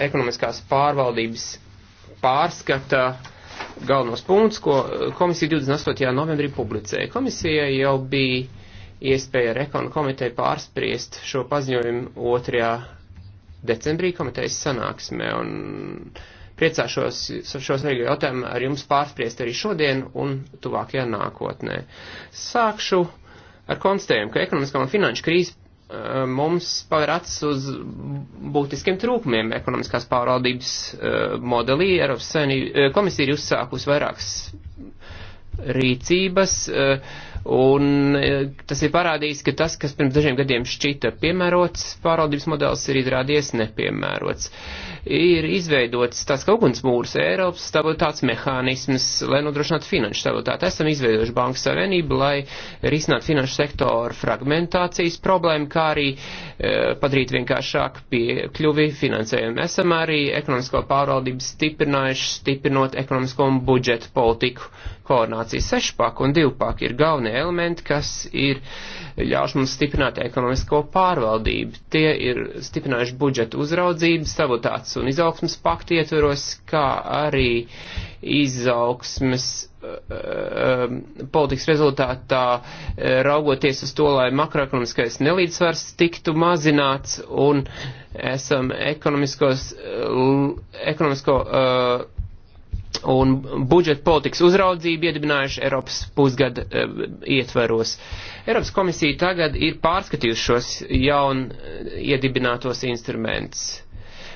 ekonomiskās pārvaldības pārskata galvenos punktus, ko komisija 28. novembrī publicēja. Komisija jau bija iespēja ar ekonu komiteju pārspriest šo paziņojumu 2. decembrī komitejas sanāksmē, un priecāšos šo svarīgo jautājumu ar jums pārspriest arī šodien un tuvākajā nākotnē. Sākšu ar konstatējumu, ka ekonomiskā un finanšu krīze Eh, mums paver acis uz būtiskiem trūkumiem ekonomiskās pārvaldības eh, modelī. Eiropas eh, komisija ir uzsākusi vairākas rīcības. Uh, Un e, tas ir parādījis, ka tas, kas pirms dažiem gadiem šķita piemērots pārvaldības modelis, ir izrādies nepiemērots. Ir izveidots tāds kā ugunsmūrs Eiropas stabilitātes mehānisms, lai nodrošinātu finanšu stabilitāti. Esam izveidojuši Banku Savienību, lai risinātu finanšu sektoru fragmentācijas problēmu, kā arī e, padarīt vienkāršāk piekļuvi finansējumu. Esam arī ekonomisko pārvaldību stiprinājuši, stiprinot ekonomisko un budžetu politiku koordinācija sešpāk un divpāk ir galvenie elementi, kas ir ļauši mums stiprināt ekonomisko pārvaldību. Tie ir stiprinājuši budžetu uzraudzību, sabotāts un izaugsmas paktu ietveros, kā arī izaugsmas eh, eh, politikas rezultātā eh, raugoties uz to, lai makroekonomiskais nelīdzsvars tiktu mazināts un esam ekonomiskos, ekonomisko uh, un budžeta politikas uzraudzību iedibinājuši Eiropas pusgada e, eh, ietveros. Eiropas komisija tagad ir pārskatījusi šos jaun eh, iedibinātos instrumentus.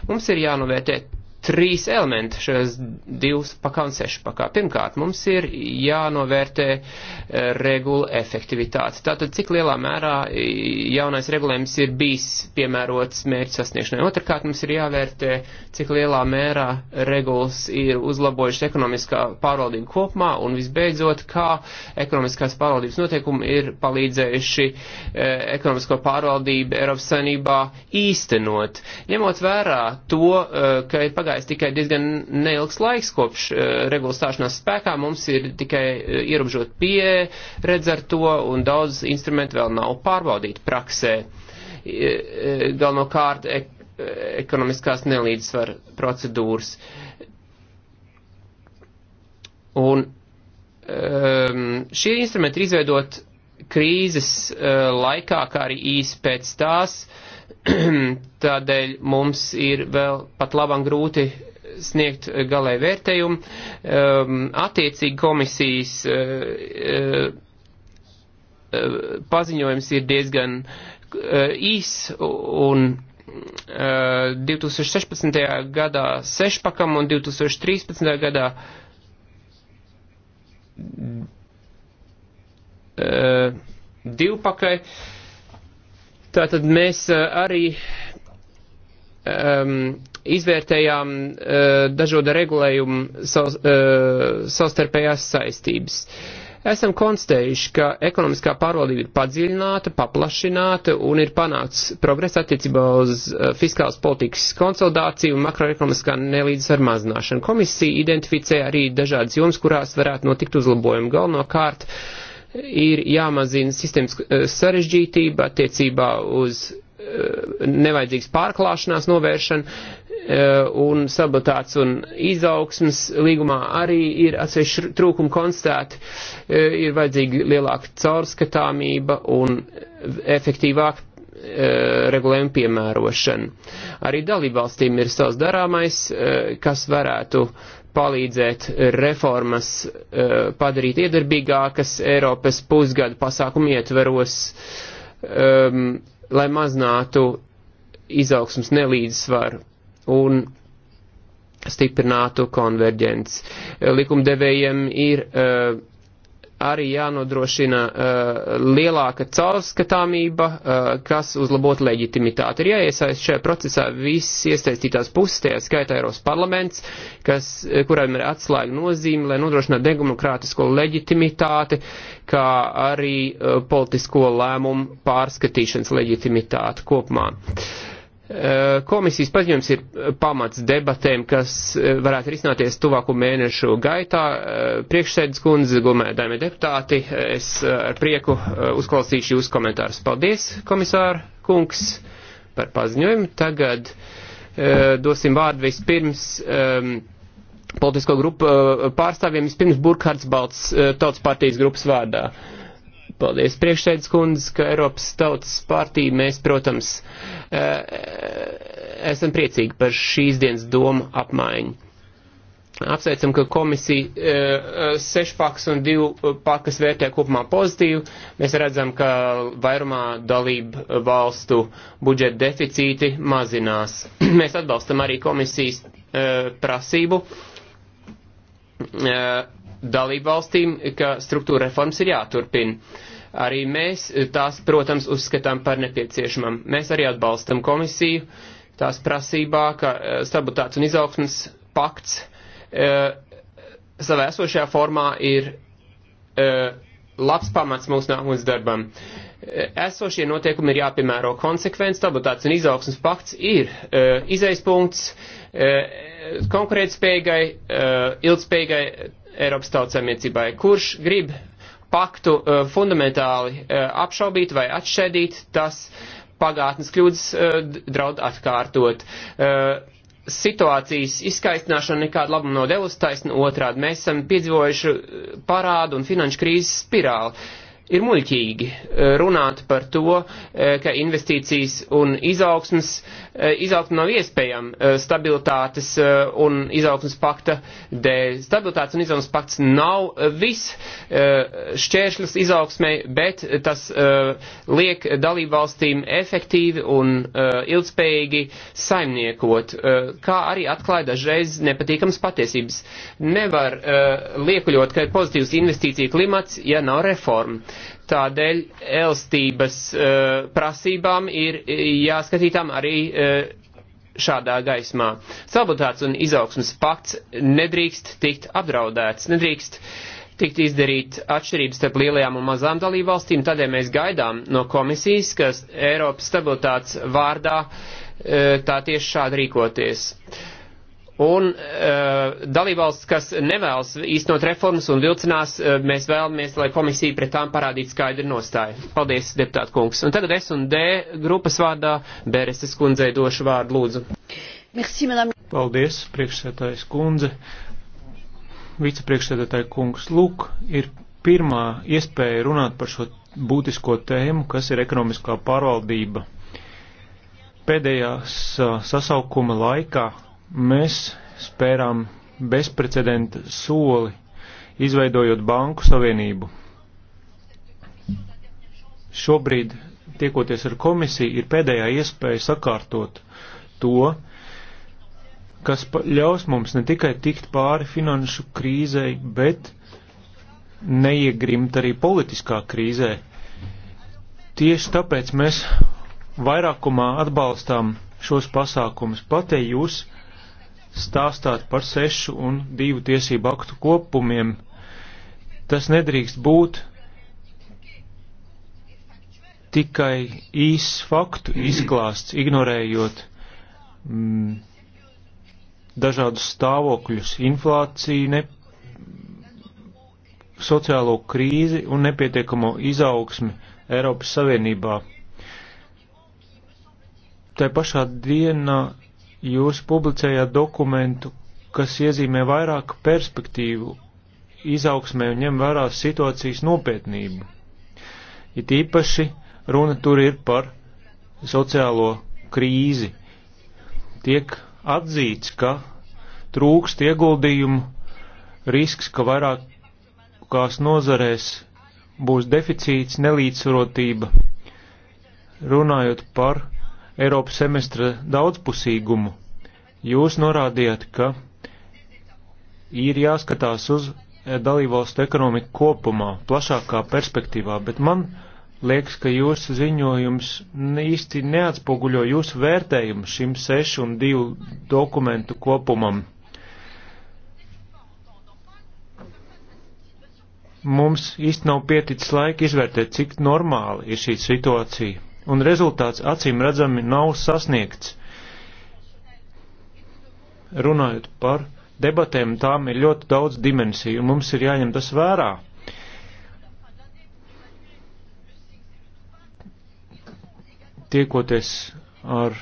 Mums ir jānovērtē trīs elementi šajos divus pakā un sešu pakā. Pirmkārt, mums ir jānovērtē eh, regula efektivitāte. Tātad, cik lielā mērā eh, jaunais regulējums ir bijis piemērots mērķu sasniegšanai. Otrkārt, mums ir jāvērtē, cik lielā mērā regulas ir uzlabojušas ekonomiskā pārvaldība kopumā un visbeidzot, kā ekonomiskās pārvaldības noteikumi ir palīdzējuši eh, ekonomisko pārvaldību Eiropas saimnībā īstenot. Ņemot vērā to, eh, ka ir pagājuši pagājis tikai diezgan neilgs laiks kopš uh, regulas stāšanās spēkā, mums ir tikai uh, ierobežot pieredze ar to, un daudz instrumentu vēl nav pārbaudīti praksē. E, galvenokārt ek e, ekonomiskās nelīdzsvar procedūras. Un um, šie instrumenti ir izveidot krīzes uh, laikā, kā arī īsi pēc tās. Uh, Tādēļ mums ir vēl pat labam grūti sniegt galēju vērtējumu. Um, attiecīgi komisijas uh, uh, paziņojums ir diezgan uh, īs un 2016. gadā sešpakam un 2013. gadā divpakai. Uh, Tātad mēs eh, arī um, izvērtējām uh, dažoda regulējuma sav, uh, eh, savstarpējās saistības. Esam konstatējuši, ka ekonomiskā pārvaldība ir padziļināta, paplašināta un ir panāts progress attiecībā uz uh, fiskālas politikas konsolidāciju un makroekonomiskā nelīdzsvaru mazināšanu. Komisija identificē arī dažādas jomas, kurās varētu notikt uzlabojumi galvenokārt. Uh, ir jāmazina sistēmas eh, sarežģītība attiecībā uz eh, nevajadzīgas pārklāšanās novēršana eh, un sabotāts un izaugsmas līgumā arī ir atsevišķi trūkumi konstatēti, ir vajadzīga lielāka caurskatāmība un efektīvāka regulējuma piemērošana. Arī dalībvalstīm ir savs darāmais, kas varētu uh, palīdzēt reformas eh, padarīt iedarbīgākas Eiropas pusgada pasākumu ietveros, um, lai maznātu izaugsmas nelīdzsvaru un stiprinātu konverģents. Likumdevējiem ir uh, arī jānodrošina uh, lielāka caurskatāmība, uh, kas uzlabot leģitimitāti. Ir jāiesaist šajā procesā visas iesaistītās puses, tajā skaitā Eiropas parlaments, kas, eh, kurām ir atslēga nozīme, lai nodrošinātu demokrātisko leģitimitāti, kā arī uh, politisko lēmumu pārskatīšanas leģitimitāti kopumā. Uh, Eh, komisijas paziņojums ir eh, pamats debatēm, kas eh, varētu risināties tuvāku mēnešu gaitā. Priekšsēdus kundze, gumēdājumi deputāti, es ar prieku uzklausīšu jūsu komentārus. Paldies, komisāra kungs, par paziņojumu. Tagad dosim vārdu vispirms ehm, politisko grupu pārstāvjiem, vispirms Burkhards Balts, Tautas partijas grupas vārdā. Paldies priekšsēdus kundze, ka Eiropas tautas partija mēs, protams, eh, esam priecīgi par šīs dienas domu apmaiņu. Apsveicam, ka komisija eh, sešpaks un divu pakas vērtē kopumā pozitīvi. Mēs redzam, ka vairumā dalību valstu budžeta deficīti mazinās. mēs atbalstam arī komisijas eh, prasību dalībvalstīm, ka struktūra reformas ir jāturpina. Arī mēs tās, protams, uzskatām par nepieciešamam. Mēs arī atbalstam komisiju tās prasībā, ka eh, stabilitātes un izaugsmas pakts e, savā esošajā formā ir e, labs pamats mūsu nākotnes darbam. Esošie notiekumi ir jāpiemēro konsekvents, stabilitātes un izaugsmas pakts ir e, izaispunkts e, konkurētspējīgai, e, ilgspējīgai Eiropas tautsēmniecībai, kurš grib paktu uh, fundamentāli uh, apšaubīt vai atšķēdīt, tas pagātnes kļūdas uh, draud atkārtot. Uh, situācijas izskaistināšana nekāda labuma nav devusi taisnu otrādi. Mēs esam piedzīvojuši parādu un finanšu krīzes spirāli. Uh, Ir muļķīgi eh, runāt par to, eh, ka investīcijas un izaugsmas, eh, izaugsma nav iespējama stabilitātes un izaugsmas pakta dēļ. Stabilitātes un izaugsmas pakts nav viss šķēršļus izaugsmai, bet tas liek dalībvalstīm efektīvi un ilgspējīgi saimniekot, kā arī atklāja dažreiz nepatīkams patiesības. Nevar liekuļot, ka ir pozitīvs investīcija klimats, ja nav reforma Tādēļ elstības uh, e, prasībām ir e, jāskatītām arī uh, šādā gaismā. Sabotāts un izaugsmas pakts nedrīkst tikt apdraudēts, nedrīkst tikt izdarīt atšķirības starp lielajām un mazām dalībvalstīm, tādēļ mēs gaidām no komisijas, kas Eiropas stabilitātes vārdā tā tieši šādi rīkoties. Uh, Un uh, eh, dalībvalsts, kas nevēlas īstenot reformas un vilcinās, uh, mēs vēlamies, lai komisija pret tām parādītu skaidru nostāju. Paldies, deputāt kungs. Un tagad S un D grupas vārdā Bēreses kundzei došu vārdu lūdzu. Merci, madame. Paldies, priekšsētājs kundze. Vicepriekšsēdētāja kungs Lūk ir pirmā iespēja runāt par šo būtisko tēmu, kas ir ekonomiskā pārvaldība. Pēdējās uh, sasaukuma laikā mēs spērām bezprecedenta soli, izveidojot banku savienību. Šobrīd, tiekoties ar komisiju, ir pēdējā iespēja sakārtot to, kas ļaus mums ne tikai tikt pāri finanšu krīzei, bet neiegrimt arī politiskā krīzē. Tieši tāpēc mēs vairākumā atbalstām šos pasākumus. Pat ja jūs uh, stāstāt par sešu un divu tiesību aktu kopumiem. Tas nedrīkst būt tikai īs faktu izklāsts, ignorējot mm, dažādus stāvokļus - inflāciju, ne, sociālo krīzi un nepietiekamo izaugsmi Eiropas Savienībā. Tā pašā dienā Jūs publicējāt dokumentu, kas iezīmē vairāk perspektīvu izaugsmē un ņem vērā situācijas nopietnību. It īpaši runa tur ir par sociālo krīzi. Tiek atzīts, ka trūkst ieguldījumu, risks, ka vairākās nozarēs būs deficīts, nelīdzsvarotība. Runājot par Eiropas semestra daudzpusīgumu, jūs norādījāt, ka ir jāskatās uz eh, dalībvalstu ekonomiku kopumā, plašākā perspektīvā, bet man liekas, ka jūsu ziņojums īsti neatspoguļo jūsu vērtējumu šim sešu un divu dokumentu kopumam. Mums īsti nav pieticis laika izvērtēt, cik normāli ir šī situācija un rezultāts acīm redzami nav sasniegts. Runājot par debatēm, tām ir ļoti daudz dimensiju, un mums ir jāņem tas vērā. Tiekoties ar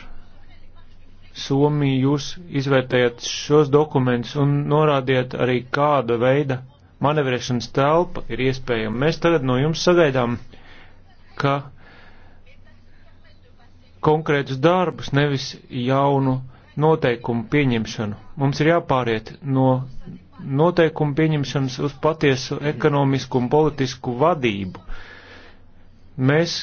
Somiju, jūs izvērtējat šos dokumentus un norādījat arī, kāda veida manevrēšanas telpa ir iespējama. Mēs tagad no jums sagaidām, ka konkrētus darbus, nevis jaunu noteikumu pieņemšanu. Mums ir jāpāriet no noteikumu pieņemšanas uz patiesu ekonomisku un politisku vadību. Mēs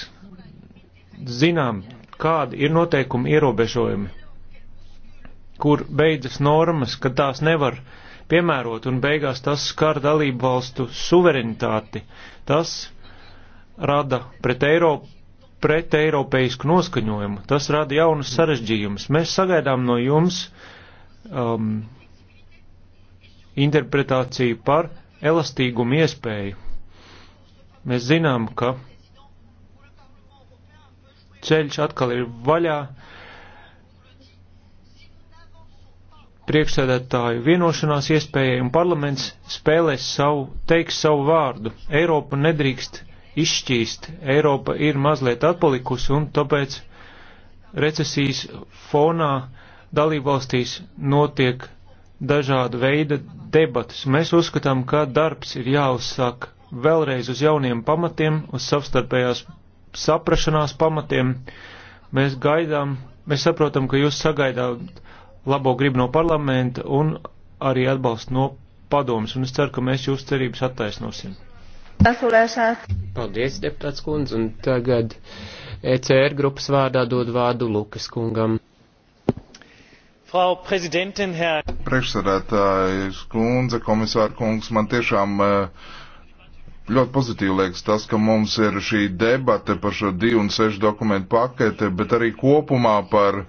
zinām, kādi ir noteikumi ierobežojumi, kur beidzas normas, ka tās nevar piemērot un beigās tas skar dalību valstu suverenitāti. Tas rada pret Eiropu pret eiropeisku noskaņojumu. Tas rada jaunas sarežģījumus. Mēs sagaidām no jums um, interpretāciju par elastīgumu iespēju. Mēs zinām, ka ceļš atkal ir vaļā. Priekšsēdētāju vienošanās iespējai un parlaments spēlēs savu, teiks savu vārdu. Eiropu nedrīkst izšķīst. Eiropa ir mazliet atpalikusi un tāpēc recesijas fonā dalībvalstīs notiek dažāda veida debatas. Mēs uzskatām, ka darbs ir jāuzsāk vēlreiz uz jauniem pamatiem, uz savstarpējās saprašanās pamatiem. Mēs gaidām, mēs saprotam, ka jūs sagaidāt labo gribu no parlamenta un arī atbalstu no padomas, un es ceru, ka mēs jūsu cerības attaisnosim. Paldies, deputāts kundze, un tagad ECR grupas vārdā dod vārdu Lukas kungam. Frau Präsidentin, Herr. Priekšsēdētājs kundze, komisāra kungs, man tiešām e, ļoti pozitīvi liekas tas, ka mums ir šī debate par šo divu un sešu dokumentu pakete, bet arī kopumā par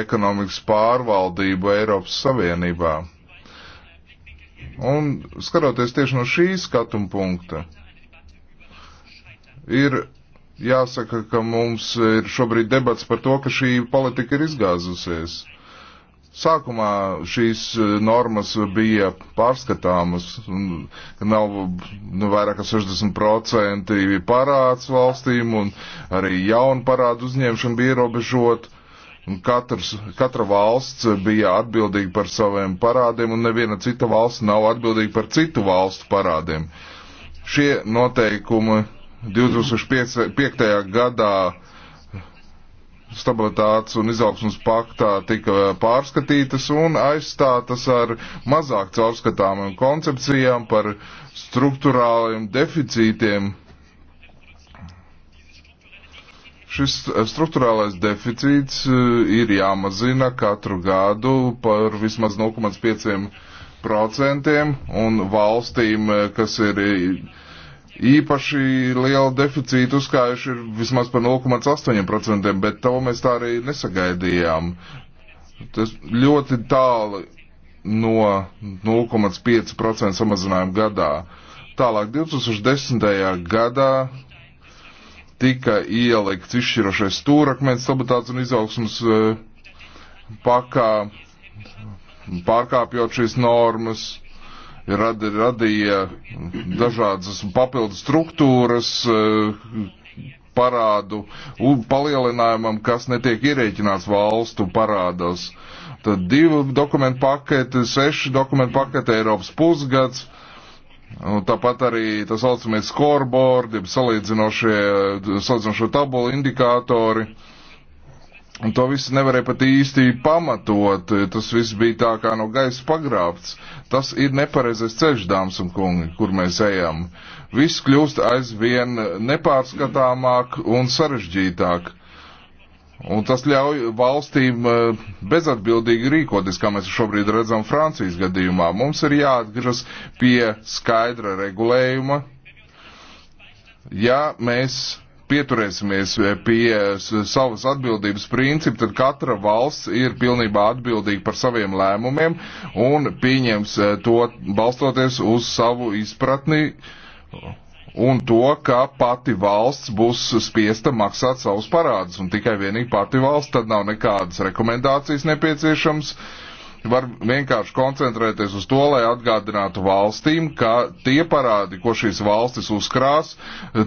ekonomikas pārvaldību Eiropas Savienībā. Un skatoties tieši no šī skatuma punkta, ir jāsaka, ka mums ir šobrīd debats par to, ka šī politika ir izgāzusies. Sākumā šīs e, normas bija pārskatāmas, nav nu, vairāk kā 60% parāds valstīm, un arī jaunu parādu uzņemšanu bija ierobežota. Katrs, katra valsts bija atbildīga par saviem parādiem, un neviena cita valsts nav atbildīga par citu valstu parādiem. Šie noteikumi 2005. gadā stabilitātes un izaugsmas paktā tika pārskatītas un aizstātas ar mazāk caurskatāmiem koncepcijām par struktūrāliem deficītiem. Šis struktūrālais deficīts eh, ir jāmazina katru gadu par vismaz 0,5% un valstīm, eh, kas ir īpaši lielu deficītu uzkājuši ir vismaz par 0,8%, bet to mēs tā arī nesagaidījām. Tas ļoti tālu no 0,5% samazinājuma gadā. Tālāk 2010. gadā tika ielikts izšķirošais stūrakmens stabilitātes un izaugsmas eh, pakā, pārkāpjot šīs normas rad, radīja dažādas papildu struktūras eh, parādu palielinājumam, kas netiek ierēķināts valstu parādos. Tad divu dokumentu paketi, sešu dokumentu paketi Eiropas pusgads. Un nu, tāpat arī tā saucamie scoreboard, jeb salīdzinošie, salīdzinošie tabula indikātori. Uh, Un to visu nevarēja pat īsti pamatot. Tas viss bija tā kā no gaisa pagrābts. Tas ir nepareizais ceļš, dāmas un kungi, kur mēs ejam. Viss kļūst aizvien nepārskatāmāk un sarežģītāk. Un tas ļauj valstīm eh, bezatbildīgi rīkoties, kā mēs šobrīd redzam Francijas gadījumā. Mums ir jāatgriežas pie skaidra regulējuma. Ja mēs pieturēsimies eh, pie eh, savas atbildības principa, tad katra valsts ir pilnībā atbildīga par saviem lēmumiem un pieņems eh, to balstoties uz savu izpratni un to, ka pati valsts būs spiesta maksāt savus parādus un tikai vienīgi pati valsts, tad nav nekādas rekomendācijas nepieciešams. Uh, var vienkārši koncentrēties uz to, lai atgādinātu valstīm, ka tie parādi, ko šīs valstis uzkrās,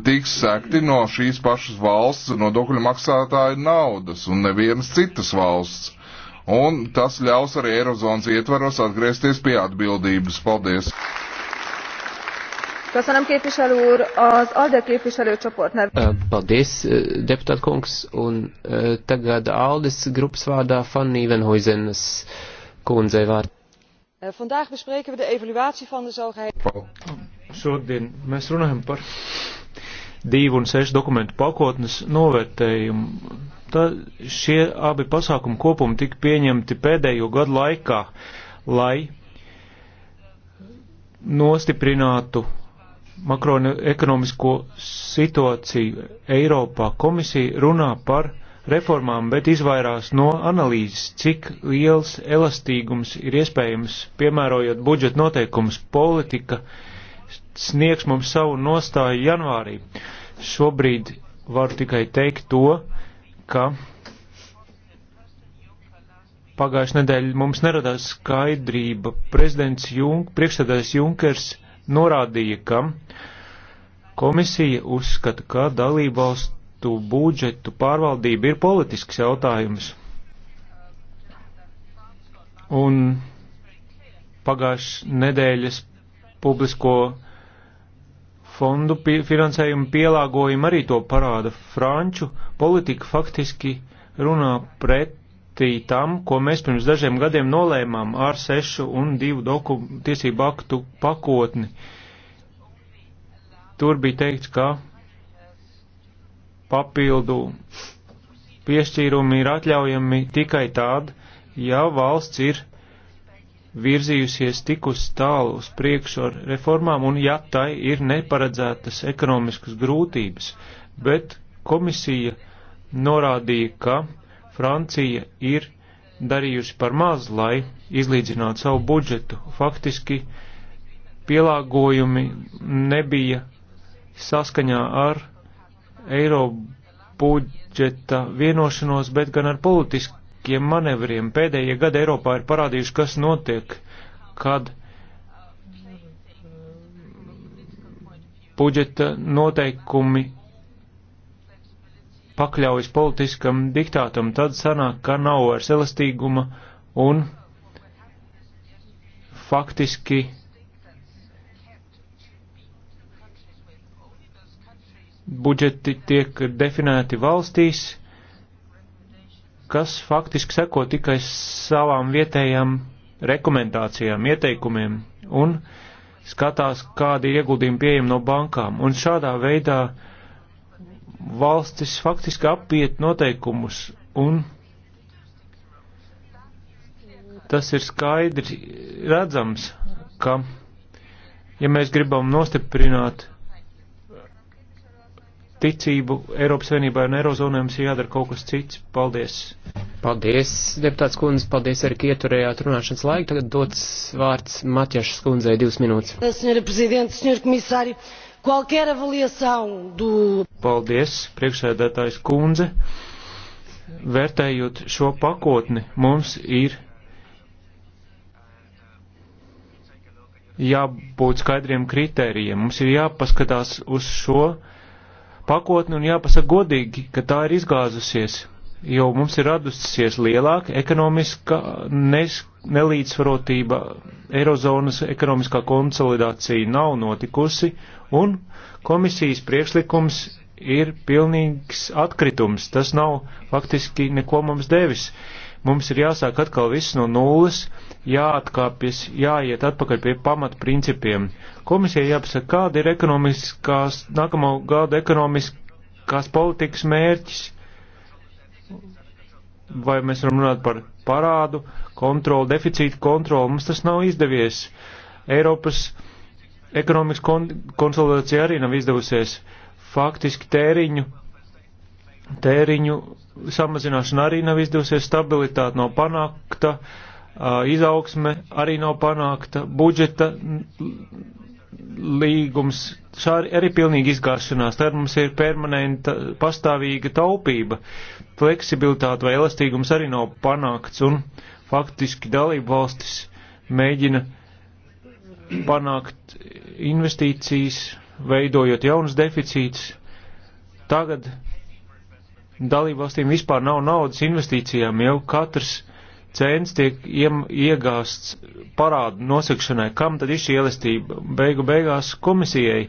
tiks sekti no šīs pašas valsts nodokļu maksātāju naudas un nevienas citas valsts. Un tas ļaus arī Eirozonas ietvaros atgriezties pie atbildības. Paldies! Köszönöm képviselő úr, az ALDE képviselőcsoport nev. Paldies, deputát kungs, un tagad Aldis grupas vārdā Fanny Venhoizenas. Uh, kundzei vārdu. Eh, vandaag bespreken we de evaluatie van de zogeheten. Šodien mēs runājam par divu un sešu dokumentu pakotnes novērtējumu. Tā, šie abi pasākumu kopumi tika pieņemti pēdējo gadu laikā, lai nostiprinātu makroekonomisko situāciju Eiropā. Komisija runā par reformām, bet izvairās no analīzes, cik liels elastīgums ir iespējams, piemērojot budžeta noteikumus. Politika sniegs mums savu nostāju janvārī. Šobrīd varu tikai teikt to, ka pagājušajā nedēļā mums neradās skaidrība. Prezidents Junk, priekšsēdājs Junkers norādīja, ka komisija uzskata, ka dalībvalsts projektu budžetu pārvaldība ir politisks jautājums. Un pagājušas nedēļas publisko fondu pie, finansējumu pielāgojumu arī to parāda. Franču politika faktiski runā pretī tam, ko mēs pirms dažiem gadiem nolēmām ar sešu un divu tiesību aktu pakotni. Tur bija teikts, ka papildu piešķīrumi ir atļaujami tikai tād, ja valsts ir virzījusies tik uz tālu uz priekšu ar reformām un ja tai ir neparedzētas ekonomiskas grūtības, bet komisija norādīja, ka Francija ir darījusi par maz, lai izlīdzinātu savu budžetu. Faktiski pielāgojumi nebija saskaņā ar eiro budžeta vienošanos, bet gan ar politiskiem manevriem. Pēdējie gadi Eiropā ir parādījuši, kas notiek, kad budžeta noteikumi pakļaujas politiskam diktātam, tad sanāk, ka nav vairs elastīguma un faktiski budžeti tiek definēti valstīs, kas faktiski seko tikai savām vietējām rekomendācijām, ieteikumiem un skatās, kādi ieguldījumi pieejami no bankām. Un šādā veidā valstis faktiski apiet noteikumus un tas ir skaidri redzams, ka ja mēs gribam nostiprināt ticību Eiropas Savienībai un Eirozonai mums ir jādara kaut kas cits. Paldies! Paldies, deputāts kundze, paldies arī, ka ieturējāt runāšanas laiku. Tagad dots vārds Matjašas kundzei divas minūtes. Senjora prezidenta, senjora komisāri, qualquer avaliação do... Paldies, priekšsēdētājs kundze. Vērtējot šo pakotni, mums ir jābūt skaidriem kritērijiem. Mums ir jāpaskatās uz šo pakotni pakotni un jāpasaka godīgi, ka tā ir izgāzusies, jo mums ir radusies lielāka ekonomiska nes, nelīdzsvarotība, Eirozonas ekonomiskā konsolidācija nav notikusi, un komisijas priekšlikums ir pilnīgs atkritums. Tas nav faktiski neko mums devis. Mums ir jāsāk atkal viss no nulles jāatkāpjas, jāiet atpakaļ pie pamatprincipiem. Komisija jāpasaka, kāda ir ekonomiskās, nākamo gada ekonomiskās politikas mērķis. Vai mēs varam runāt par parādu, kontroli, deficītu kontroli? Mums tas nav izdevies. Eiropas ekonomikas kon konsolidācija arī nav izdevusies. Faktiski tēriņu tēriņu samazināšana arī nav izdevusies, stabilitāte nav panākta, izaugsme arī nav panākta, budžeta līgums šā arī pilnīgi izgāšanās, tad mums ir permanenta pastāvīga taupība, fleksibilitāte vai elastīgums arī nav panākts un faktiski dalību valstis mēģina panākt investīcijas, veidojot jaunas deficītas. Tagad dalību valstīm vispār nav naudas investīcijām, jau katrs cents tiek iem, iegāsts parādu nosakšanai, kam tad ir šī elastība beigu beigās komisijai.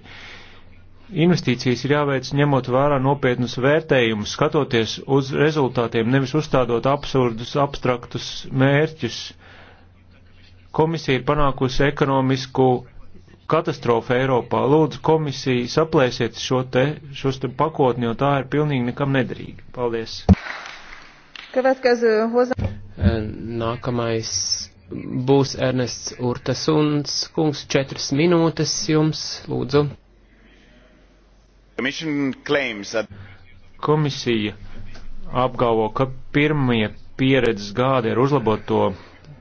Investīcijas ir jāveic ņemot vērā nopietnus vērtējumus, skatoties uz rezultātiem, nevis uzstādot absurdus, abstraktus mērķus. Komisija ir panākusi ekonomisku katastrofa Eiropā. Lūdzu, komisija, saplēsiet šo te, šos te pakotni, jo tā ir pilnīgi nekam nederīga. Paldies. Eh, nākamais būs Ernests Urtasuns. Kungs, četras minūtes jums, lūdzu. Komisija apgalvo, ka pirmie pieredzes gādi ar uzlaboto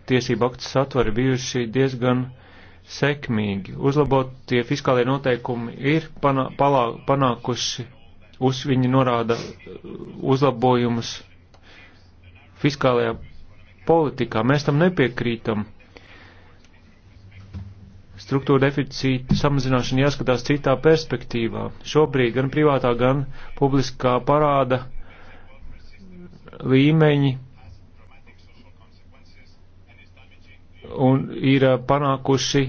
tiesību aktu satvari bijuši diezgan sekmīgi. Uzlabotie fiskālie noteikumi ir pana, palā, panākuši, uz viņi norāda eh, uzlabojumus fiskālajā politikā. Mēs tam nepiekrītam. Struktūra deficīta samazināšana jāskatās citā perspektīvā. Šobrīd gan privātā, gan publiskā parāda līmeņi un ir panākuši,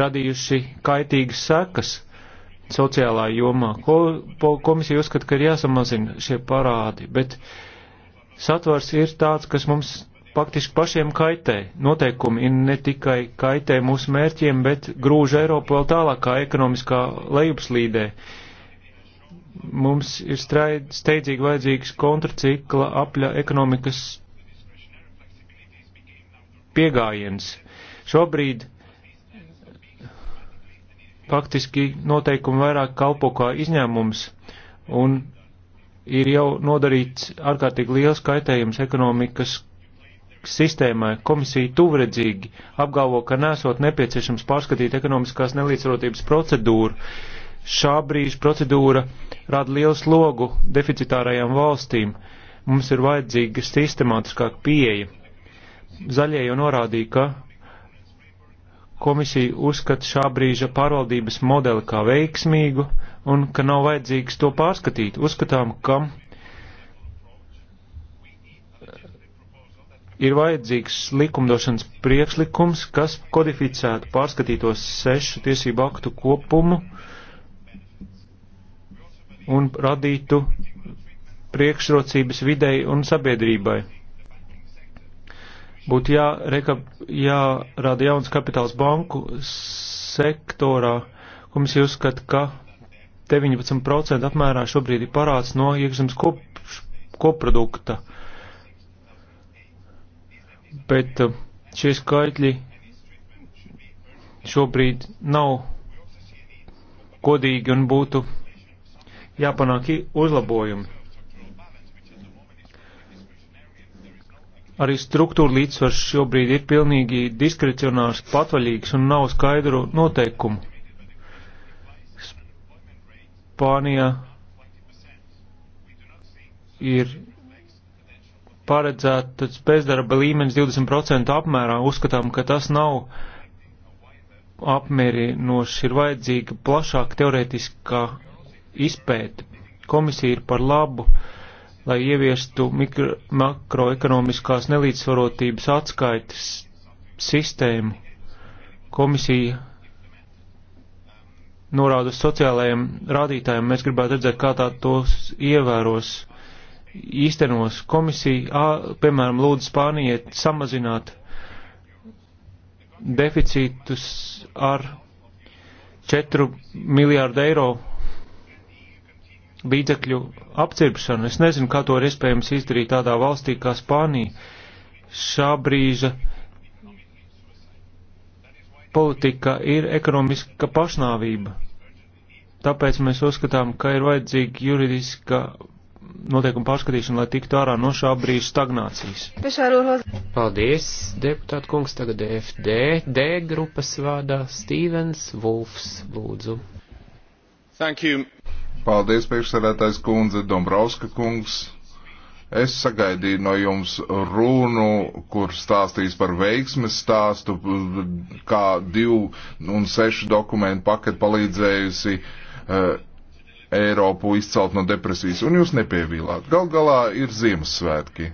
radījuši kaitīgas sekas sociālā jomā. Ko, komisija uzskata, ka ir jāsamazina šie parādi, bet uh, satvars ir tāds, kas mums faktiski pašiem kaitē. Noteikumi ir ne tikai kaitē mūsu mērķiem, bet grūž Eiropu vēl tālākā ekonomiskā lejupslīdē. Mums ir straid, steidzīgi vajadzīgs kontracikla apļa ekonomikas piegājiens. Šobrīd faktiski noteikumi vairāk kalpo kā izņēmums, un ir jau nodarīts ārkārtīgi liels kaitējums ekonomikas sistēmai. Komisija tuvredzīgi apgalvo, ka nesot nepieciešams pārskatīt ekonomiskās nelīdzsvarotības procedūru. Šā brīža procedūra rada lielu slogu deficitārajām valstīm. Mums ir vajadzīga sistemātiskāka pieeja. Zaļie jau norādīja, ka komisija uzskata šā brīža pārvaldības modeli kā veiksmīgu, un ka nav vajadzīgs to pārskatīt. Uzskatām, ka ir vajadzīgs likumdošanas priekšlikums, kas kodificētu pārskatītos sešu tiesību aktu kopumu un radītu priekšrocības videi un sabiedrībai. Būtu jāreka, jārada jauns kapitāls banku sektorā, ko mēs uzskatām, ka 19% apmērā šobrīd ir parāds no iekšzemes kop, koprodukta. Bet eh, šie skaitļi šobrīd nav godīgi un būtu jāpanāk uzlabojumi. Arī struktūra līdzsvars šobrīd ir pilnīgi diskrecionārs, patvaļīgs un nav skaidru noteikumu. Spānijā ir paredzēts bezdarba līmenis 20% apmērā. Uzskatām, ka tas nav apmierinoši, ir vajadzīga plašāka teorētiskā izpēte. Komisija ir par labu, lai ieviestu mikro, makroekonomiskās nelīdzsvarotības atskaites sistēmu. Komisija norāda uz sociālajiem rādītājiem. Mēs gribētu redzēt, kā tā tos ievēros īstenos komisija, ā, piemēram, lūdz Spānijai samazināt deficītus ar 4 miljārdu eiro līdzekļu apcirpšanu. Es nezinu, kā to ir iespējams izdarīt tādā valstī kā Spānija. Šā brīža politika ir ekonomiska pašnāvība. Tāpēc mēs uzskatām, ka ir vajadzīga juridiska noteikuma pārskatīšana, lai tiktu ārā no šā brīža stagnācijas. Paldies, deputāt kungs, tagad FD, D grupas vārdā Stīvens Vulfs, lūdzu. Thank you. Paldies, priekšsēdētājs kundze, Dombrovska kungs Es sagaidīju no jums runu, kur stāstīs par veiksmes stāstu, kā divu un sešu dokumentu paketu palīdzējusi uh, Eiropu izcelt no depresijas, un jūs nepievīlāt. Gal galā ir Ziemassvētki.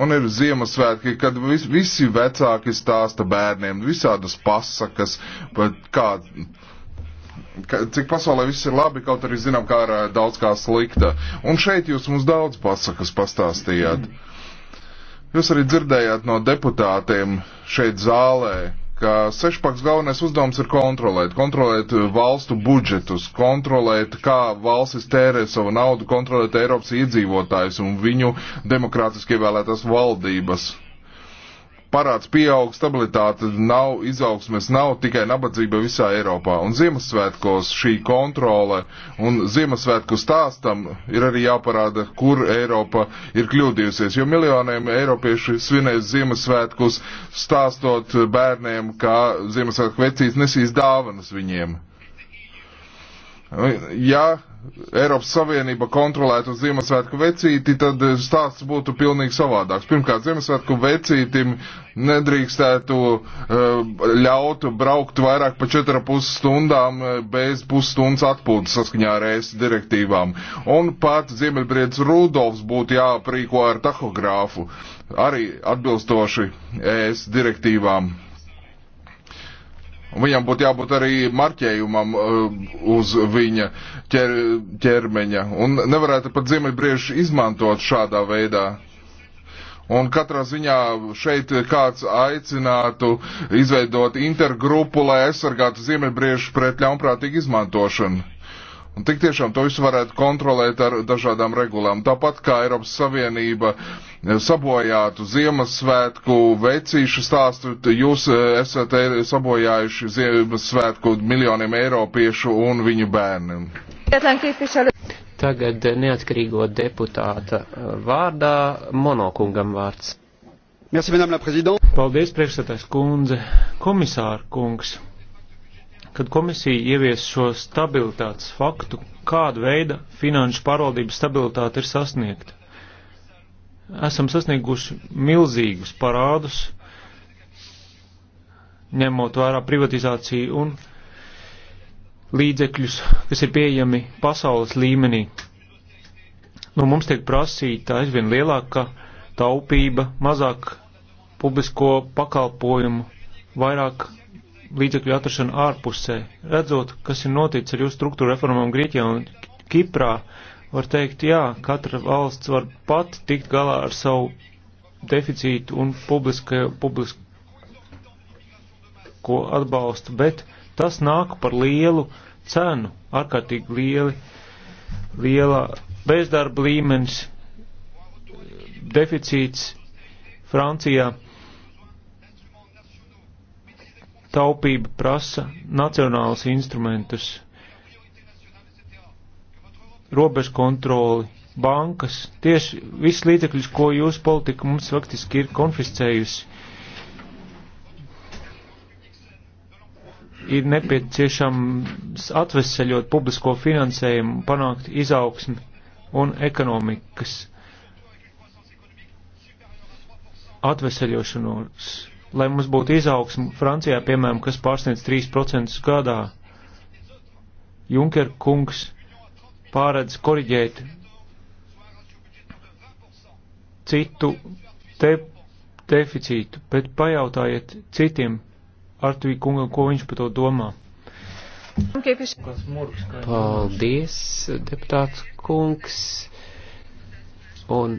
Un ir Ziemassvētki, kad vis, visi vecāki stāsta bērniem visādas pasakas, kā cik pasaulē viss ir labi, kaut arī zinām, kā ar daudz kā slikta. Un šeit jūs mums daudz pasakas pastāstījāt. Jūs arī dzirdējāt no deputātiem šeit zālē, ka sešpaks galvenais uzdevums ir kontrolēt, kontrolēt valstu budžetus, kontrolēt, kā valstis tērē savu naudu, kontrolēt Eiropas iedzīvotājus un viņu demokrātiski ievēlētās valdības parāds pieaug, stabilitāte nav, izaugsmes nav, tikai nabadzība visā Eiropā. Un Ziemassvētkos šī kontrole un Ziemassvētku stāstam ir arī jāparāda, kur Eiropa ir kļūdījusies, jo miljoniem eiropieši svinēs Ziemassvētkus stāstot bērniem, ka Ziemassvētku vecīs nesīs dāvanas viņiem. Ja Eiropas Savienība kontrolētu Ziemassvētku vecīti, tad stāsts būtu pilnīgi savādāks. Pirmkārt, Ziemassvētku vecītim nedrīkstētu eh, ļaut braukt vairāk pa 4,5 stundām eh, bez pusstundas atpūtas saskaņā ar ES direktīvām. Un pat Ziemeļbriedis Rudolfs būtu jāaprīko ar tahogrāfu, arī atbilstoši ES direktīvām. Viņam būtu jābūt arī marķējumam eh, uz viņa ķer, ķermeņa. Un nevarētu pat ziemeļbrieži izmantot šādā veidā. Un katrā ziņā šeit kāds aicinātu izveidot intergrupu, lai aizsargātu ziemeļbriežus pret ļaunprātīgu izmantošanu. Un tik tiešām to visu varētu kontrolēt ar dažādām regulām. Tāpat kā Eiropas Savienība eh, sabojātu Ziemassvētku vecīšu stāstu, jūs eh, esat eh, sabojājuši Ziemassvētku miljoniem eiropiešu un viņu bērnu. Tagad neatkarīgo deputāta vārdā monokungam vārds. Merci, Paldies, priekšsētājs kundze, komisāra kungs kad komisija ievies šo stabilitātes faktu, kāda veida finanšu pārvaldības stabilitāte ir sasniegta. Esam sasnieguši milzīgus parādus, ņemot vērā privatizāciju un līdzekļus, kas ir pieejami pasaules līmenī. No nu, mums tiek prasīta aizvien lielāka taupība, mazāk publisko pakalpojumu, vairāk līdzekļu atrašanu ārpusē. Redzot, kas ir noticis ar jūsu struktūru reformām Grieķijā un Kiprā, var teikt, jā, katra valsts var pat tikt galā ar savu deficītu un publiska, publisko atbalstu, bet tas nāk par lielu cenu, ārkārtīgi lieli, liela bezdarba līmenis, deficīts Francijā taupība prasa nacionālus instrumentus, robežu kontroli, bankas, tieši viss līdzekļus, ko jūsu politika mums faktiski ir konfiscējusi. Ir nepieciešams atveseļot publisko finansējumu, panākt izaugsmi un ekonomikas atveseļošanos lai mums būtu izaugsme Francijā, piemēram, kas pārsniedz 3% gadā. Junker kungs pārēdz koriģēt citu te, deficītu, bet pajautājiet citiem Artvī kungam, ko viņš par to domā. Paldies, deputāts kungs. Un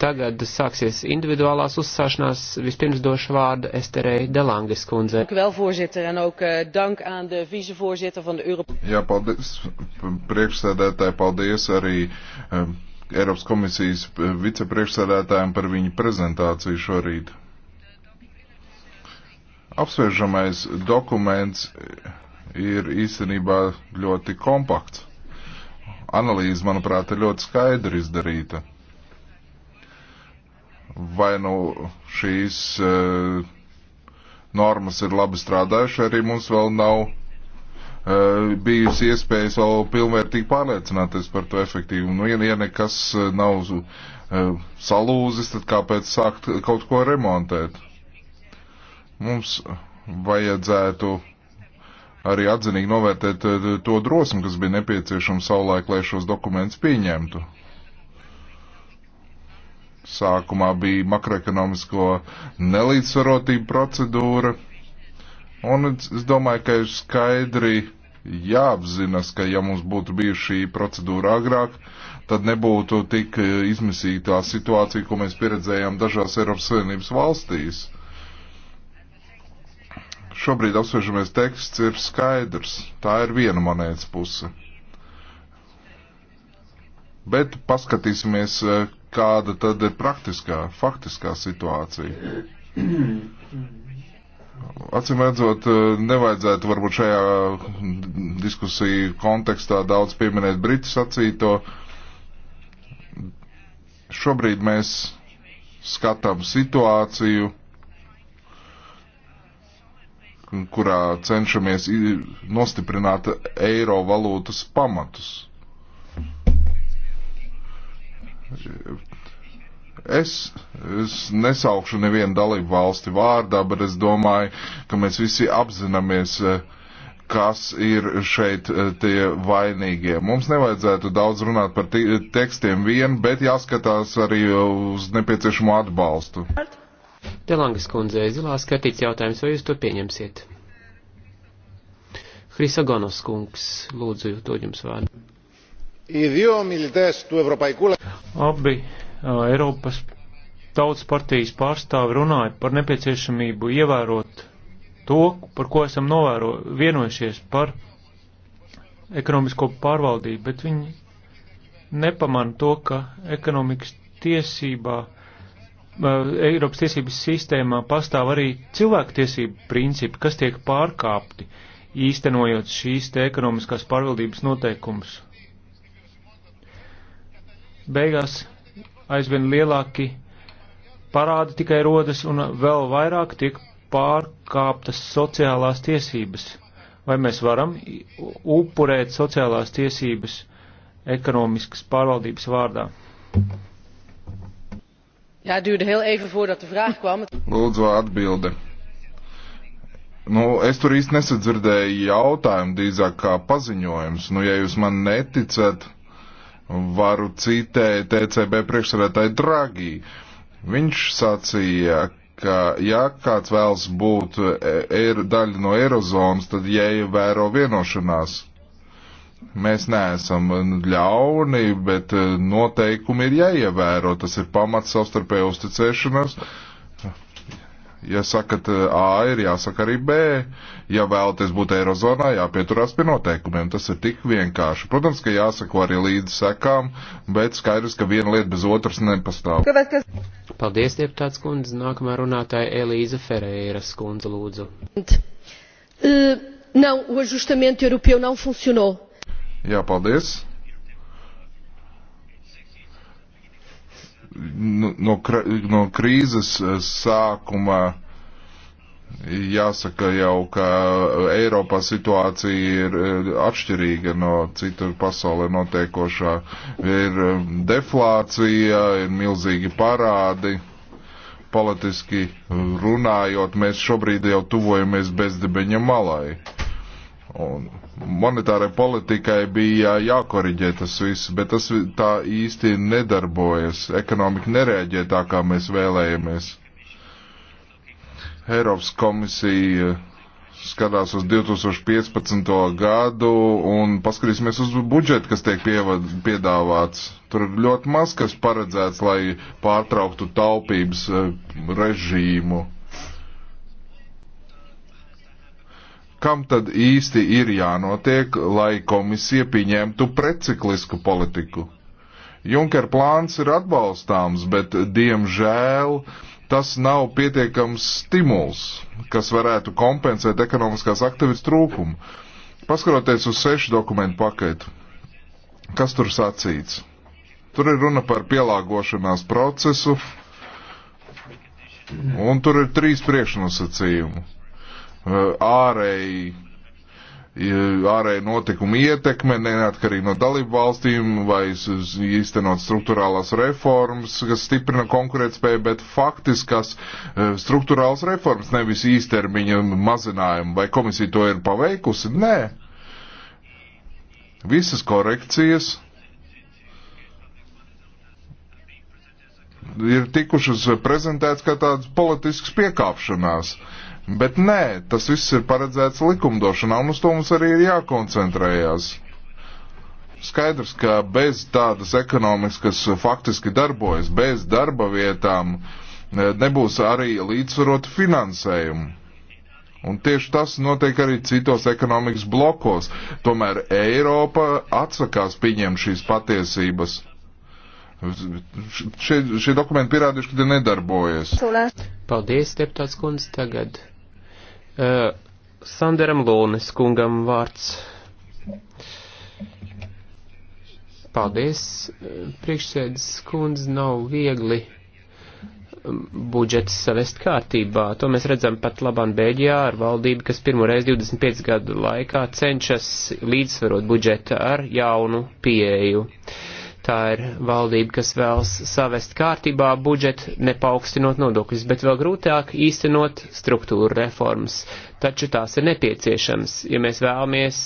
Tagad sāksies individuālās uzstāšanās. Vispirms došu vārdu Esterei Delanges kundze. Eh, Jā, paldies priekšsēdētāji, paldies arī um, Eiropas komisijas eh, vicepriekšsēdētājiem par viņu prezentāciju šorīt. Apsvēršamais dokuments ir īstenībā ļoti kompakts. Analīze, manuprāt, ir ļoti skaidri izdarīta vai nu šīs uh, normas ir labi strādājuši, arī mums vēl nav uh, bijusi iespējas vēl pilnvērtīgi pārliecināties par to efektīvu. Nu, ja, ja nekas e, nav uh, salūzis, tad kāpēc sākt kaut ko remontēt? Mums vajadzētu arī atzinīgi novērtēt to drosmi, kas bija nepieciešama savulaik, lai šos dokumentus pieņemtu. Sākumā bija makroekonomisko nelīdzsvarotību procedūra. Un es domāju, ka ir skaidri jāapzinas, ka ja mums būtu bijusi šī procedūra agrāk, tad nebūtu tik izmisītā situācija, ko mēs pieredzējām dažās Eiropas Savienības valstīs. Šobrīd apsvežamies teksts ir skaidrs. Tā ir viena monētas puse. Bet paskatīsimies, e, kāda tad ir praktiskā, faktiskā situācija. Acīm redzot, e, nevajadzētu varbūt šajā diskusiju kontekstā daudz pieminēt Britu sacīto. Šobrīd mēs skatām situāciju, kurā cenšamies nostiprināt eiro valūtas pamatus Es, es nesaukšu nevienu dalību valsti vārdā, bet es domāju, ka mēs visi apzināmies, eh, kas ir šeit eh, tie vainīgie. Mums nevajadzētu daudz runāt par tekstiem vien, bet jāskatās arī uz nepieciešamo atbalstu. Telangas kundze, zilā skatīts jautājums, vai jūs to pieņemsiet? Hrisogonos kungs, lūdzu, to jums vārdu. Abi Eiropas Tautas partijas pārstāvi runāja par nepieciešamību ievērot to, par ko esam novēro, vienojušies par ekonomisko pārvaldību, bet viņi nepamana to, ka ekonomikas tiesībā, Eiropas tiesības sistēmā pastāv arī cilvēktiesību principi, kas tiek pārkāpti, īstenojot šīs te ekonomiskās pārvaldības noteikumus beigās aizvien lielāki parādi tikai rodas un vēl vairāk tiek pārkāptas sociālās tiesības. Vai mēs varam upurēt sociālās tiesības ekonomiskas pārvaldības vārdā? Jā, duurde heel even voordat de vraag kwam. Lūdzu, atbilde. Nu, es tur īsti nesadzirdēju jautājumu, drīzāk kā paziņojums. Nu, ja jūs man neticat, Varu citēt ECB priekšsarētāju Dragī. Viņš sacīja, ka ja kāds vēlas būt er, daļa no Eirozonas, tad jāievēro vienošanās. Mēs neesam ļauni, bet e, noteikumi ir jāievēro. Tas ir pamats savstarpēju uzticēšanos. Uh, Ja sakat eh, A, ir jāsaka arī B. Ja vēlaties būt Eirozonā, jāpieturās pie noteikumiem. Tas ir tik vienkārši. Protams, ka jāsako arī līdz sekām, bet skaidrs, ka viena lieta bez otras nepastāv. Paldies, deputāts kundze. Nākamā runātāja Elīza Ferreiras kundze, lūdzu. Uh, não, o ajustamento europeu não funcionou. Jā, paldies Nu, no, no krīzes eh, sākuma jāsaka jau, ka Eiropā situācija ir eh, atšķirīga no citur pasaulē notiekošā. Ir eh, deflācija, ir milzīgi parādi. Politiski runājot, mēs šobrīd jau tuvojamies bezdibeņa malai. Un, monetārai politikai bija jākoriģē tas viss, bet tas tā īsti nedarbojas. Ekonomika nereaģē tā, kā mēs vēlējamies. Eiropas komisija skatās uz 2015. gadu un paskatīsimies uz budžetu, kas tiek pievad, piedāvāts. Tur ir ļoti maz, kas paredzēts, lai pārtrauktu taupības eh, režīmu. Kam tad īsti ir jānotiek, lai komisija pieņemtu preciklisku politiku? Junker plāns ir atbalstāms, bet diemžēl tas nav pietiekams stimuls, kas varētu kompensēt ekonomiskās aktivitātes trūkumu. Paskaroties uz sešu dokumentu paketu, kas tur sacīts? Tur ir runa par pielāgošanās procesu, un tur ir trīs priekšnosacījumi. Eh, ārēji eh, ārēju notikumu ietekme, neatkarīgi no dalību valstīm vai īstenot struktūrālās reformas, kas stiprina konkurētspēju, bet faktiskas eh, struktūrālās reformas, nevis īstermiņa mazinājumu. Vai komisija to ir paveikusi? Nē. Visas korekcijas ir tikušas prezentētas kā tādas politiskas piekāpšanās. Uh, Bet nē, tas viss ir paredzēts likumdošanā, un uz to mums arī ir jākoncentrējās. Skaidrs, ka bez tādas ekonomikas, kas faktiski darbojas, bez darba vietām, e, nebūs arī līdzsvarot finansējumu. Un tieši tas notiek arī citos ekonomikas blokos. Tomēr Eiropa atsakās pieņemt šīs patiesības. Šie, šie dokumenti pierādījuši, ka te nedarbojas. Paldies, deputāts kundze. Tagad Uh, Sanderam Lūnes kungam vārds. Paldies, eh, priekšsēdus kundze, nav viegli mm, budžets savest kārtībā. To mēs redzam pat labāk Bēļģijā ar valdību, kas pirmoreiz 25 gadu laikā cenšas līdzsvarot budžetu ar jaunu pieeju. Uh, Tā ir valdība, kas vēlas savest kārtībā budžetu, nepaukstinot nodokļus, bet vēl grūtāk īstenot struktūru reformas. Taču tās ir nepieciešams, ja mēs vēlamies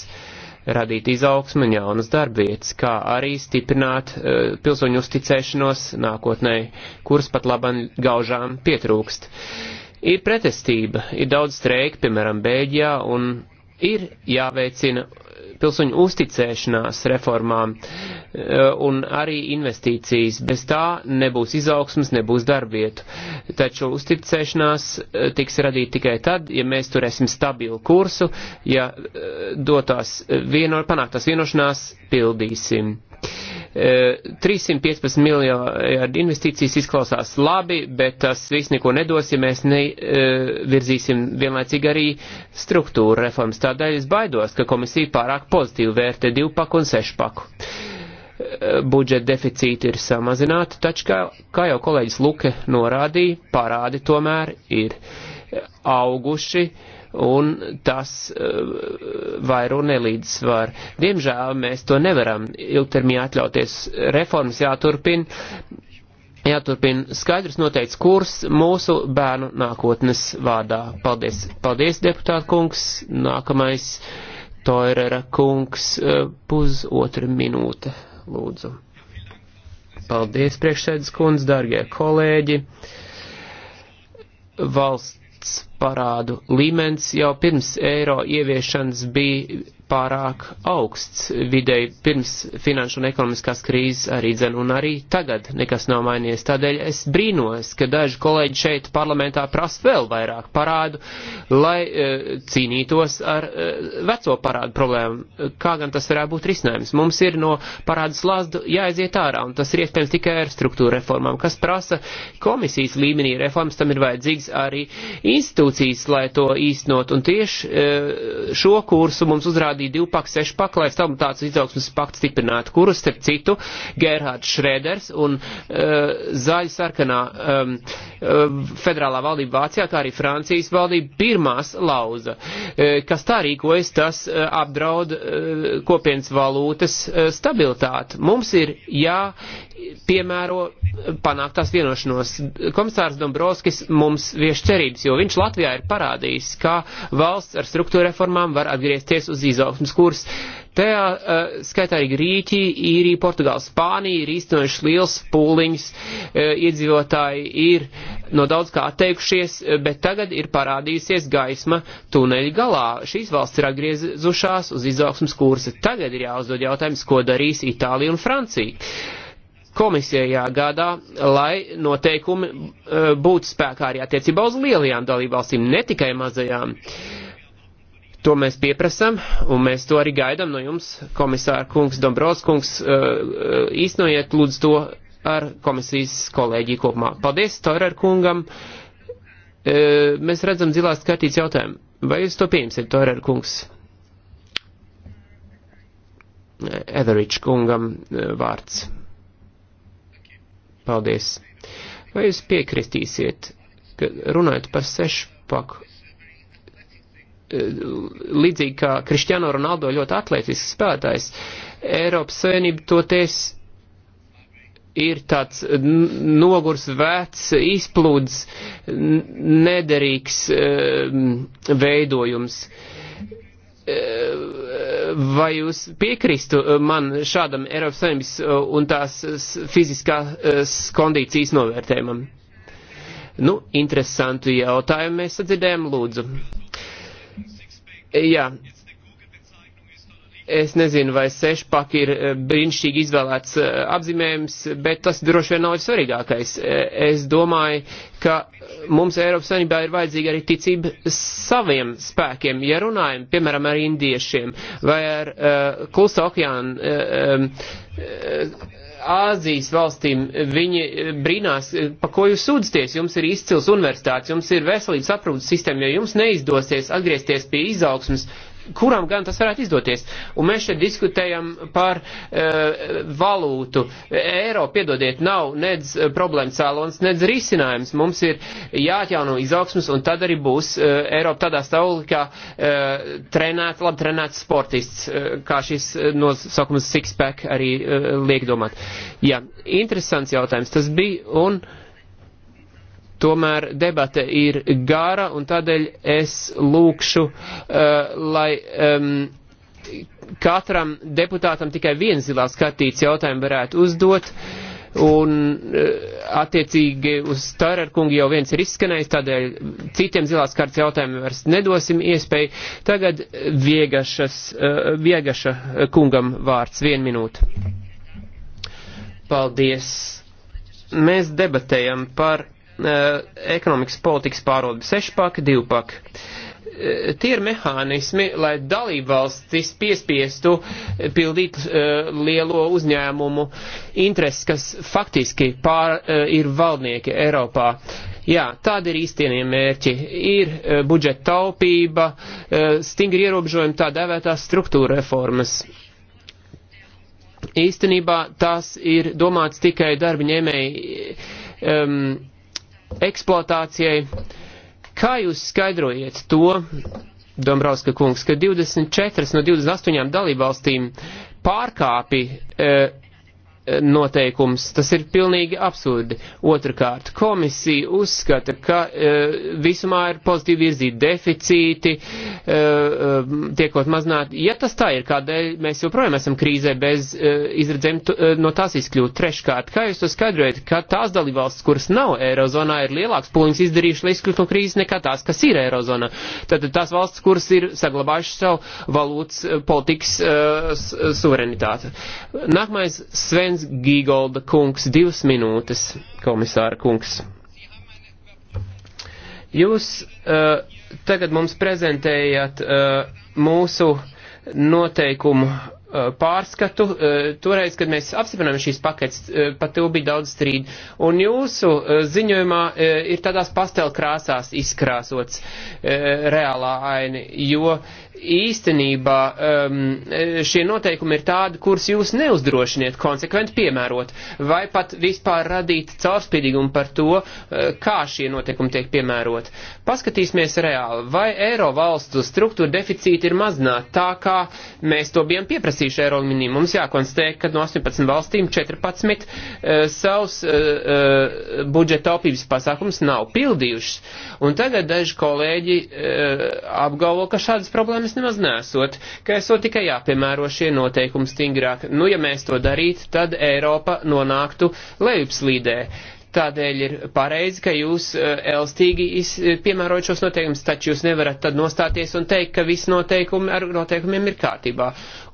radīt izaugsmu un jaunas darbvietas, kā arī stiprināt uh, pilsoņu uzticēšanos nākotnē, kuras pat laban gaužām pietrūkst. Ir pretestība, ir daudz streika, piemēram, Bēģijā, un ir jāveicina pilsoņu uzticēšanās reformām e, un arī investīcijas. Bez tā nebūs izaugsmas, nebūs darbvietu. Taču uzticēšanās e, tiks radīta tikai tad, ja mēs turēsim stabilu kursu, ja e, dotās vieno, panāktās vienošanās pildīsim. Uh, 315 e, miljārdu investīcijas izklausās labi, bet tas viss neko nedos, ja mēs nevirzīsim e, vienlaicīgi arī struktūra reformas. Tādēļ es baidos, ka komisija pārāk pozitīvi vērtē divpaku un sešpaku. E, budžeta deficīti ir samazināti, taču, kā, kā jau kolēģis Luke norādīja, parādi tomēr ir auguši. Uh, un tas e, vairo nelīdzsvar. Diemžēl mēs to nevaram ilgtermiņā atļauties. Reformas jāturpina, jāturpina skaidrs noteikts kurs mūsu bērnu nākotnes vārdā. Paldies, paldies deputāt kungs. Nākamais Toirera kungs e, pusotra minūte, lūdzu. Paldies, priekšsēdus kundz, dargie kolēģi. Valsts valsts parādu līmenis jau pirms eiro ieviešanas bija pārāk augsts videi pirms finanšu un ekonomiskās krīzes arī dzen, un arī tagad nekas nav mainījies. Tādēļ es brīnos, ka daži kolēģi šeit parlamentā prasa vēl vairāk parādu, lai e, cīnītos ar e, veco parādu problēmu. Kā gan tas varētu būt risinājums? Mums ir no parādu slazdu jāaiziet ārā, un tas ir iespējams tikai ar struktūra reformām, kas prasa komisijas līmenī reformas, tam ir vajadzīgs arī institūcijas, lai to īstenot, un tieši e, šo kursu mums uzrāda uzstādīja divpak, sešpak, lai stabilitātes izaugsmas pakts stiprinātu, kurus, starp citu, Gerhards Šrēders un uh, zaļa sarkanā um, uh, federālā valdība Vācijā, kā arī Francijas valdība pirmās lauza. Uh, kas tā rīkojas, tas uh, apdraud uh, kopienas valūtas uh, stabilitāti. Mums ir jāpiemēro panāktās vienošanos. Komisārs Dombrovskis mums vieš cerības, jo viņš Latvijā ir parādījis, kā valsts ar struktūra reformām var atgriezties uz izaugsmu izaugsmas kurs. Tajā uh, skaitā arī Grīķija, Īrija, Portugāla, Spānija ir īstenojuši liels pūliņus, uh, iedzīvotāji ir no daudz kā atteikušies, uh, bet tagad ir parādījusies gaisma tuneļa galā. Šīs valsts ir atgriezušās uz izaugsmas kursa. Tagad ir jāuzdod jautājums, ko darīs Itālija un Francija. Komisijai jāgādā, lai noteikumi uh, būtu spēkā arī attiecībā uz lielajām dalībvalstīm, ne tikai mazajām. Uh, To mēs pieprasam, un mēs to arī gaidām no jums, komisāra kungs, Dombrovs kungs, eh, eh, īstenojiet lūdzu to ar komisijas kolēģiju kopumā. Paldies Torer kungam. Eh, mēs redzam zilās skatīts jautājumu. Vai jūs to pieņemsiet, Torer kungs? Everidge kungam vārds. Paldies. Vai jūs piekristīsiet, ka runājot par sešu paku līdzīgi kā Kristiano Ronaldo ļoti atletisks spēlētājs, Eiropas Savienība toties ir tāds nogurs vecs, izplūds, nederīgs ehm, veidojums. Ehm, vai jūs piekristu eh, man šādam Eiropas Savienības eh, un tās fiziskās eh, kondīcijas novērtējumam? Nu, interesantu jautājumu mēs sadzirdējam, lūdzu. Jā. Es nezinu, vai sešpak ir eh, brīnišķīgi izvēlēts eh, apzīmējums, bet tas droši vien nav svarīgākais. Eh, es domāju, ka mums Eiropas Savienībā ir vajadzīga arī ticība saviem spēkiem, ja runājam, piemēram, ar indiešiem vai ar uh, klusa okeāna. Uh, uh, Āzijas valstīm, viņi eh, brīnās, eh, pa ko jūs sūdzties, jums ir izcils universitāts, jums ir veselības aprūpas sistēma, ja jums neizdosies atgriezties pie izaugsmas, kuram gan tas varētu izdoties. Un mēs šeit diskutējam par e, valūtu. Eiro, piedodiet, nav nedz problēma cēlons, nedz risinājums. Mums ir jāatjauno izaugsmas, un tad arī būs e, Eiropa tādā stāvoklī, kā e, trenēt, labi trenēts sportists, e, kā šis nosaukums six pack arī e, liek domāt. Jā, interesants jautājums tas bija, un Tomēr debate ir gara, un tādēļ es lūkšu, uh, lai um, katram deputātam tikai viens zilā skatīts jautājumu varētu uzdot. Un uh, attiecīgi uz Tārer kungu jau viens ir izskanējis, tādēļ citiem zilās kārtas jautājumiem vairs nedosim iespēju. Tagad Viegašas, uh, Viegaša kungam vārds, vien minūte. Paldies. Mēs debatējam par Eh, ekonomikas politikas pārvalde sešpaka, divpaka. Eh, tie ir mehānismi, lai dalību valstis piespiestu pildīt uh, lielo uzņēmumu intereses, kas faktiski pār, uh, ir valdnieki Eiropā. Jā, tādi ir īstenie mērķi. Ir uh, budžeta taupība, uh, stingri ierobežojumi tā devētās struktūra reformas īstenībā tās ir domāts tikai darba ņēmēji um, eksploatācijai. Kā jūs skaidrojiet to, Dombrovska kungs, ka 24 no 28 dalībvalstīm pārkāpi e, eh, noteikums. Tas ir pilnīgi absurdi. Otrakārt, komisija uzskata, ka uh, visumā ir pozitīvi virzīti deficīti, uh, tiekot maznāti. Ja tas tā ir, kādēļ mēs joprojām esam krīzē bez uh, izredzēm uh, no tās izkļūt. Treškārt, kā jūs to skaidrojat, ka tās dalībvalstis, kuras nav Eirozonā, ir lielāks pūliņš izdarījuši, lai izkļūtu no krīzes nekā tās, kas ir Eirozonā. Tātad tās valstis, kuras ir saglabājušas savu valūtas politikas uh, suverenitāti. Nākamais, Sven Referents Gīgolda kungs, divas minūtes, komisāra kungs. Jūs uh, tagad mums prezentējat uh, mūsu noteikumu uh, pārskatu. Uh, toreiz, kad mēs apstiprinājām šīs paketes, uh, pat tev bija daudz strīdu. Un jūsu uh, ziņojumā uh, ir tādās pastelkrāsās izkrāsots uh, reālā aina, jo uh, īstenībā um, šie noteikumi ir tādi, kurus jūs neuzdrošiniet konsekventi piemērot, vai pat vispār radīt caurspīdīgumu par to, uh, kā šie noteikumi tiek piemērot. Paskatīsimies reāli, vai eiro valstu struktūra deficīti ir mazināti tā, kā mēs to bijām pieprasījuši eiro līmenī. Mums jākonstatē, ka no 18 valstīm 14 uh, savus uh, uh, budžeta taupības pasākums nav pildījušas. Un tagad daži kolēģi uh, apgalvo, ka šādas problēmas problēmas nemaz nesot, ka esot tikai jāpiemēro šie noteikumi stingrāk. Nu, ja mēs to darītu, tad Eiropa nonāktu lejupslīdē. Uh, Tādēļ ir pareizi, ka jūs e, elstīgi e, piemērojat šos noteikumus, taču jūs nevarat tad nostāties un teikt, ka visi noteikumi ar noteikumiem ir kārtībā.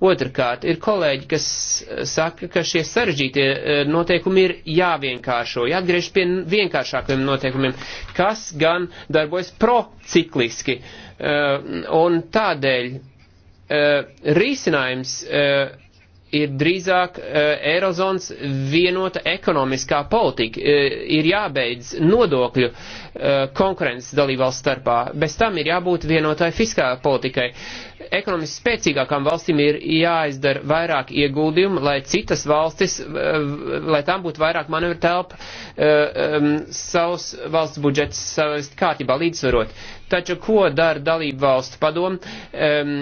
Otrakārt, ir kolēģi, kas e, saka, ka šie sarežģītie noteikumi ir jāvienkāršo, jāatgriež pie vienkāršākiem noteikumiem, kas gan darbojas procikliski. Un tādēļ risinājums ir drīzāk uh, Eirozonas vienota ekonomiskā politika. Uh, ir jābeidz nodokļu uh, konkurences dalībvalsts starpā. Bez tam ir jābūt vienotai fiskālā politikai. Ekonomiski spēcīgākām valstīm ir jāizdara vairāk ieguldījumu, lai citas valstis, uh, lai tām būtu vairāk manevru telpa uh, um, savus valsts budžets savas kārtībā līdzsvarot. Taču ko dara dalību valstu padomu? Um,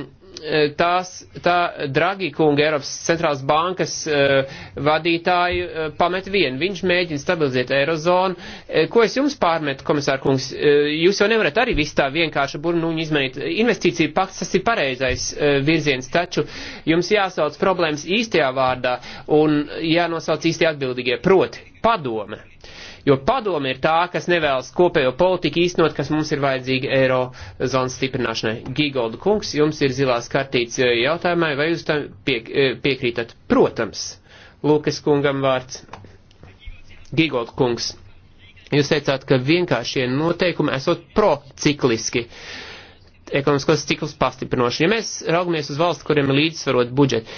tās, tā Dragi kunga Eiropas centrālās bankas uh, vadītāju uh, pamet vien. Viņš mēģina stabilizēt eirozonu. Uh, ko es jums pārmetu, komisār kungs? Uh, jūs jau nevarat arī visu tā vienkārši burnuņu izmainīt. Investīcija pakts tas ir pareizais uh, virziens, taču jums jāsauc problēmas īstajā vārdā un jānosauc īstie atbildīgie. Proti, padome. Uh, jo padome ir tā, kas nevēlas kopējo politiku īstenot, kas mums ir vajadzīga eiro zonas stiprināšanai. Gigolda kungs, jums ir zilās kartītes eh, jautājumai, vai jūs tam pie, eh, piekrītat? Protams, Lūkas kungam vārds. Gigolda kungs, jūs teicāt, ka vienkāršie noteikumi esot procikliski. Ekonomiskos ciklus pastiprinoši. Ja mēs raugamies uz valsts, kuriem ir līdzsvarot budžeti,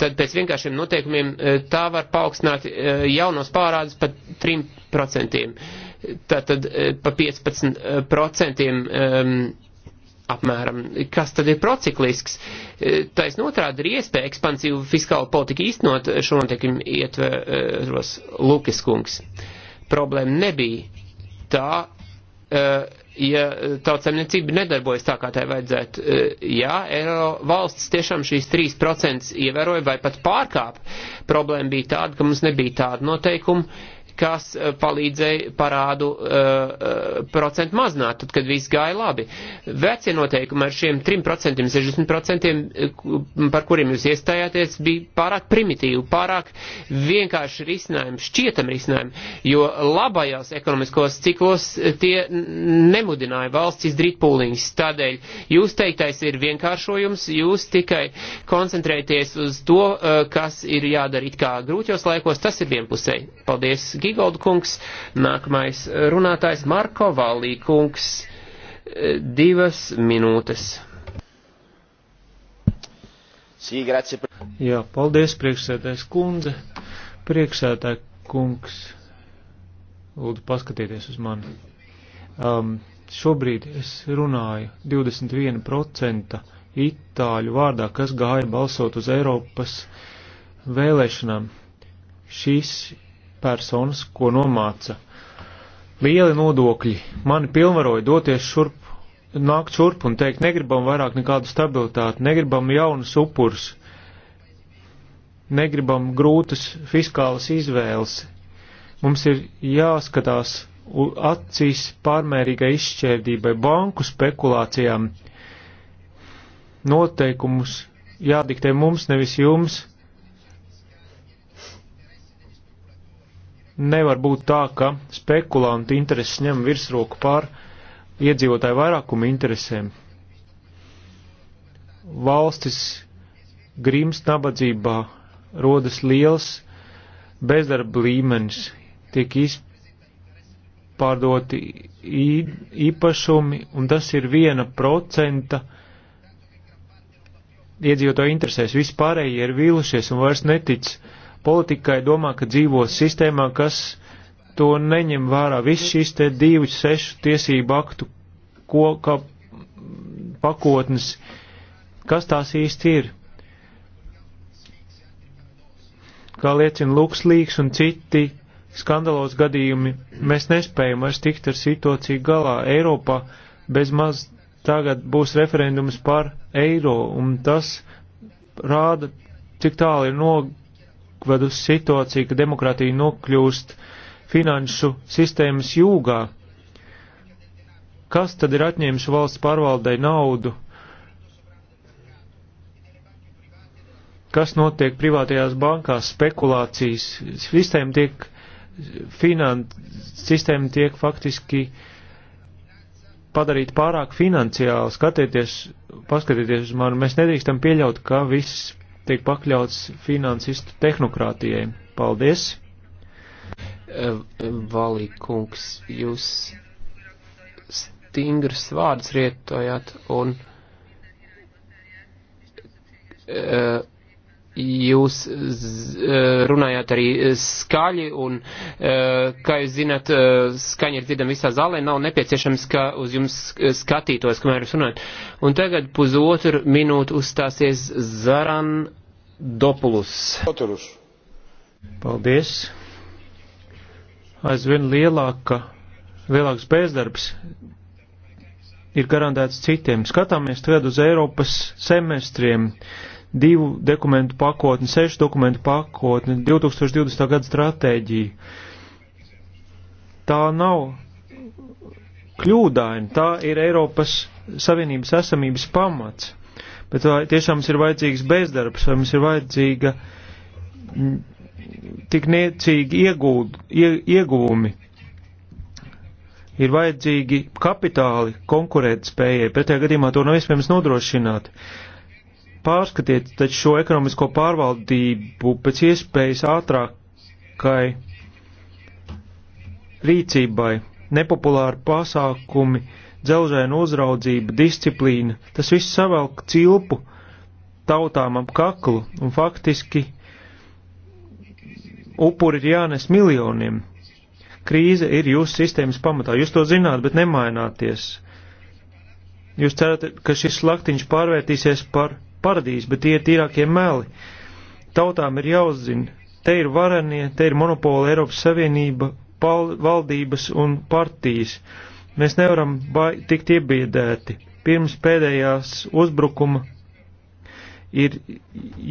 tad pēc vienkāršiem noteikumiem eh, tā var paaugstināt jaunos pārādes pat 3 procentiem. Tātad e, pa 15 procentiem um, apmēram. Kas tad ir prociklisks? E, Tais notrāda ir iespēja ekspansīvu fiskālu politiku īstenot šo notiekumu ietveros Lukas kungs. Problēma nebija tā, e, ja tautsēmniecība nedarbojas tā, kā tai vajadzētu. Jā, eiro valsts tiešām šīs 3% ievēroja vai pat pārkāp. Problēma bija tāda, ka mums nebija tāda noteikuma kas eh, palīdzēja parādu uh, procentu mazināt, tad, kad viss gāja labi. Vecie noteikumi ar šiem 3%, 60%, par kuriem jūs iestājāties, bija pārāk primitīvi, pārāk vienkārši risinājumi, šķietam risinājumi, jo labajos ekonomiskos ciklos tie nemudināja valsts izdarīt pūliņus. Tādēļ jūs teiktais ir vienkāršojums, jūs tikai koncentrēties uz to, uh, kas ir jādara it kā grūtjos laikos, tas ir vienpusēji. Paldies! Gigolda kungs, nākamais runātājs Marko Valī kungs, e, divas minūtes. Jā, paldies, priekšsēdājs kundze. Priekšsēdāj kungs, lūdzu paskatieties uz mani. Um, šobrīd es runāju 21% itāļu vārdā, kas gāja balsot uz Eiropas vēlēšanām. Šis personas, ko nomāca lieli nodokļi, mani pilnvaroja doties šurp, nākt šurp un teikt, negribam vairāk nekādu stabilitāti, negribam jaunas upurus, negribam grūtas fiskālas izvēles. Mums ir jāskatās acīs pārmērīgai izšķērdībai, banku spekulācijām, noteikumus jādiktē mums, nevis jums Nevar būt tā, ka spekulanti intereses ņem virsroku pār iedzīvotāju vairākumu interesēm. Valstis grimst nabadzībā, rodas liels bezdarba līmenis, tiek izpārdoti īpašumi, un tas ir viena procenta iedzīvotāju interesēs. Vispārējie ir vīlušies un vairs netic uh, politikai domā, ka dzīvo sistēmā, kas to neņem vērā. Viss šīs te divu, sešu tiesību aktu koka pakotnes, kas tās īsti ir? Kā liecina Lukslīgs un citi skandalos gadījumi, mēs nespējam vairs tikt ar situāciju galā Eiropā, bez maz tagad būs referendums par eiro, un tas rāda, cik tālu ir no, ved uz situāciju, ka demokrātija nokļūst finanšu sistēmas jūgā. Kas tad ir atņēmis valsts pārvaldei naudu? Kas notiek privātajās bankās, spekulācijas? Sistēma tiek, finan, sistēma tiek faktiski padarīt pārāk finansiāli. Skatieties, paskatieties uz mani, mēs nedrīkstam pieļaut, ka viss tiek pakļauts finansistu tehnokrātijai. Paldies! Eh, Valī kungs, jūs stingrs vārds rietojāt un. Uh, Jūs eh, runājāt arī skaļi, un, eh, kā jūs zināt, eh, skaņa ir dzirdama visā zālē, nav nepieciešams, ka uz jums skatītos, kamēr jūs runājat. Un tagad pusotru minūtu uzstāsies Zaran Dopulus. Oturus. Paldies. Aizvien lielāka, lielāks bezdarbs ir garantēts citiem. Skatāmies tagad uz Eiropas semestriem. Uh, divu dokumentu pakotni, sešu dokumentu pakotni, 2020. gada stratēģiju. Tā nav kļūdaina, tā ir Eiropas Savienības esamības pamats. Bet vai tiešām mums ir vajadzīgs bezdarbs, vai mums ir vajadzīga tik niecīgi iegūd, ie, ieguvumi? ir vajadzīgi kapitāli konkurēt spējai, pretējā gadījumā to nav iespējams nodrošināt pārskatiet taču šo ekonomisko pārvaldību pēc iespējas ātrākai rīcībai, nepopulāri pasākumi, dzelzēna uzraudzība, disciplīna, tas viss savelk cilpu tautām ap kaklu un faktiski upuri ir jānes miljoniem. Krīze ir jūsu sistēmas pamatā, jūs to zināt, bet nemaināties. Jūs cerat, ka šis slaktiņš pārvērtīsies par paradīze, bet tie ir tīrākie meli. Tautām ir jāuzzina, te ir varenie, te ir monopola Eiropas Savienība, pal, valdības un partijas. Mēs nevaram tikt iebiedēti. Pirms pēdējās uzbrukuma ir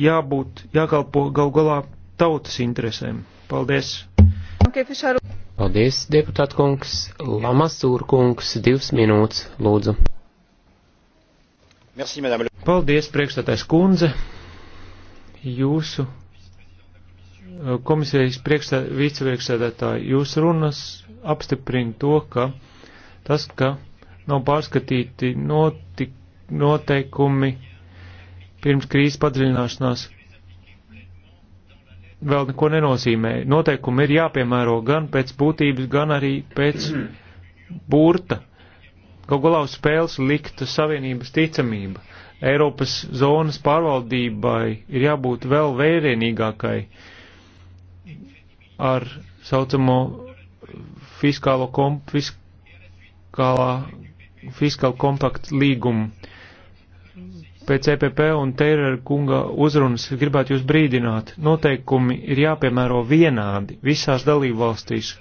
jābūt, jākalpo gal galā tautas interesēm. Paldies! Paldies, deputāt kungs! Lamasūr kungs, divas minūtes, lūdzu! Paldies, priekšstādājs kundze. Jūsu eh, komisijas vicepriekšsēdētāji, jūs runas apstiprina to, ka tas, ka nav pārskatīti notik, noteikumi pirms krīzes padziļināšanās, vēl neko nenozīmē. Noteikumi ir jāpiemēro gan pēc būtības, gan arī pēc burta Gogolā uz spēles likta savienības ticamība. Eiropas zonas pārvaldībai ir jābūt vēl vērienīgākai ar saucamo fiskālo komp, fiskālā, fiskālu kompaktu līgumu. Pēc EPP un Teirera kunga uzrunas gribētu jūs brīdināt, noteikumi ir jāpiemēro vienādi visās dalībvalstīs,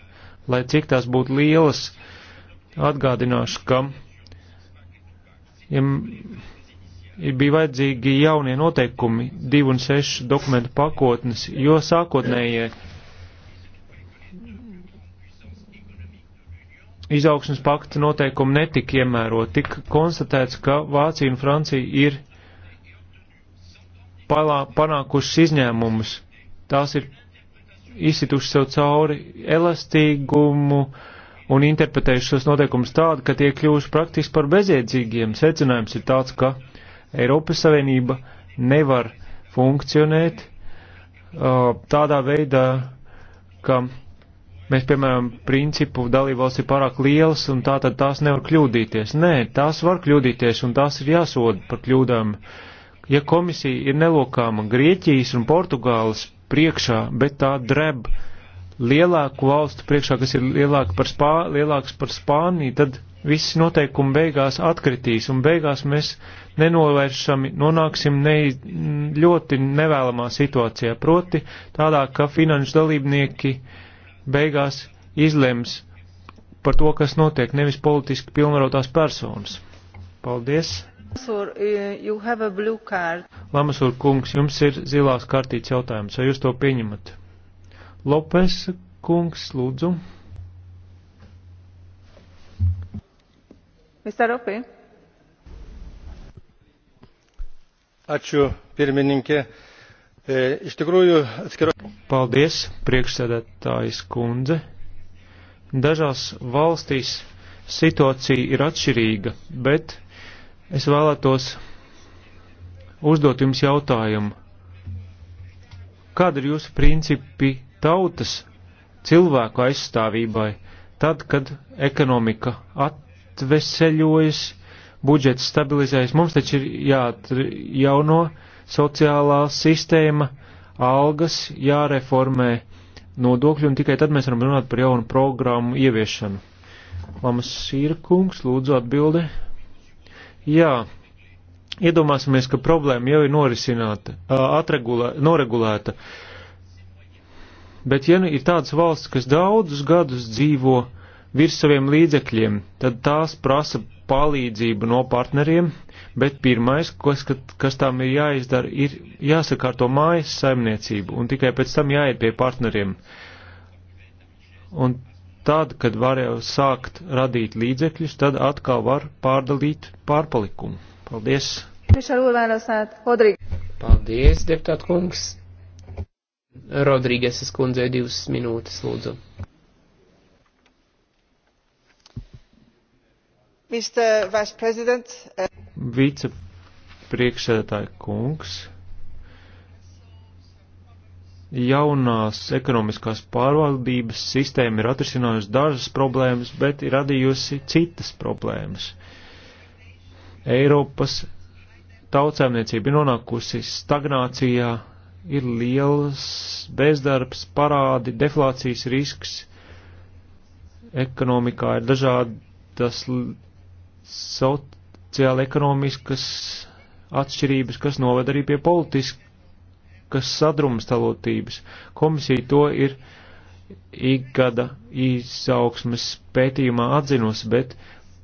lai cik tās būtu lielas, uh, Atgādināšu, ka ja bija vajadzīgi jaunie noteikumi, divu un sešu dokumentu pakotnes, jo sākotnējie izaugsmas pakta noteikumi netika iemērot. Tik konstatēts, ka Vācija un Francija ir palā, panākušas izņēmumus. Tās ir izsitušas sev cauri elastīgumu, uh, un interpretējuši šos noteikumus tādu, ka tie kļūst praktiski par bezjēdzīgiem. Secinājums ir tāds, ka Eiropas Savienība nevar funkcionēt uh, tādā veidā, ka mēs, piemēram, principu dalībvalsts ir pārāk liels un tā tad tās nevar kļūdīties. Nē, tās var kļūdīties un tās ir jāsoda par kļūdām. Ja komisija ir nelokāma Grieķijas un Portugāles priekšā, bet tā dreb lielāku valstu priekšā, kas ir lielāka par spā, lielāks par Spāniju, tad visi noteikumi beigās atkritīs, un beigās mēs nenovēršami nonāksim ne, ļoti nevēlamā situācijā. Proti tādā, ka finanšu dalībnieki beigās izlems par to, kas notiek, nevis politiski pilnvarotās personas. Paldies! Lamasur eh, kungs, jums ir zilās kartītes jautājums, vai jūs to pieņemat? Lopes kungs, lūdzu. Mr. Opie. Ačiū, pirmininkė. E, iš tikrųjų, atskiro. Paldies, priekšsēdētājs kundze. Dažās valstīs situācija ir atšķirīga, bet es vēlētos uzdot jums jautājumu. Kāda ir jūsu principi tautas cilvēku aizstāvībai, tad, kad ekonomika atveseļojas, budžets stabilizējas, mums taču ir jāatjauno sociālā sistēma, algas jāreformē nodokļi, un tikai tad mēs varam runāt par jaunu programmu ieviešanu. Lamas Sīrkungs, lūdzu atbildi. Jā, iedomāsimies, ka problēma jau ir norisināta, atregulē, noregulēta. Uh, bet ja nu ir tādas valsts, kas daudzus gadus dzīvo virs saviem līdzekļiem, tad tās prasa palīdzību no partneriem, bet pirmais, kas, kas tām ir jāizdara, ir jāsakārto mājas saimniecību, un tikai pēc tam jāiet pie partneriem. Un tad, kad varēja sākt radīt līdzekļus, tad atkal var pārdalīt pārpalikumu. Paldies! Paldies, deputāt kungs! Rodrīgeses kundzei divas minūtes, lūdzu. Vice eh, priekšsēdētāja kungs, jaunās ekonomiskās pārvaldības sistēma ir atrisinājusi dažas problēmas, bet ir radījusi citas problēmas. Eiropas tautsēmniecība ir nonākusi stagnācijā, ir liels bezdarbs, parādi, deflācijas risks, ekonomikā ir dažādas sociāla ekonomiskas atšķirības, kas noved arī pie politiskas sadrumstalotības. Komisija to ir ikgada izaugsmes pētījumā atzinusi, bet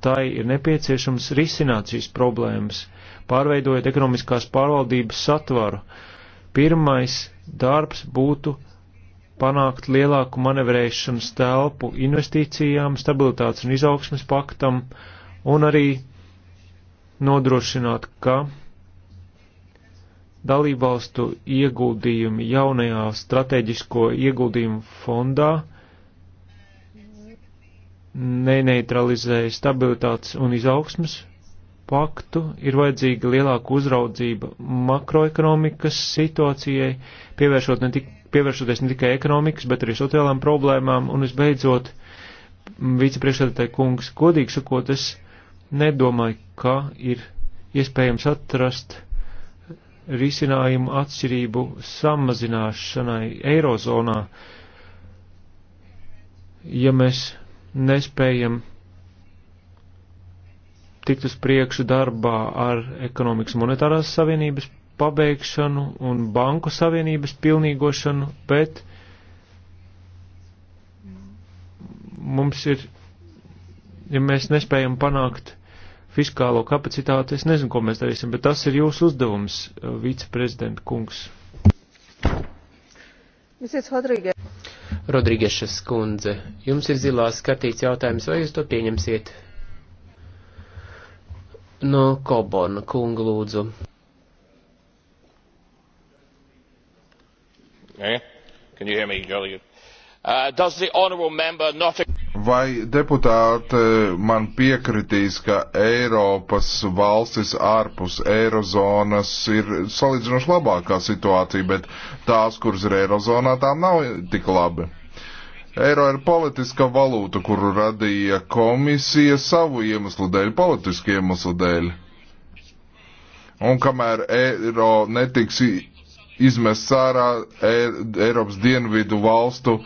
tai ir nepieciešams risināt šīs problēmas, pārveidojot ekonomiskās pārvaldības satvaru. Uh, Pirmais darbs būtu panākt lielāku manevrēšanas telpu investīcijām, stabilitātes un izaugsmes paktam un arī nodrošināt, ka dalībvalstu ieguldījumi jaunajā strateģisko ieguldījumu fondā neneutralizēja stabilitātes un izaugsmas paktu ir vajadzīga lielāka uzraudzība makroekonomikas situācijai, pievēršot ne tik, pievēršoties ne tikai ekonomikas, bet arī sociālām problēmām, un visbeidzot, vicepriekšsēdētāji kungs, godīgi sakot, es nedomāju, ka ir iespējams atrast risinājumu atšķirību samazināšanai Eirozonā, ja mēs nespējam tikt uz priekšu darbā ar ekonomikas monetārās savienības pabeigšanu un banku savienības pilnīgošanu, bet mums ir, ja mēs nespējam panākt fiskālo kapacitāti, es nezinu, ko mēs darīsim, bet tas ir jūsu uzdevums, viceprezidenta kungs. Rodrīgešas kundze, jums ir zilās skatīts jautājums, vai jūs to pieņemsiet? no Kobona kunga lūdzu. Eh? Uh, Vai deputāte man piekritīs, ka Eiropas valstis ārpus Eirozonas ir salīdzinoši labākā situācija, bet tās, kuras ir Eirozonā, tām nav tik labi? Eiro ir politiska valūta, kuru radīja komisija savu iemeslu dēļ, politisku iemeslu dēļ. Un kamēr eiro netiks izmests ārā e Eiropas dienvidu valstu,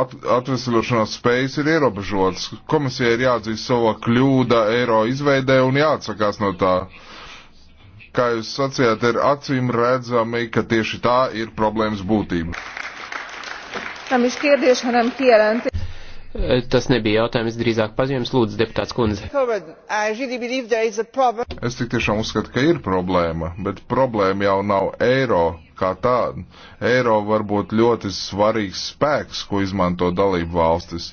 at atvesļošanās spējas ir ierobežotas. Komisija ir jāatzīst sava kļūda eiro izveidē un jāatsakās no tā kā jūs sacījāt, ir acīm redzami, ka tieši tā ir problēmas būtība. Nem is kérdés, hanem kijelentés. Tas nebija jautājums, drīzāk paziņojums. Lūdzu, deputāts kundze. Es tik tiešām uzskatu, ka ir problēma, bet problēma jau nav eiro kā tāda. Eiro var būt ļoti svarīgs spēks, ko izmanto dalību valstis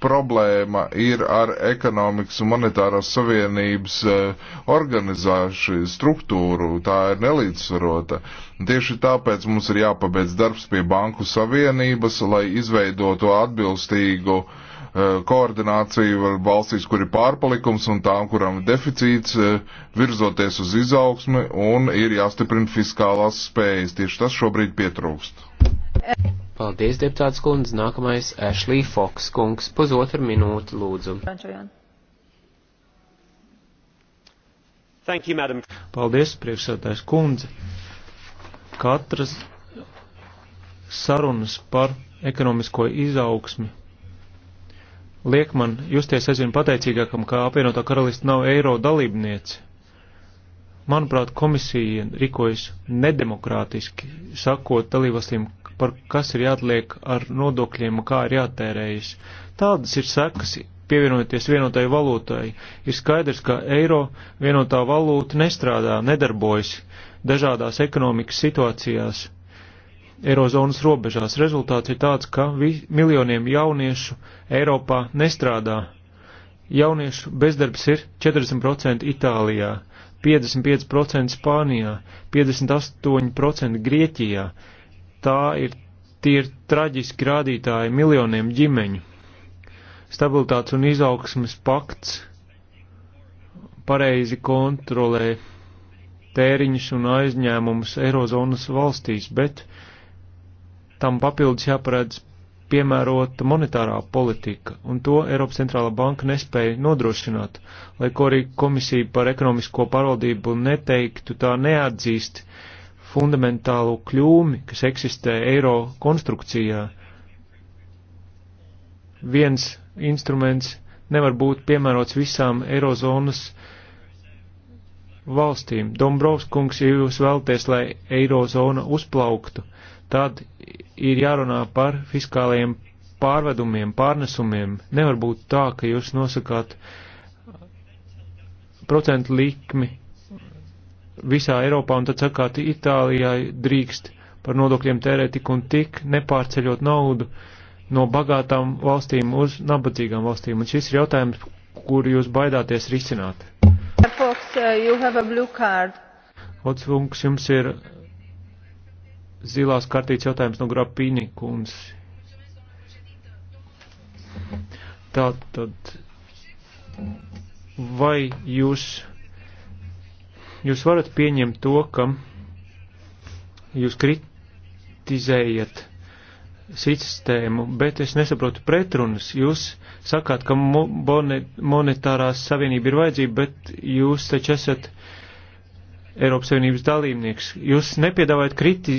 problēma ir ar ekonomikas un monetārās savienības e, organizāciju struktūru. Tā ir nelīdzsvarota. Tieši tāpēc mums ir jāpabeidz darbs pie banku savienības, lai izveidotu atbilstīgu e, koordināciju ar valstīs, kur ir pārpalikums un tām, kurām ir deficīts, e, virzoties uz izaugsmi un ir jāstiprina fiskālās spējas. Tieši tas šobrīd pietrūkst. Paldies, deputāts kundze. Nākamais Ashley Fox kungs. Pusotru minūti, lūdzu. Thank you, madam. Paldies, priekšsētājs kundze. Katras sarunas par ekonomisko izaugsmi liek man justies aizvien pateicīgākam, ka apvienotā karalista nav eiro dalībniece. Manuprāt, komisija rīkojas nedemokrātiski, sakot dalībvalstīm, par kas ir jāatliek ar nodokļiem un kā ir jātērējas. Tādas ir sekas pievienoties vienotai valūtai. Ir skaidrs, ka eiro vienotā valūta nestrādā, nedarbojas dažādās ekonomikas situācijās. Eirozonas robežās rezultāts ir tāds, ka miljoniem jauniešu Eiropā nestrādā. Jauniešu bezdarbs ir 40% Itālijā, 55% Spānijā, 58% Grieķijā, Tā ir, tie ir traģiski rādītāji miljoniem ģimeņu. Stabilitātes un izaugsmes pakts pareizi kontrolē tēriņus un aizņēmumus Eirozonas valstīs, bet tam papildus jāparedz piemērota monetārā politika, un to Eiropas centrālā banka nespēja nodrošināt, lai ko arī komisija par ekonomisko pārvaldību neteiktu, tā neatzīst fundamentālo kļūmi, kas eksistē eiro konstrukcijā. Viens instruments nevar būt piemērots visām eirozonas valstīm. Dombrovskungs, ja jūs vēlaties, lai eirozona uzplauktu, tad ir jārunā par fiskālajiem pārvedumiem, pārnesumiem. Nevar būt tā, ka jūs nosakāt procentu likmi visā Eiropā un tad sakāt Itālijai drīkst par nodokļiem tērēt tik un tik, nepārceļot naudu no bagātām valstīm uz nabadzīgām valstīm. Un šis ir jautājums, kur jūs baidāties risināt. Fox, Hotsvunks, uh, jums ir zilās kartītes jautājums no Grapīni kungs. Tā tad, vai jūs jūs varat pieņemt to, ka jūs kritizējat sistēmu, bet es nesaprotu pretrunas. Jūs sakāt, ka monetārā savienība ir vajadzība, bet jūs taču esat Eiropas Savienības dalībnieks. Jūs nepiedāvājat kriti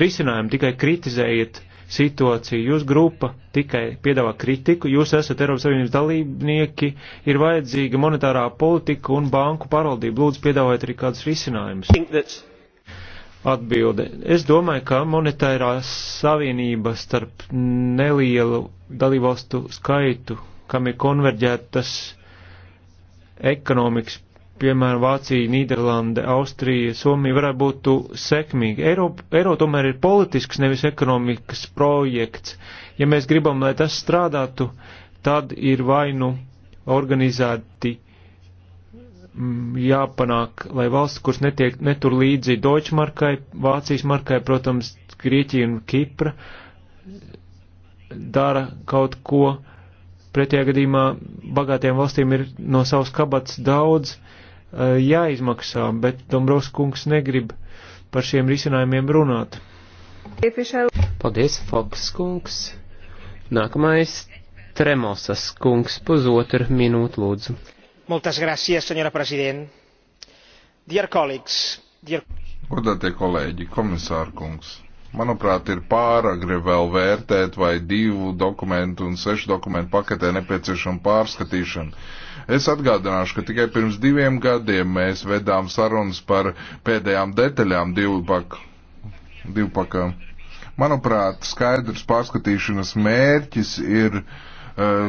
risinājumu, tikai kritizējat uh, situāciju. Jūs grupa tikai piedāvā kritiku, jūs esat Eiropas Savienības dalībnieki, ir vajadzīga monetārā politika un banku pārvaldība. Lūdzu, piedāvājiet arī kādus risinājumus. Atbilde. Es domāju, ka monetārā savienība starp nelielu dalībvalstu skaitu, kam ir konverģētas ekonomikas piemēram, Vācija, Nīderlanda, Austrija, Somija varētu būt sekmīgi. Eiro, eiro tomēr ir politisks, nevis ekonomikas projekts. Ja mēs gribam, lai tas strādātu, tad ir vainu organizēti mm, jāpanāk, lai valsts, kuras netiek, netur līdzi Deutschmarkai, Vācijas markai, protams, Grieķija un Kipra, dara kaut ko. Pretējā gadījumā bagātiem valstīm ir no savas kabats daudz, uh, Eh, jāizmaksā, bet Dombrovs kungs negrib par šiem risinājumiem runāt. Paldies, Fogs kungs. Nākamais Tremosas kungs, pusotru minūtu lūdzu. Moltes gracias, senora prezident. Dear colleagues, dear... Godātie kolēģi, komisāra kungs, manuprāt, ir pāragri vēl vērtēt, vai divu dokumentu un sešu dokumentu paketē nepieciešama pārskatīšana Es atgādināšu, ka tikai pirms diviem gadiem mēs vedām sarunas par pēdējām detaļām divpak, divpakām. Manuprāt, skaidrs pārskatīšanas mērķis ir uh,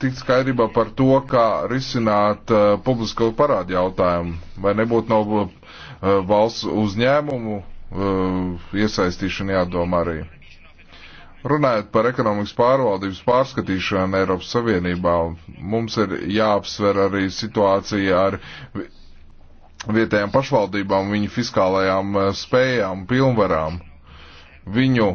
tikt skaidrībā par to, kā risināt uh, publisko parādu jautājumu, vai nebūtu nav uh, valsts uzņēmumu uh, iesaistīšana jādomā arī. Runājot par ekonomikas pārvaldības pārskatīšanu Eiropas Savienībā, mums ir jāapsver arī situācija ar vietējām pašvaldībām, viņu fiskālajām eh, spējām, pilnvarām. Viņu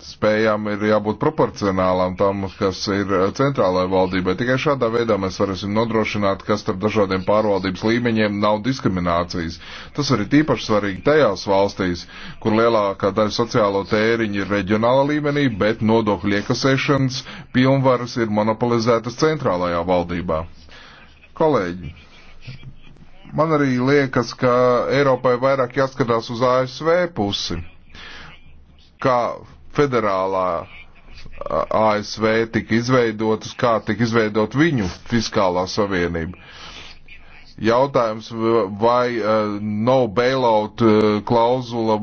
spējām ir jābūt proporcionālām tam, kas ir centrālajai valdībai. Tikai šādā veidā mēs varēsim nodrošināt, ka starp dažādiem pārvaldības līmeņiem nav diskriminācijas. Tas arī tīpaši svarīgi tajās valstīs, kur lielākā daļa sociālo tēriņu ir reģionāla līmenī, bet nodokļu iekasēšanas pilnvaras ir monopolizētas centrālajā valdībā. Kolēģi, man arī liekas, ka Eiropai vairāk jāskatās uz ASV pusi kā federālā ASV tika izveidotas, kā tika izveidot viņu fiskālā savienība. Jautājums, vai uh, no bailout uh, klauzula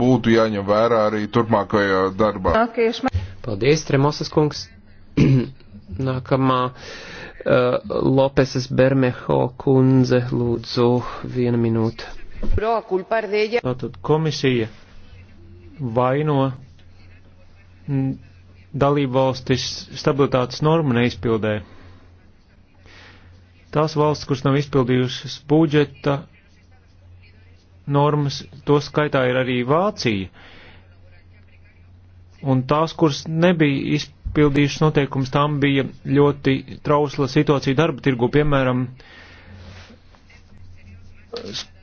būtu jāņem vērā arī turpmākajā darbā. Paldies, Tremosas kungs. Nākamā uh, Lopeses Bermeho kundze, lūdzu, viena minūte. Tātad komisija vaino dalību valstis stabilitātes normu neizpildē. Tās valsts, kuras nav izpildījušas budžeta normas, to skaitā ir arī Vācija. Un tās, kuras nebija izpildījušas noteikums, tām bija ļoti trausla situācija darba tirgu, piemēram,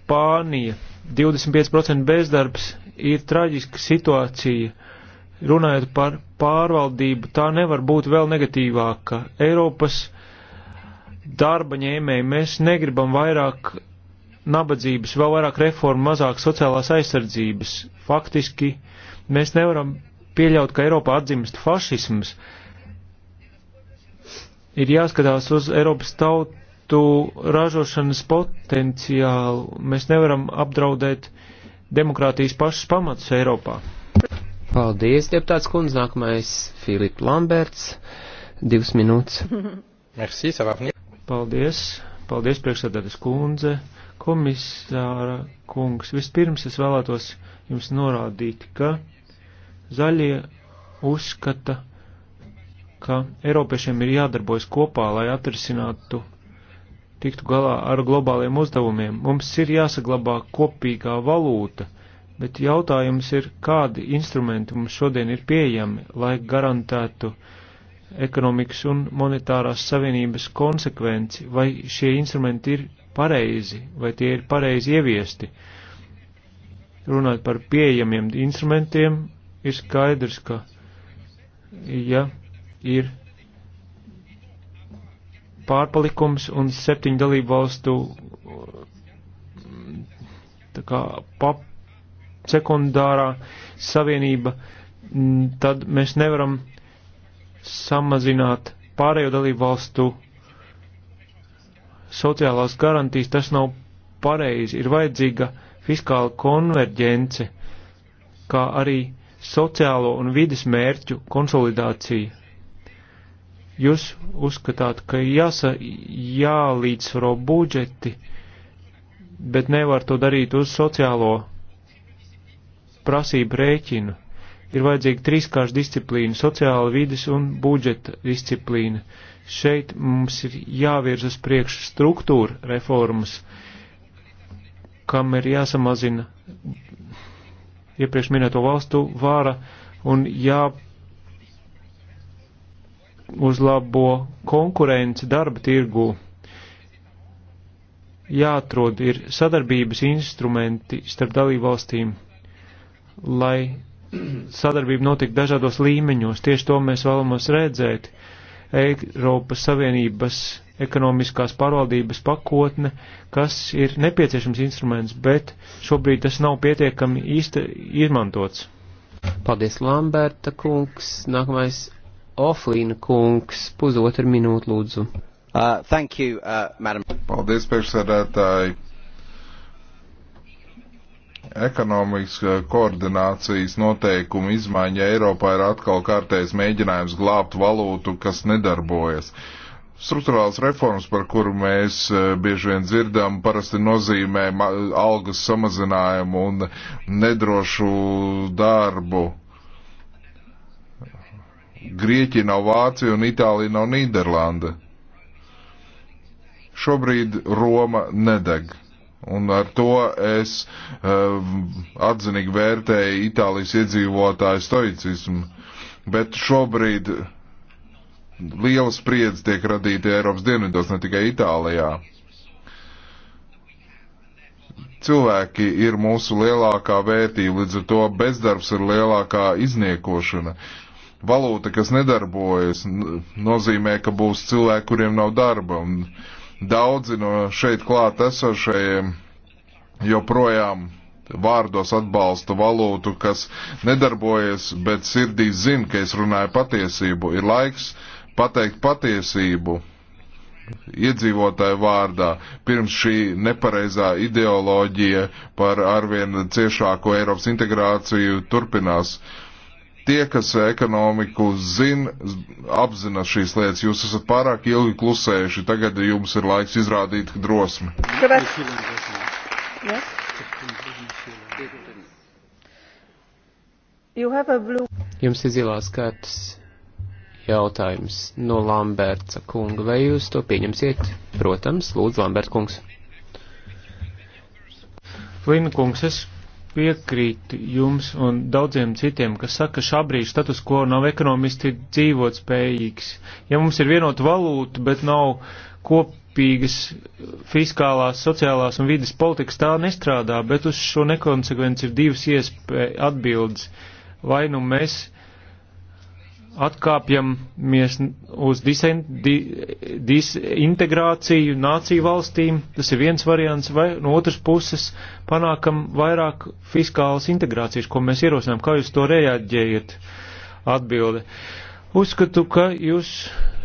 Spānija. 25% bezdarbs ir traģiska situācija. Runājot par pārvaldību, tā nevar būt vēl negatīvāka. Eiropas darba ņēmēji mēs negribam vairāk nabadzības, vēl vairāk reformu, mazāk sociālās aizsardzības. Faktiski mēs nevaram pieļaut, ka Eiropā atdzimst fašisms. Ir jāskatās uz Eiropas tautu ražošanas potenciālu. Mēs nevaram apdraudēt uh, demokrātijas pašas pamats Eiropā. Paldies, deputāts kundze. Nākamais Filips Lamberts. Divas minūtes. Merci, savā. Paldies. Paldies, priekšsēdētas kundze. Komisāra kungs, vispirms es vēlētos jums norādīt, ka zaļie uzskata, ka Eiropiešiem ir jādarbojas kopā, lai atrisinātu tiktu galā ar globāliem uzdevumiem. Mums ir jāsaglabā kopīgā valūta, bet jautājums ir, kādi instrumenti mums šodien ir pieejami, lai garantētu ekonomikas un monetārās savienības konsekvenci, vai šie instrumenti ir pareizi, vai tie ir pareizi ieviesti. Runāt par pieejamiem instrumentiem, ir skaidrs, ka, ja ir pārpalikums un septiņu dalību valstu tā kā pap, sekundārā savienība, tad mēs nevaram samazināt pārējo dalību valstu sociālās garantijas. Tas nav pareizi. Ir vajadzīga fiskāla konverģence, kā arī sociālo un vides mērķu konsolidācija. Jūs uzskatāt, ka jāsa, jālīdzsvaro budžeti, bet nevar to darīt uz sociālo prasību rēķinu. Ir vajadzīga trīskārš disciplīna - sociāla vides un budžeta disciplīna. Šeit mums ir jāvirz uz priekšu struktūra reformas, kam ir jāsamazina iepriekš minēto valstu vāra un jāpārādās jāuzlabo konkurence darba tirgū. Jāatrod ir sadarbības instrumenti starp dalībvalstīm, lai sadarbība notiek dažādos līmeņos. Tieši to mēs vēlamies redzēt. Eiropas Savienības ekonomiskās pārvaldības pakotne, kas ir nepieciešams instruments, bet šobrīd tas nav pietiekami īsti izmantots. Paldies, Lamberta kungs. Nākamais Oflīna kungs, pusotru minūtu lūdzu. Uh, thank you, uh, madam. Paldies, priekšsēdētāji. Ekonomikas uh, koordinācijas noteikumu izmaiņa Eiropā ir atkal kārtējs mēģinājums glābt valūtu, kas nedarbojas. Struktūrāls reformas, par kuru mēs uh, bieži vien dzirdam, parasti nozīmē algas samazinājumu un nedrošu darbu Grieķija nav Vācija un Itālija nav Nīderlanda. Šobrīd Roma nedeg. Un ar to es uh, atzinīgi vērtēju Itālijas iedzīvotāju stoicismu. Bet šobrīd liela spriedze tiek radīta Eiropas dienvidos, ne tikai Itālijā. Cilvēki ir mūsu lielākā vērtība, līdz ar to bezdarbs ir lielākā izniekošana. Uh, valūta, kas nedarbojas, nozīmē, ka būs cilvēki, kuriem nav darba. Un daudzi no šeit klāt esošajiem joprojām vārdos atbalsta valūtu, kas nedarbojas, bet sirdī zina, ka es runāju patiesību. Ir laiks pateikt patiesību iedzīvotāju vārdā, pirms šī nepareizā ideoloģija par arvien ciešāko Eiropas integrāciju turpinās. Uh, Tie, kas ekonomiku zina, apzina šīs lietas. Jūs esat pārāk ilgi klusējuši. Tagad jums ir laiks izrādīt drosmi. Jums ir zilās kartas jautājums no Lamberta kunga. Vai jūs to pieņemsiet? Protams, lūdzu, Lamberta kungs. Lina kungs, es piekrīt jums un daudziem citiem, kas saka, ka šobrīd status quo nav ekonomiski dzīvot spējīgs. Ja mums ir vienota valūta, bet nav kopīgas fiskālās, sociālās un vidas politikas, tā nestrādā, bet uz šo nekonsekvenci ir divas iespējas atbildes. Vai nu mēs atkāpjamies uz disen, di, disintegrāciju nāciju valstīm, tas ir viens variants, vai no otras puses panākam vairāk fiskālas integrācijas, ko mēs ierosinām. Kā jūs to reaģējat? Atbilde. Uzskatu, ka jūs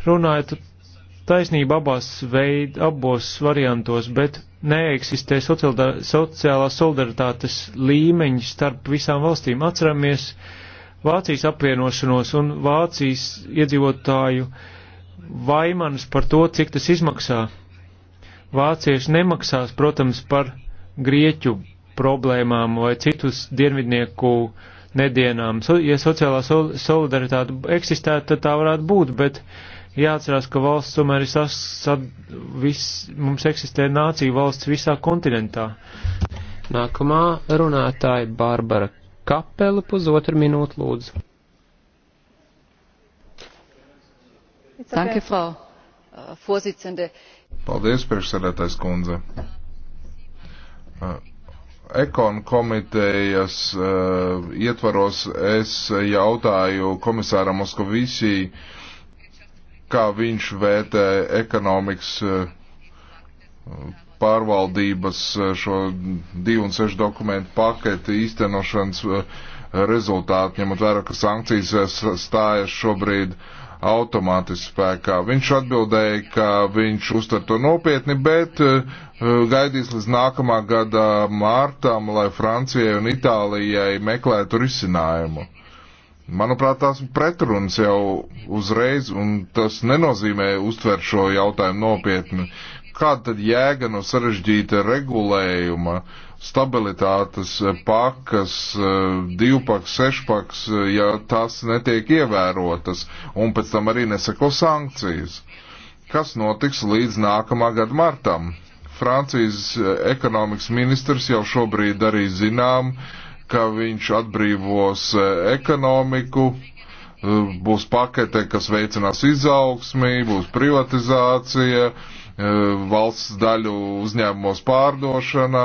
runājat taisnība abās veid, abos variantos, bet neeksistē sociālā solidaritātes līmeņi starp visām valstīm. Atceramies, uh, Vācijas apvienošanos un Vācijas iedzīvotāju vaimanas par to, cik tas izmaksā. Vācieši nemaksās, protams, par grieķu problēmām vai citus dienvidnieku nedienām. So, ja sociālā sol solidaritāte eksistētu, tad tā varētu būt, bet jāatcerās, ka valsts tomēr ir sas, sad, vis, mums eksistē nācija valsts visā kontinentā. Nākamā runātāja Barbara Kapela pusotru minūtu lūdzu. Danke, Frau äh, Vorsitzende. Paldies, priekšsēdētājs kundze. Äh, Ekon komitejas uh, ietvaros es jautāju komisāram Moskovisī, kā viņš vērtē ekonomikas uh, pārvaldības eh, šo divu un sešu dokumentu paketi īstenošanas eh, rezultātu, ņemot vērā, ka sankcijas eh, stājas šobrīd automātiski spēkā. Viņš atbildēja, ka viņš uztver to nopietni, bet gaidīs līdz nākamā gada mārtam, lai Francijai un Itālijai meklētu risinājumu. Manuprāt, tās pretrunas jau uzreiz, un tas nenozīmē uztver šo jautājumu nopietni. Uh, kāda tad jēga no sarežģīta regulējuma, stabilitātes pakas, divpaks, sešpaks, ja tās netiek ievērotas, un pēc tam arī neseko sankcijas? Kas notiks līdz nākamā gada martam? Francijas ekonomikas ministrs jau šobrīd arī zinām, ka viņš atbrīvos ekonomiku, būs pakete, kas veicinās izaugsmī, būs privatizācija, uh, E, valsts daļu uzņēmumos pārdošana.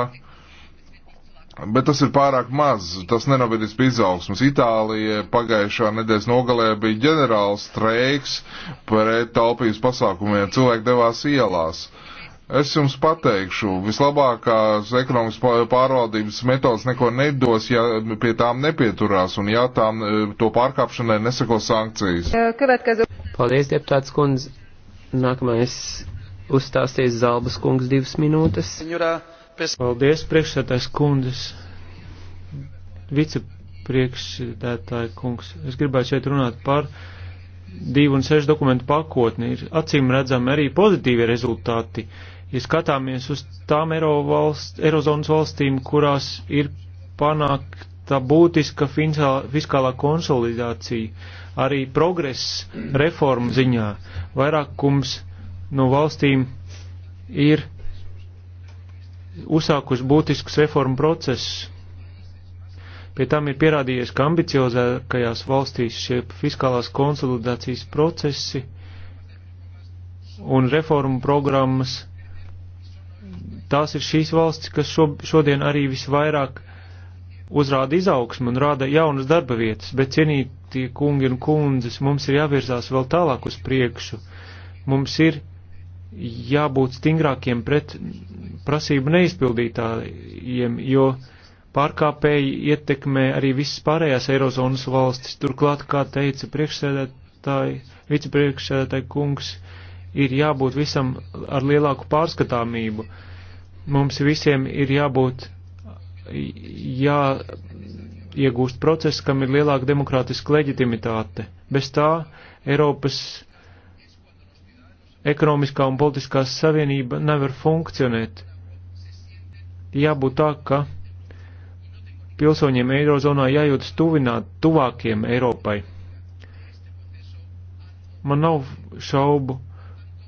Bet tas ir pārāk maz, tas nenovedīs pie izaugsmas. Itālija pagājušā nedēļas nogalē bija ģenerāls streiks pret taupības pasākumiem, cilvēki devās ielās. Es jums pateikšu, vislabākās ekonomikas pārvaldības metodas neko nedos, ja pie tām nepieturās un ja tām e, to pārkāpšanai neseko sankcijas. Paldies, deputāts kundze. Nākamais Uzstāsties Zalbas kungs divas minūtes. Paldies, priekšsētājs kundzes, vicepriekšsētāja kungs. Es gribētu šeit runāt par divu un sešu dokumentu pakotni. Ir acīm redzami arī pozitīvi rezultāti. Ja skatāmies uz tām Eiro valst, Eirozonas valstīm, kurās ir panākta būtiska fiskālā konsolidācija, arī progress reformu ziņā, vairākums no valstīm ir uzsākus būtiskus reformu procesus. Pie tam ir pierādījies, ka ambiciozākajās valstīs šie fiskālās konsolidācijas procesi un reformu programmas, tās ir šīs valstis, kas šo, šodien arī visvairāk uzrāda izaugsmu un rāda jaunas darba vietas, bet cienītie kungi un kundzes, mums ir jāvirzās vēl tālāk uz priekšu. Mums ir jābūt stingrākiem pret prasību neizpildītājiem, jo pārkāpēji ietekmē arī visas pārējās Eirozonas valstis. Turklāt, kā teica priekšsēdētāji, vicepriekšsēdētāji kungs, ir jābūt visam ar lielāku pārskatāmību. Mums visiem ir jābūt, jā, iegūst process, kam ir lielāka demokrātiska leģitimitāte. Bez tā Eiropas ekonomiskā un politiskā savienība nevar funkcionēt. Jābūt tā, ka pilsoņiem Eirozonā jājūtas tuvināt tuvākiem Eiropai. Man nav šaubu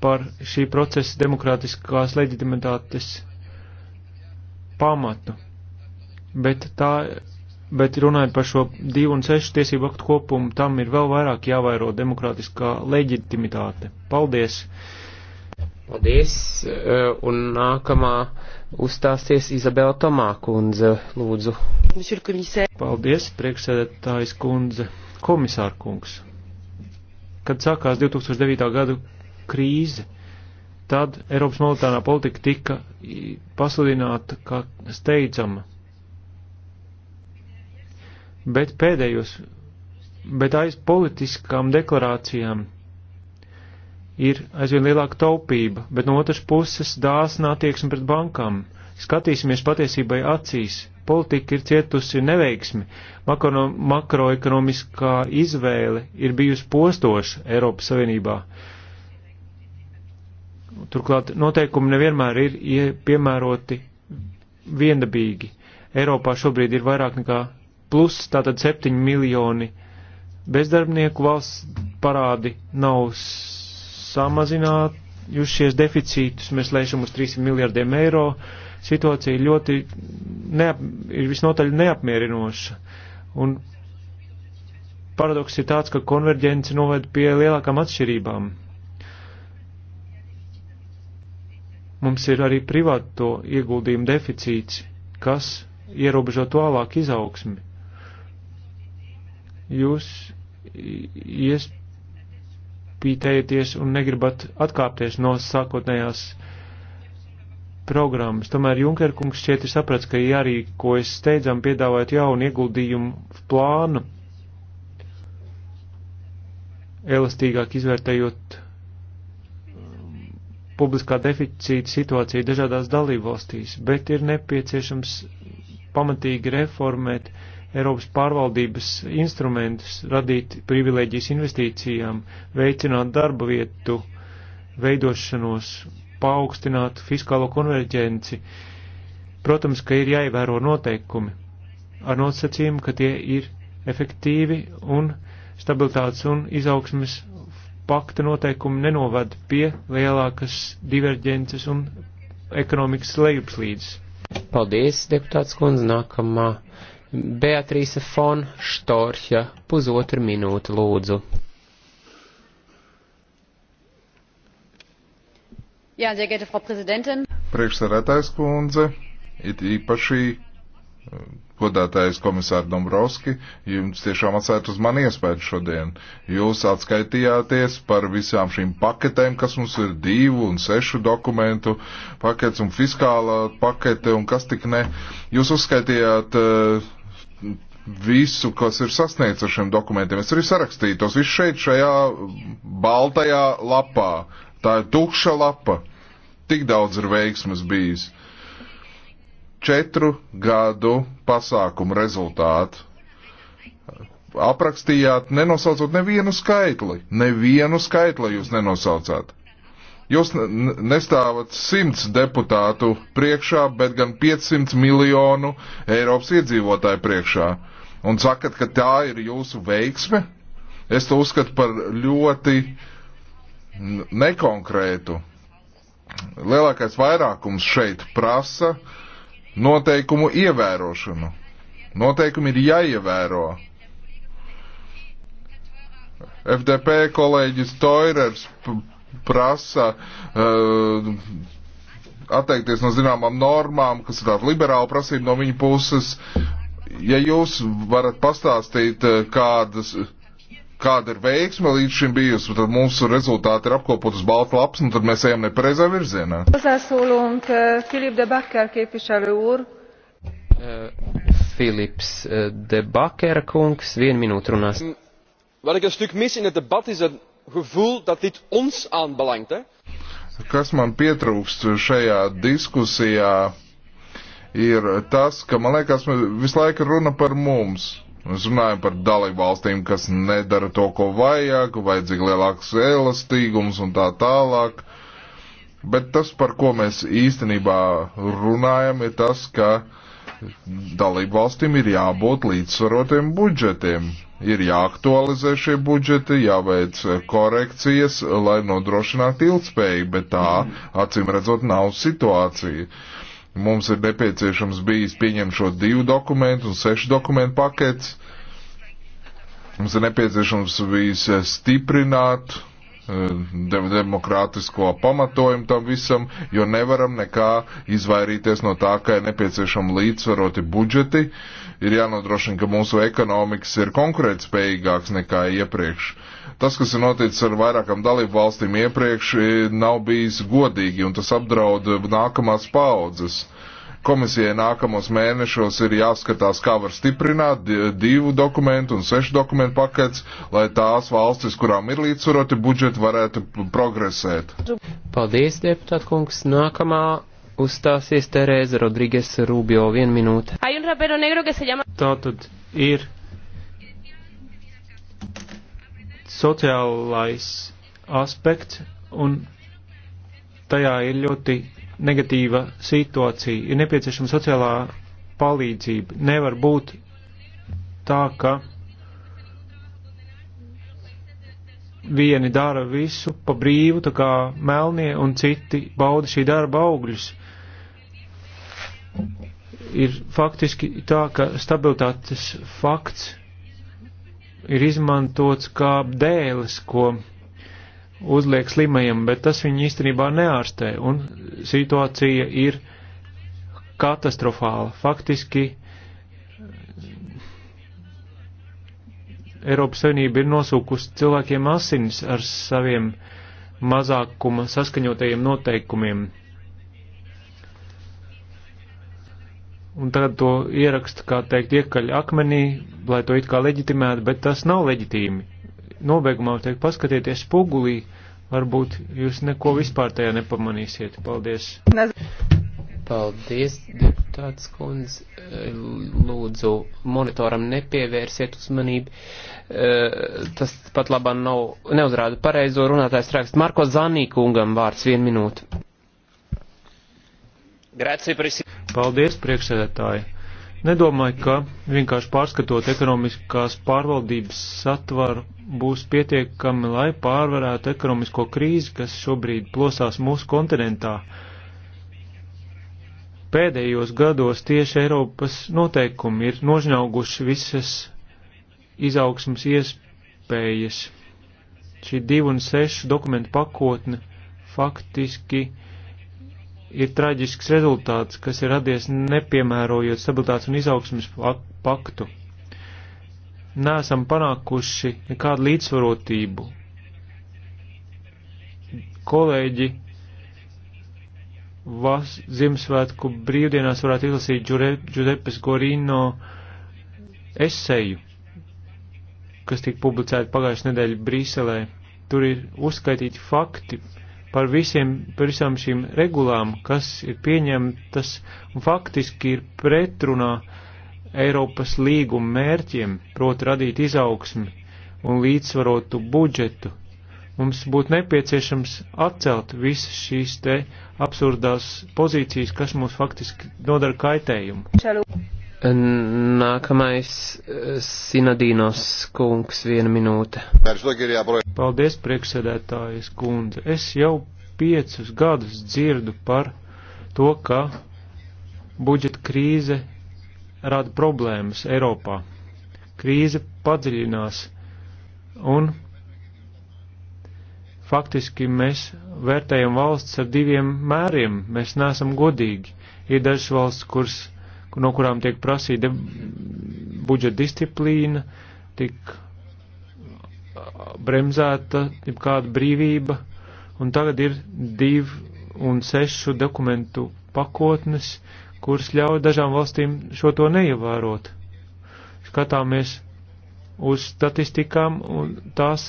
par šī procesa demokrātiskās leģitimitātes pamatu, bet tā bet runājot par šo divu un sešu tiesību aktu kopumu, tam ir vēl vairāk jāvairo demokrātiskā leģitimitāte. Paldies! Paldies! Eh, un nākamā uzstāsies Izabela Tomā kundze, lūdzu. Paldies, priekšsēdētājs kundze, komisār kungs. Kad sākās 2009. gadu krīze, tad Eiropas monetārā politika tika pasludināta kā steidzama bet pēdējos, bet aiz politiskām deklarācijām ir aizvien lielāka taupība, bet no otras puses dāsna attieksme pret bankām. Skatīsimies patiesībai acīs. Politika ir cietusi neveiksmi, Makro, makroekonomiskā izvēle ir bijusi postoša Eiropas Savienībā. Turklāt noteikumi nevienmēr ir piemēroti viendabīgi. Eiropā šobrīd ir vairāk nekā plus tātad 7 miljoni bezdarbnieku valsts parādi nav samazinājušies deficītus, mēs lēšam uz 300 miljardiem eiro, situācija ļoti neap, ir visnotaļ neapmierinoša. Un paradoks ir tāds, ka konverģence noved pie lielākām atšķirībām. Mums ir arī privāto ieguldījumu deficīts, kas ierobežo tālāk izaugsmi jūs iespītējaties un negribat atkāpties no sākotnējās programmas. Tomēr Junkerkungs šķiet ir saprats, ka jārīkojas steidzam piedāvāt jaunu ieguldījumu plānu, elastīgāk izvērtējot um, publiskā deficīta situācija dažādās dalībvalstīs, bet ir nepieciešams pamatīgi reformēt Eiropas pārvaldības instrumentus, radīt privileģijas investīcijām, veicināt darba vietu veidošanos, paaugstināt fiskālo konverģenci. Protams, ka ir jāievēro noteikumi ar nosacījumu, ka tie ir efektīvi un stabilitātes un izaugsmes pakta noteikumi nenovad pie lielākas diverģences un ekonomikas lejupslīdes. Paldies, deputāts kundze, nākamā Beatrīse Fon Štorhja, pusotru minūtu lūdzu. Jā, sehr geehrte Frau Präsidentin. Priekšsarētājs kundze, it īpaši godātais komisāri Dombrovski, jums tiešām atsēt uz mani iespēju šodien. Jūs atskaitījāties par visām šīm paketēm, kas mums ir divu un sešu dokumentu pakets un fiskālā pakete un kas tik ne. Jūs uzskaitījāt uh, visu, kas ir sasniegts ar šiem dokumentiem. Es arī sarakstīju tos visus šeit, šajā baltajā lapā. Tā ir tukša lapa. Tik daudz ir veiksmas bijis. Četru gadu pasākumu rezultātu aprakstījāt, nenosaucot nevienu skaitli. Nevienu skaitli jūs nenosaucāt. Jūs nestāvat simts deputātu priekšā, bet gan 500 miljonu Eiropas iedzīvotāju priekšā un sakat, ka tā ir jūsu veiksme, es to uzskatu par ļoti nekonkrētu. Lielākais vairākums šeit prasa noteikumu ievērošanu. Noteikumi ir jāievēro. FDP kolēģis Toirers prasa uh, atteikties no zināmām normām, kas ir tāda liberāla prasība no viņa puses, ja jūs varat pastāstīt, eh, kādas, kāda ir veiksme līdz šim bijusi, tad mūsu rezultāti ir apkopot uz balta lapas, un nu tad mēs ejam nepareizā virzienā. Hozzászólunk eh, Filip de Bakker képviselő úr. Eh, Filips de Bakker kungs, vienu minūtu runās. Ehm, wat ik een stuk mis in het debat is het gevoel dat dit ons aanbelangt. Hè? Kas man pietrūkst šajā diskusijā? ir tas, ka man liekas, visu laiku runa par mums. Mēs runājam par dalību valstīm, kas nedara to, ko vajag, vajadzīga lielāks elastīgums un tā tālāk. Bet tas, par ko mēs īstenībā runājam, ir tas, ka dalību valstīm ir jābūt līdzsvarotiem budžetiem. Ir jāaktualizē šie budžeti, jāveic korekcijas, lai nodrošinātu ilgspēju, bet tā, acīm redzot, nav situācija. Uh, Mums ir nepieciešams bijis pieņemt šo divu dokumentu un sešu dokumentu pakets. Mums ir nepieciešams bijis eh, stiprināt eh, de demokrātisko pamatojumu tam visam, jo nevaram nekā izvairīties no tā, ka ir nepieciešami līdzsvaroti budžeti. Ir jānodrošina, ka mūsu ekonomikas ir konkurētspējīgāks nekā iepriekš. Uh, Tas, kas ir noticis ar vairākām dalību valstīm iepriekš, nav bijis godīgi un tas apdraud nākamās paudzes. Komisijai nākamos mēnešos ir jāskatās, kā var stiprināt divu dokumentu un sešu dokumentu pakets, lai tās valstis, kurām ir līdzsvaroti budžeti, varētu progresēt. Paldies, deputāt kungs. Nākamā uzstāsies Terēza Rodrīgas Rūbjo vienu minūti. Tātad ir sociālais aspekts un tajā ir ļoti negatīva situācija. Ir nepieciešama sociālā palīdzība. Nevar būt tā, ka vieni dara visu pa brīvu, tā kā melnie, un citi bauda šī darba augļus. Ir faktiski tā, ka stabilitātes fakts ir izmantots kā dēlis, ko uzliek slimajam, bet tas viņu īstenībā neārstē, un situācija ir katastrofāla. Faktiski Eiropas Savienība ir nosūkusi cilvēkiem asinis ar saviem mazākuma saskaņotajiem noteikumiem. un tagad to ieraksta, kā teikt, iekaļ akmenī, lai to it kā leģitimētu, bet tas nav leģitīmi. Nobeigumā teikt, paskatieties spogulī, varbūt jūs neko vispār tajā nepamanīsiet. Paldies! Paldies, deputāts kundz. Lūdzu, monitoram nepievērsiet uzmanību. Eh, tas pat labāk nav, neuzrāda pareizo runātājs raksts. Marko Zanīkungam vārds vienu minūtu. Paldies, priekšsēdētāji! Nedomāju, ka vienkārši pārskatot ekonomiskās pārvaldības satvaru būs pietiekami, lai pārvarētu ekonomisko krīzi, kas šobrīd plosās mūsu kontinentā. Pēdējos gados tieši Eiropas noteikumi ir nožņauguši visas izaugsmas iespējas. Šī divu un sešu dokumentu pakotne faktiski uh, ir traģisks rezultāts, kas ir radies nepiemērojot stabilitātes un izaugsmes paktu. Nesam panākuši nekādu līdzsvarotību. Kolēģi vas, Ziemassvētku brīvdienās varētu izlasīt Giuseppes Gorino eseju, kas tika publicēta pagājušajā nedēļā Brīselē. Tur ir uzskaitīti fakti par, visiem, par visām šīm regulām, kas ir pieņemtas un faktiski ir pretrunā Eiropas līguma mērķiem, proti radīt izaugsmi un līdzsvarotu budžetu. Mums būtu nepieciešams atcelt visas šīs te absurdās pozīcijas, kas mums faktiski nodara kaitējumu. Čalu. Nākamais eh, Sinadīnos kungs, viena minūte. Paldies, priekšsēdētājas kundze. Es jau piecus gadus dzirdu par to, ka budžeta krīze rada problēmas Eiropā. Krīze padziļinās un faktiski mēs vērtējam valsts ar diviem mēriem. Mēs neesam godīgi. Ir dažas valsts, kuras no kurām tiek prasīta budžeta disciplīna, tik uh, bremzēta kāda brīvība, un tagad ir divi un sešu dokumentu pakotnes, kuras ļauj dažām valstīm šo to neievērot. Skatāmies uz statistikām, un tās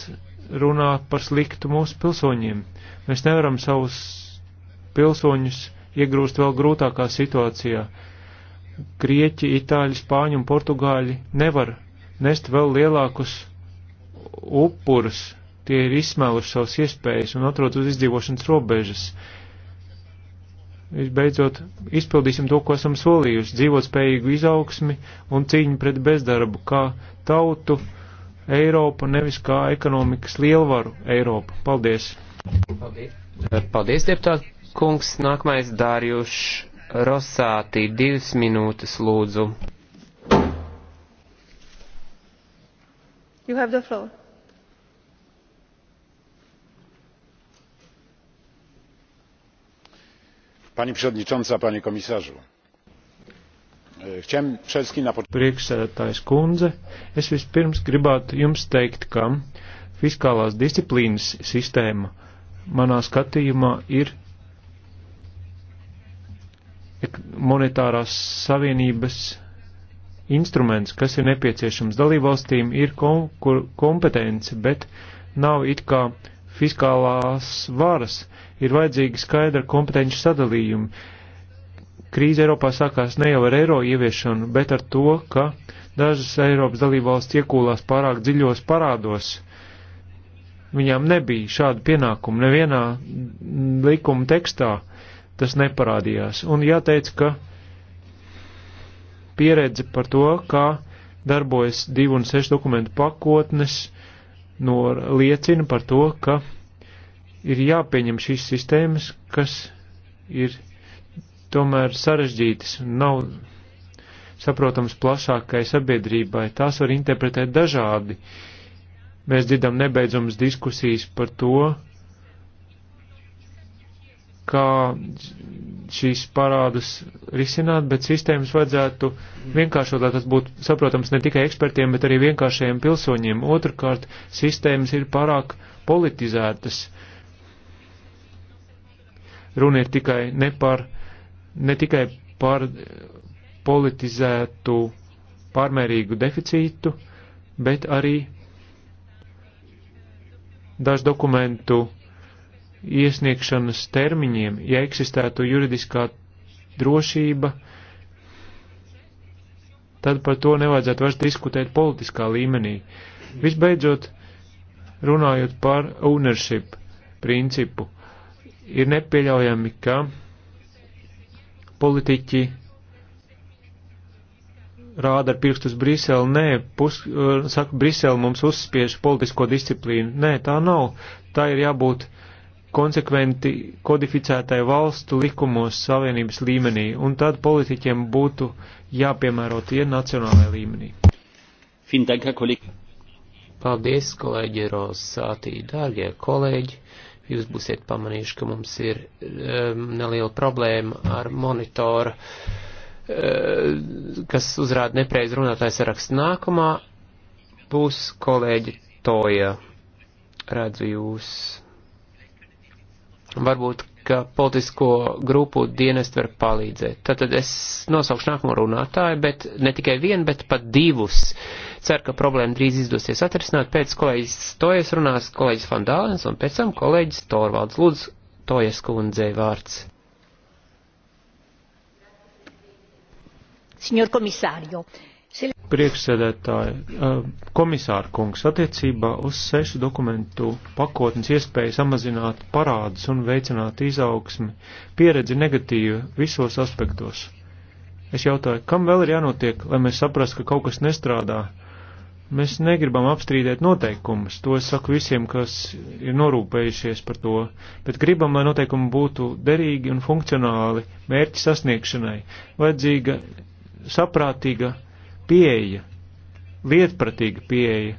runā par sliktu mūsu pilsoņiem. Mēs nevaram savus pilsoņus iegrūst vēl grūtākā situācijā. Grieķi, Itāļi, Spāņi un Portugāļi nevar nest vēl lielākus upurus. Tie ir izsmēluši savas iespējas un atrodas uz izdzīvošanas robežas. Visbeidzot, izpildīsim to, ko esam solījuši - dzīvotspējīgu izaugsmi un cīņu pret bezdarbu, kā tautu Eiropu, nevis kā ekonomikas lielvaru Eiropu. Paldies! Paldies, Paldies deputāt kungs! Nākamais Dārjušs. Rosātī divas minūtes lūdzu. You have the floor. pani przewodnicząca panie komisarzu! E, chciałem przede wszystkim na początku. es vispirms gribētu jums teikt ka fiskālās disciplīnas sistēma manā skatījumā ir monetārās savienības instruments, kas ir nepieciešams dalībvalstīm, ir kom kompetence, bet nav it kā fiskālās varas. Ir vajadzīgi skaidra kompetenci sadalījumi. Krīze Eiropā sākās ne jau ar eiro ieviešanu, bet ar to, ka dažas Eiropas dalībvalsts iekūlās pārāk dziļos parādos. Viņām nebija šādu pienākumu nevienā likuma tekstā tas neparādījās. Un jāteic, ka pieredze par to, kā darbojas divu un sešu dokumentu pakotnes, no liecina par to, ka ir jāpieņem šīs sistēmas, kas ir tomēr sarežģītas un nav saprotams plašākai sabiedrībai. Tās var interpretēt dažādi. Mēs dzirdam nebeidzamas diskusijas par to, kā šīs parādus risināt, bet sistēmas vajadzētu vienkāršot, lai tas būtu saprotams ne tikai ekspertiem, bet arī vienkāršajiem pilsoņiem. Otrakārt, sistēmas ir pārāk politizētas. Runa ir tikai ne par, ne tikai par politizētu pārmērīgu deficītu, bet arī dažu dokumentu iesniegšanas termiņiem, ja eksistētu juridiskā drošība, tad par to nevajadzētu vairs diskutēt politiskā līmenī. Visbeidzot, runājot par ownership principu, ir nepieļaujami, ka politiķi rāda ar pirkstus Briseli, nē, pus, uh, saka, Briseli mums uzspiež politisko disciplīnu. Nē, tā nav. Tā ir jābūt uh, konsekventi kodificētai valstu likumos savienības līmenī, un tad politiķiem būtu jāpiemēro tie nacionālajā līmenī. Paldies, kolēģi Rosātī, dārgie kolēģi. Jūs būsiet pamanījuši, ka mums ir um, neliela problēma ar monitoru, um, kas uzrāda nepreiz runātājs sarakstu. Nākamā būs kolēģi Toja. Redzu jūs varbūt, ka politisko grupu dienest var palīdzēt. Tātad es nosaukšu nākamo runātāju, bet ne tikai vienu, bet pat divus. Ceru, ka problēma drīz izdosies atrisināt. Pēc kolēģis Tojas runās kolēģis Fandālens un pēc tam kolēģis Torvalds. Lūdzu, Tojas kundzei vārds. Signor komisārio, Priekšsēdētāji, eh, komisāra kungs, attiecībā uz sešu dokumentu pakotnes iespēju samazināt parādus un veicināt izaugsmi, pieredze negatīva visos aspektos. Es jautāju, kam vēl ir jānotiek, lai mēs saprastu, ka kaut kas nestrādā? Mēs negribam apstrīdēt noteikumus, to es saku visiem, kas ir norūpējušies par to, bet gribam, lai noteikumi būtu derīgi un funkcionāli mērķi sasniegšanai, vajadzīga saprātīga pieeja, lietpratīga pieeja,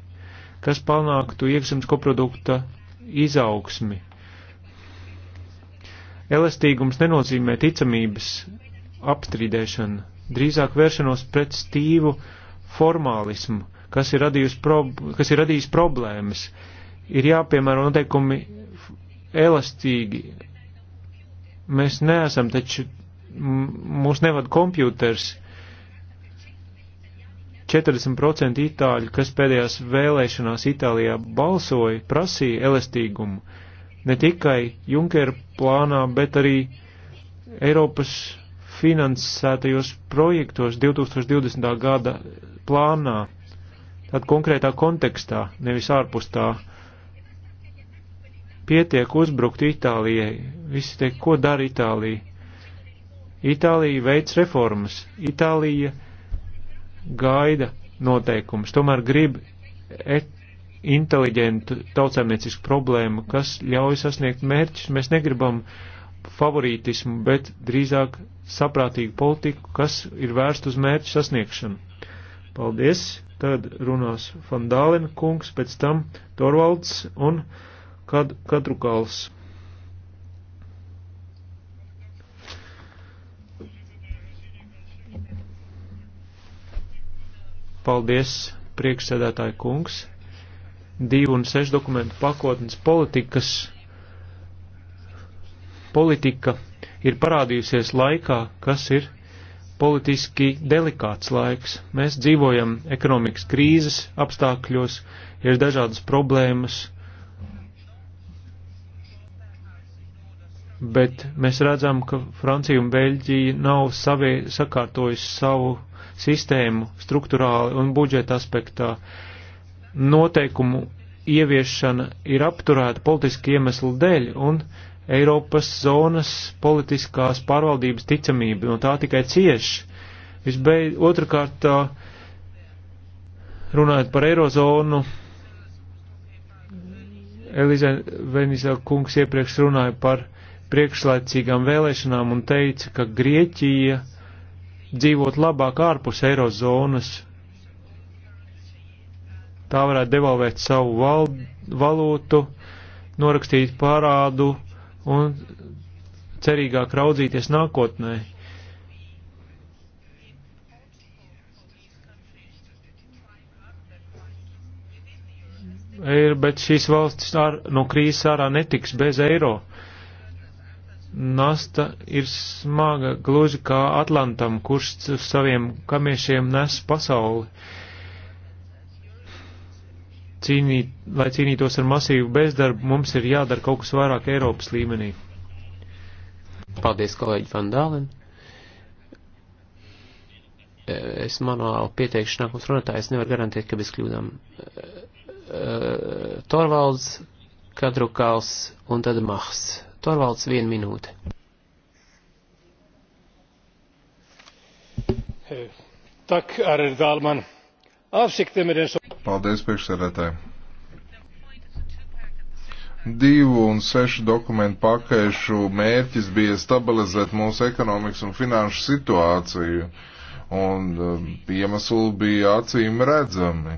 kas panāktu iekšzemes koprodukta izaugsmi. Elastīgums nenozīmē ticamības apstrīdēšanu, drīzāk vēršanos pret stīvu formālismu, kas ir, kas ir radījis problēmas. Ir jāpiemēro noteikumi elastīgi. Mēs neesam taču, mūs nevad kompjūters, 40% itāļu, kas pēdējās vēlēšanās Itālijā balsoja, prasīja elastīgumu. Ne tikai Junkera plānā, bet arī Eiropas finansētajos projektos 2020. gada plānā, tad konkrētā kontekstā, nevis ārpus tā. Pietiek uzbrukt Itālijai. Visi teikt, ko dara Itālija? Itālija veids reformas. Itālija gaida noteikumus, tomēr grib et, inteliģentu tautsēmniecisku problēmu, kas ļauj sasniegt mērķus. Mēs negribam favorītismu, bet drīzāk saprātīgu politiku, kas ir vērst uz mērķu sasniegšanu. Paldies! Tad runās Fandālina kungs, pēc tam Torvalds un Kad Kadrukals. Paldies, priekšsēdētāji kungs. Divu un sešu dokumentu pakotnes politikas politika ir parādījusies laikā, kas ir politiski delikāts laiks. Mēs dzīvojam ekonomikas krīzes apstākļos, ir dažādas problēmas, bet mēs redzam, ka Francija un Beļģija nav savie, sakārtojusi savu sistēmu struktūrāli un budžeta aspektā. Noteikumu ieviešana ir apturēta politiski iemeslu dēļ un Eiropas zonas politiskās pārvaldības ticamība, no tā tikai cieši. Visbeid, otrkārt, runājot par Eirozonu, Eliza Venizela kungs iepriekš runāja par priekšlaicīgām vēlēšanām un teica, ka Grieķija dzīvot labāk ārpus eirozonas. Tā varētu devalvēt savu val valūtu, norakstīt parādu un cerīgāk raudzīties nākotnē. Ir, bet šīs valstis ar, no krīzes ārā netiks bez eiro nasta ir smaga, gluži kā Atlantam, kurš uz saviem kamiešiem nes pasauli. Cīnīt, lai cīnītos ar masīvu bezdarbu, mums ir jādara kaut kas vairāk Eiropas līmenī. Paldies, kolēģi Vandālin. Es manuāli pieteikšu nākamos runātājus, nevaru garantēt, ka bez kļūdām. Eh, eh, Torvalds, Kadrukals un tad Mahs. Torvalds, viena minūte. Tak, Arēd Dālman. Avsiktem ir viens. Paldies, priekšsēdētāji. Divu un sešu dokumentu pakēšu mērķis bija stabilizēt mūsu ekonomikas un finanšu situāciju, un um, iemesli bija acīm redzami.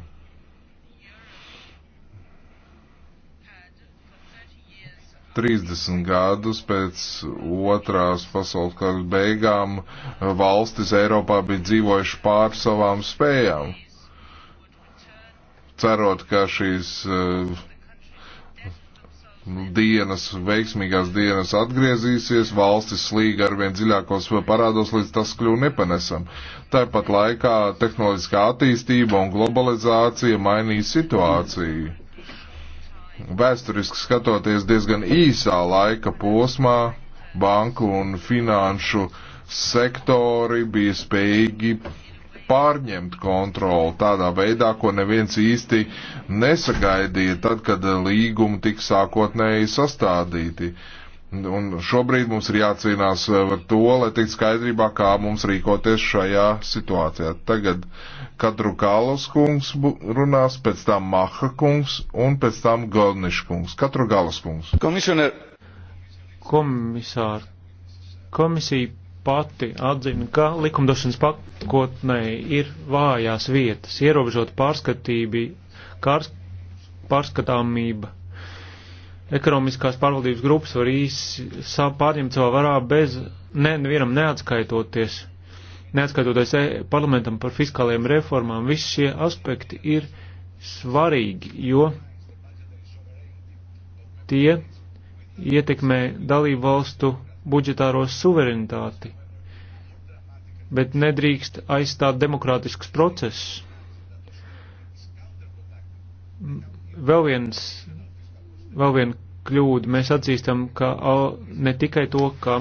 30 gadus pēc otrās pasaules kara beigām valstis Eiropā bija dzīvojuši pār savām spējām. Cerot, ka šīs eh, dienas, veiksmīgās dienas atgriezīsies, valstis slīga arvien dziļākos parādos, līdz tas kļūst nepanesam. Tāpat laikā tehnoloģiskā attīstība un globalizācija mainīja situāciju. Mm vēsturiski skatoties diezgan īsā laika posmā banku un finanšu sektori bija spējīgi pārņemt kontroli tādā veidā, ko neviens īsti nesagaidīja tad, kad līgumi tika sākotnēji sastādīti. Uh, Un šobrīd mums ir jācīnās eh, ar to, lai tiktu skaidrībā, kā mums rīkoties šajā situācijā. Tagad Kadru Kālos kungs runās, pēc tam Maha kungs un pēc tam Golniš kungs. Katru Galas kungs. Komisioner. Komisār. Komisija pati atzina, ka likumdošanas pakotnē ir vājās vietas, ierobežota pārskatība, kārs, pārskatāmība ekonomiskās pārvaldības grupas var īsi pārņemt savā varā bez ne, nevienam neatskaitoties, neatskaitoties e parlamentam par fiskālajiem reformām. Visi šie aspekti ir svarīgi, jo tie ietekmē dalību valstu budžetāro suverenitāti, bet nedrīkst aizstāt demokrātiskus procesus. Vēl viens vēl viena kļūda. Mēs atzīstam, ka ne tikai to, ka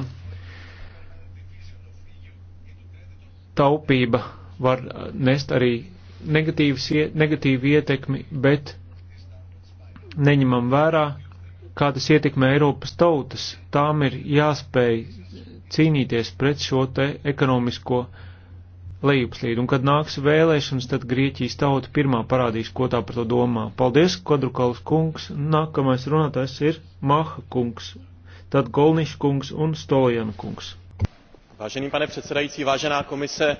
taupība var nest arī negatīvu ietekmi, bet neņemam vērā, kā tas ietekmē Eiropas tautas. Tām ir jāspēj cīnīties pret šo te ekonomisko uh, lejupslīd, un kad nāks vēlēšanas, tad Grieķijas tauta pirmā parādīs, ko tā par to domā. Paldies, Kodrukalas kungs, nākamais runātājs ir Maha kungs, tad Golniš kungs un Stolijan kungs. Vážený pane předsedající, vážená komise,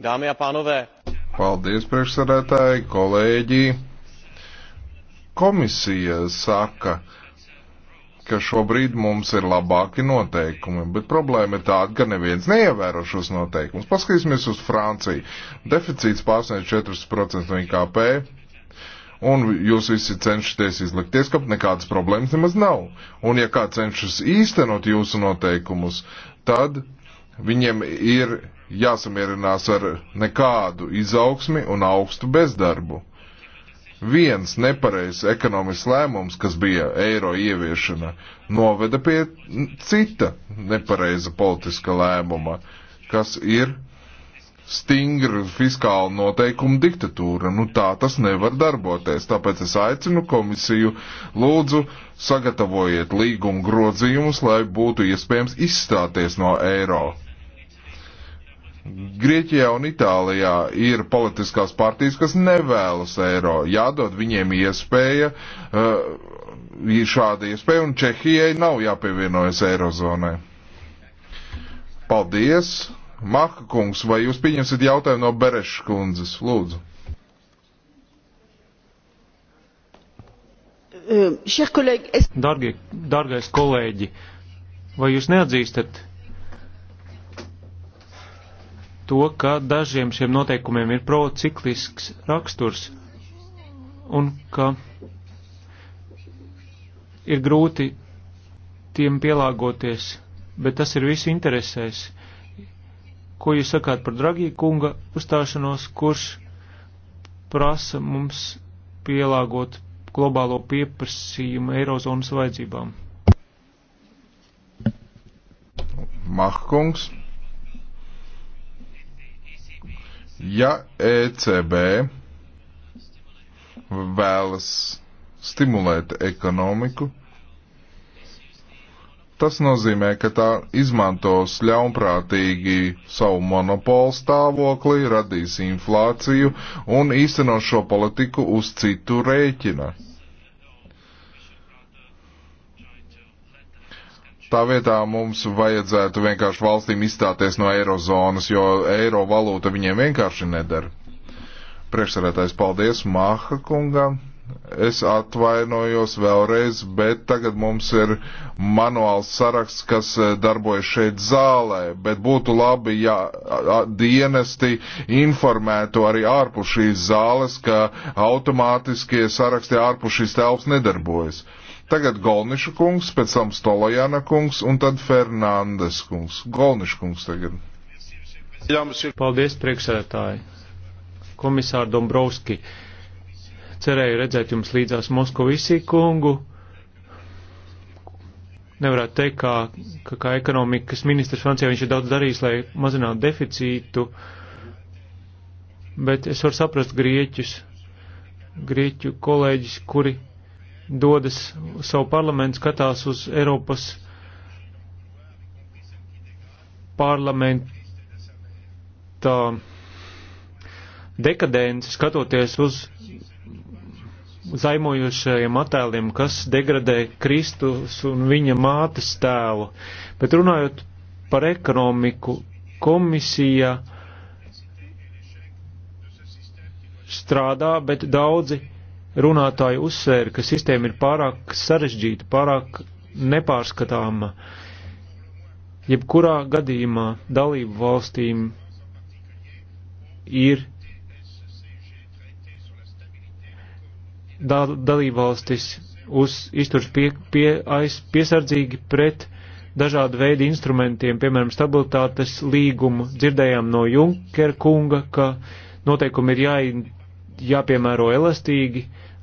dámy a pánové. Paldies, priekšsēdētāji, kolēģi. Komisija saka, ka šobrīd mums ir labāki noteikumi, bet problēma ir tāda, ka neviens neievēro šos noteikumus. Paskatīsimies uz Franciju. Deficīts pārsniedz 4% no IKP, un jūs visi cenšaties izlikties, ka nekādas problēmas nemaz nav. Un ja kā cenšas īstenot jūsu noteikumus, tad viņiem ir jāsamierinās ar nekādu izaugsmi un augstu bezdarbu. Viens nepareizs ekonomisks lēmums, kas bija eiro ieviešana, noveda pie cita nepareiza politiska lēmuma, kas ir stingra fiskāla noteikuma diktatūra. Nu, tā tas nevar darboties. Tāpēc es aicinu komisiju, lūdzu, sagatavojiet līguma grozījumus, lai būtu iespējams izstāties no eiro. Grieķijā un Itālijā ir politiskās partijas, kas nevēlas eiro. Jādod viņiem iespēja, uh, ir šāda iespēja, un Čehijai nav jāpievienojas eirozonai. Paldies! Marka kungs, vai jūs pieņemsiet jautājumu no Berešas kundzes? Lūdzu. Uh, Dargie, dargais kolēģi, vai jūs neatzīstat to, ka dažiem šiem noteikumiem ir prociklisks raksturs un ka ir grūti tiem pielāgoties, bet tas ir visu interesēs. Ko jūs sakāt par Dragī kunga uzstāšanos, kurš prasa mums pielāgot globālo pieprasījumu Eirozonas vajadzībām? Mahkungs. Ja ECB vēlas stimulēt ekonomiku, tas nozīmē, ka tā izmantos ļaunprātīgi savu monopolu stāvokli, radīs inflāciju un īstenos šo politiku uz citu rēķina. Tā vietā mums vajadzētu vienkārši valstīm izstāties no eirozonas, jo eiro valūta viņiem vienkārši nedara. Priekšsarētājs paldies Māha kungam. Es atvainojos vēlreiz, bet tagad mums ir manuāls saraksts, kas eh, darbojas šeit zālē, bet būtu labi, ja dienesti informētu arī ārpus šīs zāles, ka automātiskie saraksti ārpus šīs telpas nedarbojas. Tagad Golniša kungs, pēc tam Stolajana kungs un tad Fernandes kungs. Golniša kungs tagad. Paldies, priekšsēdētāji. Komisār Dombrovski, cerēju redzēt jums līdzās Moskovisī kungu. Nevarētu teikt, kā, ka, kā ekonomikas ministrs Francijā viņš ir daudz darījis, lai mazinātu deficītu, bet es varu saprast grieķus, grieķu kolēģis, kuri dodas savu parlamentu, skatās uz Eiropas parlamenta dekadenci, skatoties uz zaimojošajiem attēliem, kas degradē Kristus un viņa mātes tēlu. Bet runājot par ekonomiku, komisija strādā, bet daudzi runātāji uzsvēra, ka sistēma ir pārāk sarežģīta, pārāk nepārskatāma. Jebkurā gadījumā dalību valstīm ir dalībvalstis uz izturs pie, pie, aiz, piesardzīgi pret dažādu veidu instrumentiem, piemēram, stabilitātes līgumu. Dzirdējām no Junker kunga, ka noteikumi ir jāin, jāpiemēro elastīgi,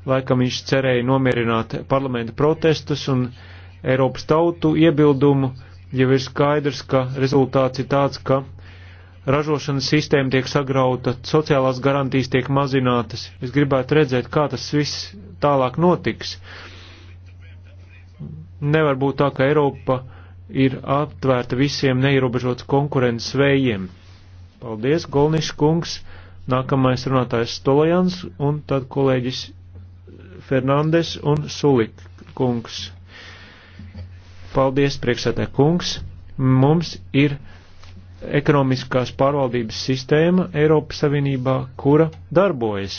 laikam viņš cerēja nomierināt parlamenta protestus un Eiropas tautu iebildumu, jau ir skaidrs, ka rezultāts ir tāds, ka ražošanas sistēma tiek sagrauta, sociālās garantijas tiek mazinātas. Es gribētu redzēt, kā tas viss tālāk notiks. Nevar būt tā, ka Eiropa ir aptvērta visiem neierobežots konkurences vējiem. Paldies, Golnišs kungs! Nākamais runātājs Stolojans un tad kolēģis Fernandes un Sulik kungs. Paldies, priekšsētē kungs. Mums ir ekonomiskās pārvaldības sistēma Eiropas Savienībā, kura darbojas,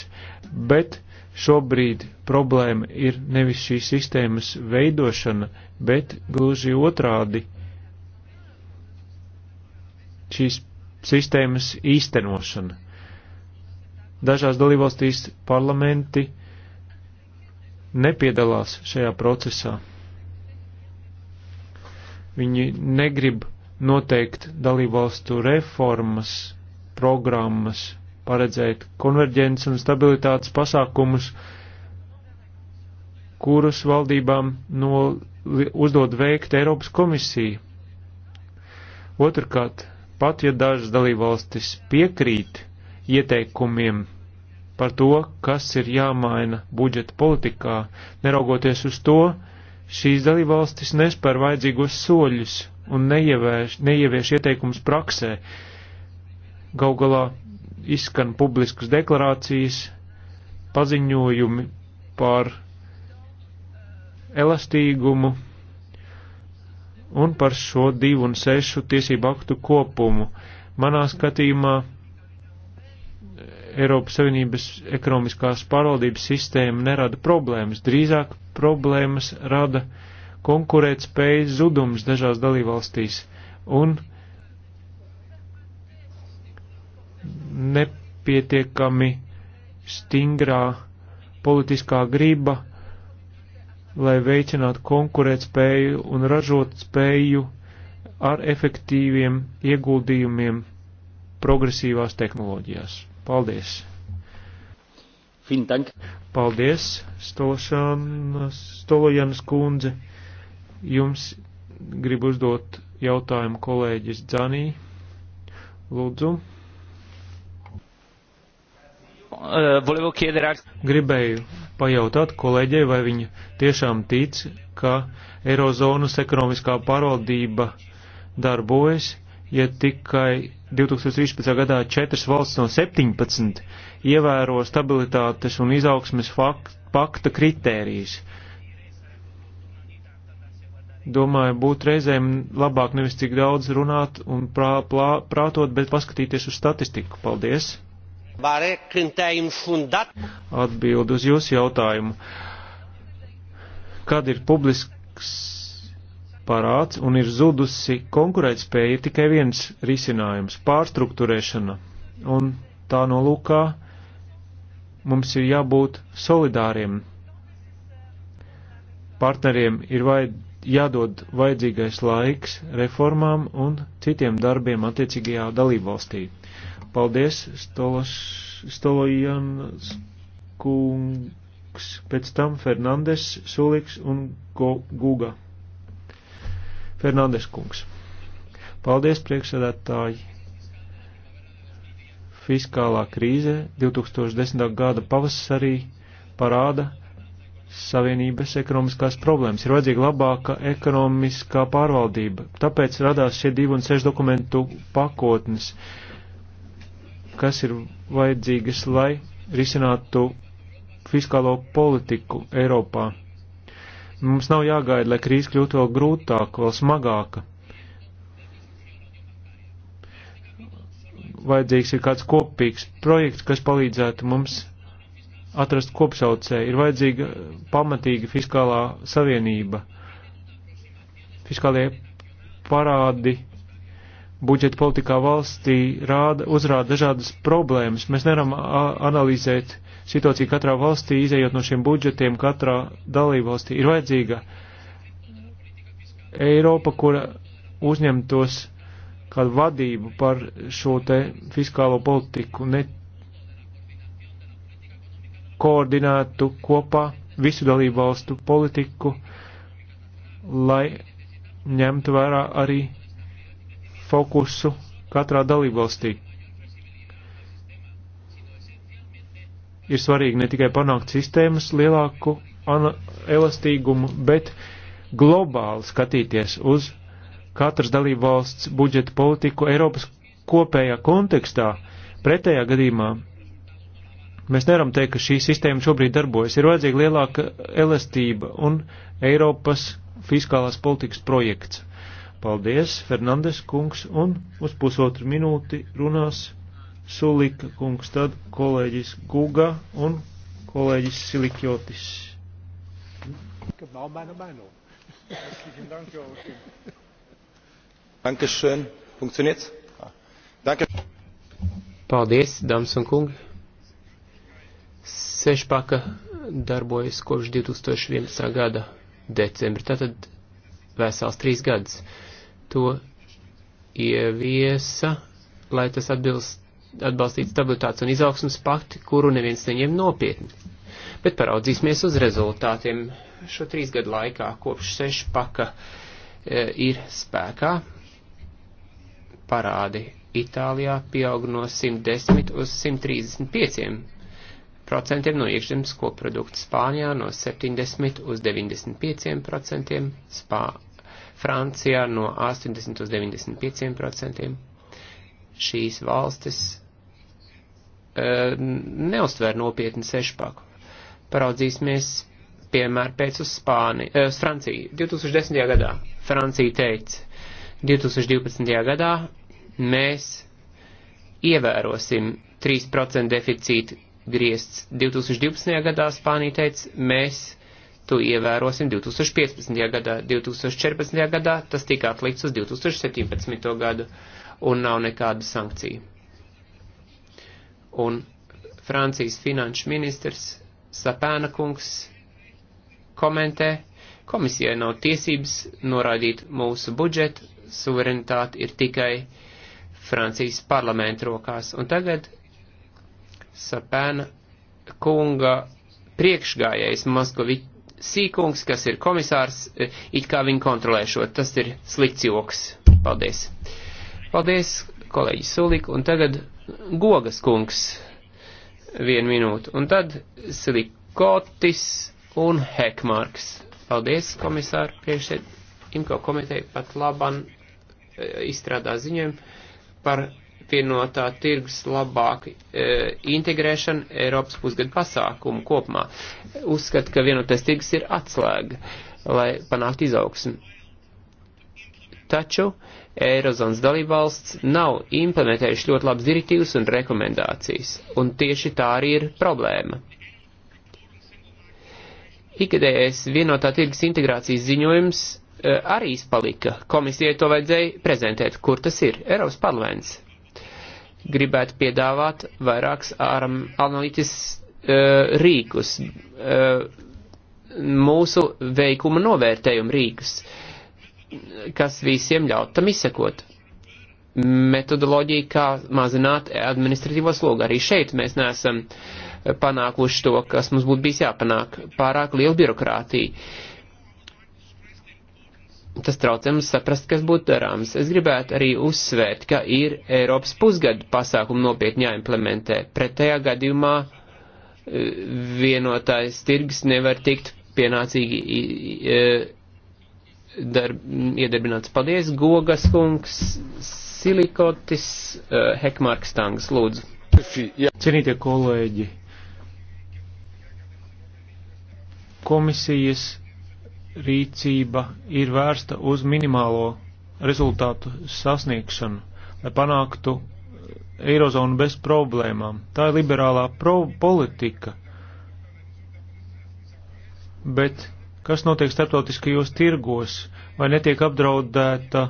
bet šobrīd problēma ir nevis šīs sistēmas veidošana, bet gluži otrādi šīs sistēmas īstenošana. Dažās dalībvalstīs parlamenti nepiedalās šajā procesā. Viņi negrib noteikt dalībvalstu reformas, programmas, paredzēt konverģences un stabilitātes pasākumus, kurus valdībām no, uzdod veikt Eiropas komisija. Otrkārt, pat ja dažas dalībvalstis piekrīt ieteikumiem par to, kas ir jāmaina budžeta politikā. Neraugoties uz to, šīs dalībvalstis nespēr vajadzīgos soļus un neievieš, neievieš ieteikumus praksē. Gau galā izskan publiskas deklarācijas, paziņojumi par elastīgumu un par šo divu un sešu tiesību aktu kopumu. Manā skatījumā Eiropas Savienības ekonomiskās pārvaldības sistēma nerada problēmas, drīzāk problēmas rada konkurētspējas zudums dažās dalībvalstīs un nepietiekami stingrā politiskā grība, lai veicinātu konkurētspēju un ražot spēju ar efektīviem ieguldījumiem progresīvās tehnoloģijās. Paldies! Fintank. Paldies, Stolojanas kundze. Jums gribu uzdot jautājumu kolēģis Dzanī. Lūdzu. Gribēju pajautāt kolēģei, vai viņa tiešām tic, ka Eirozonas ekonomiskā pārvaldība darbojas, ja tikai 2013. gadā 4 valsts no 17 ievēro stabilitātes un izaugsmes pakta kritērijas. Domāju, būtu reizēm labāk nevis tik daudz runāt un prā, plā, prātot, bet paskatīties uz statistiku. Paldies! Atbild uz jūsu jautājumu. Kad ir publisks parāds un ir zudusi konkurētspēja, ir tikai viens risinājums - pārstruktūrēšana. Un tā nolūkā mums ir jābūt solidāriem. Partneriem ir vajad, jādod vajadzīgais laiks reformām un citiem darbiem attiecīgajā dalībvalstī. Paldies, Stolos, Stolojans kungs, pēc tam Fernandes, Suliks un Guga. Fernandes kungs. Paldies, priekšsēdētāji! Fiskālā krīze 2010. gada pavasarī parāda savienības ekonomiskās problēmas. Ir vajadzīga labāka ekonomiskā pārvaldība. Tāpēc radās šie divu un sešu dokumentu pakotnes, kas ir vajadzīgas, lai risinātu fiskālo politiku Eiropā. Mums nav jāgaida, lai krīze kļūtu vēl grūtāka, vēl smagāka. Vajadzīgs ir kāds kopīgs projekts, kas palīdzētu mums atrast kopsaucēju. Ir vajadzīga pamatīga fiskālā savienība. Fiskālie parādi budžeta politikā valstī rāda, uzrāda dažādas problēmas. Mēs nevaram analīzēt situācija katrā valstī, izējot no šiem budžetiem, katrā dalībvalstī ir vajadzīga Eiropa, kura uzņemtos kādu vadību par šo te fiskālo politiku, ne koordinētu kopā visu dalību valstu politiku, lai ņemtu vērā arī fokusu katrā dalībvalstī. ir svarīgi ne tikai panākt sistēmas lielāku elastīgumu, bet globāli skatīties uz katras dalību valsts budžeta politiku Eiropas kopējā kontekstā. Pretējā gadījumā mēs nevaram teikt, ka šī sistēma šobrīd darbojas. Ir vajadzīga lielāka elastība un Eiropas fiskālās politikas projekts. Paldies, Fernandes kungs, un uz pusotru minūti runās Sulika kungs, tad kolēģis Guga un kolēģis Silikjotis. Dankeschön. Funktioniert's? Danke. Paldies, dāmas un kungi. Sešpaka darbojas kopš 2011. gada decembra, tātad vesels trīs gadus. To ieviesa, lai tas atbilst atbalstīt stabilitātes un izaugsmas pakti, kuru neviens neņem nopietni. Bet paraudzīsimies uz rezultātiem šo trīs gadu laikā, kopš sešu paka e, ir spēkā. Parādi Itālijā pieaug no 110 uz 135 procentiem no iekšzemes koprodukta Spānijā no 70 uz 95 procentiem, Spā Francijā no 80 uz 95 procentiem, šīs valstis ehm, neustver nopietni sešpaku. Paraudzīsimies, piemēram, pēc uz Spāni, eh, uz Franciju. 2010. gadā Francija teica, 2012. gadā mēs ievērosim 3% deficīta griezts. 2012. gadā Spānija teica, mēs to ievērosim 2015. gadā. 2014. gadā tas tika atlikts uz 2017. gadu un nav nekāda sankcija. Un Francijas finanšu ministrs Sapēna kungs komentē, komisijai nav tiesības norādīt mūsu budžetu, suverenitāte ir tikai Francijas parlamenta rokās. Un tagad Sapēna kunga priekšgājējs Maskovičs Sīkungs, kas ir komisārs, it kā viņi kontrolē šo. Tas ir slikts joks. Paldies. Paldies, kolēģi Sulik, un tagad Gogas kungs vienu minūtu, un tad Silikotis un Hekmārks. Paldies, komisāri, priekšsēd. Imko komiteja pat laban e, izstrādā ziņojumu par apvienotā tirgus labāku e, integrēšanu Eiropas pusgadu pasākumu kopumā. Uzskatu, ka vienotais tirgus ir atslēga, lai panāktu izaugsmu. Taču Eirozonas dalībvalsts nav implementējuši ļoti labas direktīvas un rekomendācijas, un tieši tā arī ir problēma. Ikadējais vienotā tirgus integrācijas ziņojums eh, arī izpalika. Komisijai to vajadzēja prezentēt, kur tas ir. Eiropas parlaments gribētu piedāvāt vairākus analītiskus uh, eh, rīkus, uh, mūsu veikuma novērtējumu rīkus. Uh, kas visiem ļaut tam izsekot. Metodoloģija, kā mazināt administratīvo slogu. Arī šeit mēs neesam panākuši to, kas mums būtu bijis jāpanāk. Pārāk liela birokrātija. Tas traucē mums saprast, kas būtu darāms. Es gribētu arī uzsvērt, ka ir Eiropas pusgadu pasākumu nopietni jāimplementē. Pretējā gadījumā eh, vienotais tirgs nevar tikt pienācīgi eh, darb, iedarbināts. Paldies, Gogas kungs, Silikotis, uh, Hekmārks Tangs, lūdzu. Cienītie kolēģi, komisijas rīcība ir vērsta uz minimālo rezultātu sasniegšanu, lai panāktu eh, Eirozonu bez problēmām. Tā ir liberālā pro politika, bet Kas notiek starptautiskajos tirgos? Vai netiek apdraudēta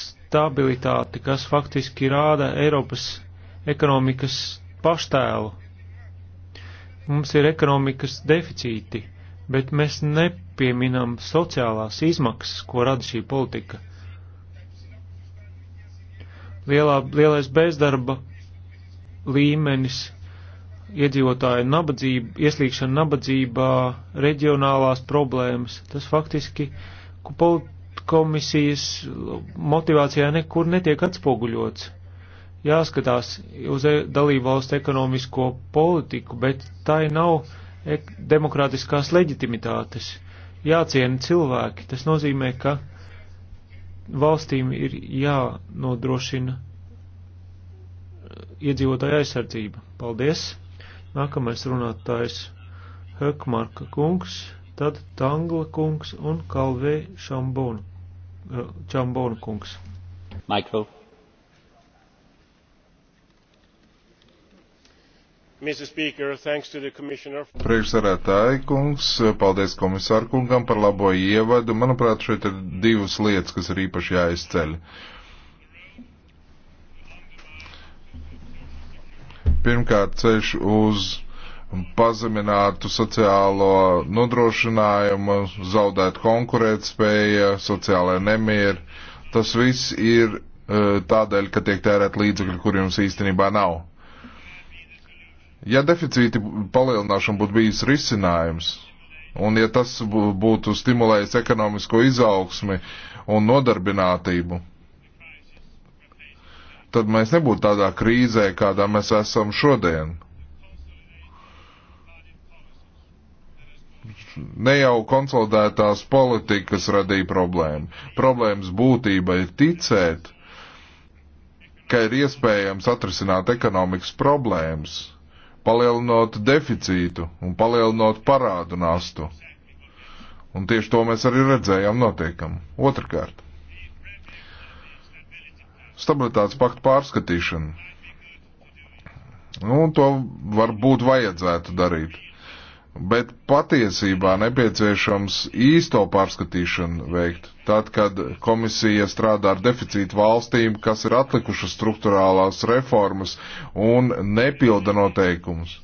stabilitāte, kas faktiski rāda Eiropas ekonomikas paštēlu? Mums ir ekonomikas deficīti, bet mēs nepieminam sociālās izmaksas, ko rada šī politika. Lielā, lielais bezdarba līmenis iedzīvotāju nabadzību, ieslīgšanu nabadzībā, reģionālās problēmas. Tas faktiski komisijas motivācijā nekur netiek atspoguļots. Jāskatās uz e, dalību valstu ekonomisko politiku, bet tai nav demokrātiskās leģitimitātes. Jāciena cilvēki. Tas nozīmē, ka valstīm ir jānodrošina e, iedzīvotāja aizsardzība. Paldies! Nākamais runātājs Hökmarka kungs, tad Tangla kungs un Kalvē Šambona, eh, Čambona kungs. Mikro. Priekšsarētāji kungs, paldies komisāru kungam par labo ievadu. Manuprāt, šeit ir divas lietas, kas ir īpaši jāizceļ. Uh, Pirmkārt, ceļš uz pazeminātu sociālo nodrošinājumu, zaudēt konkurētspēja, sociālai nemieri. Tas viss ir e, tādēļ, ka tiek tērēt līdzekļi, kuriem jums īstenībā nav. Ja deficīti palielināšana būtu bijis risinājums, un ja tas būtu stimulējis ekonomisko izaugsmi un nodarbinātību, tad mēs nebūtu tādā krīzē, kādā mēs esam šodien. Ne jau konsolidētās politikas radīja problēmu. Problēmas būtība ir ticēt, ka ir iespējams atrisināt ekonomikas problēmas, palielinot deficītu un palielinot parādu nastu. Un tieši to mēs arī redzējām notiekam. Otrakārt stabilitātes paktu pārskatīšanu. Nu, un to varbūt vajadzētu darīt. Bet patiesībā nepieciešams īsto pārskatīšanu veikt. Tad, kad komisija strādā ar deficītu valstīm, kas ir atlikušas struktūrālās reformas un nepilda noteikumus.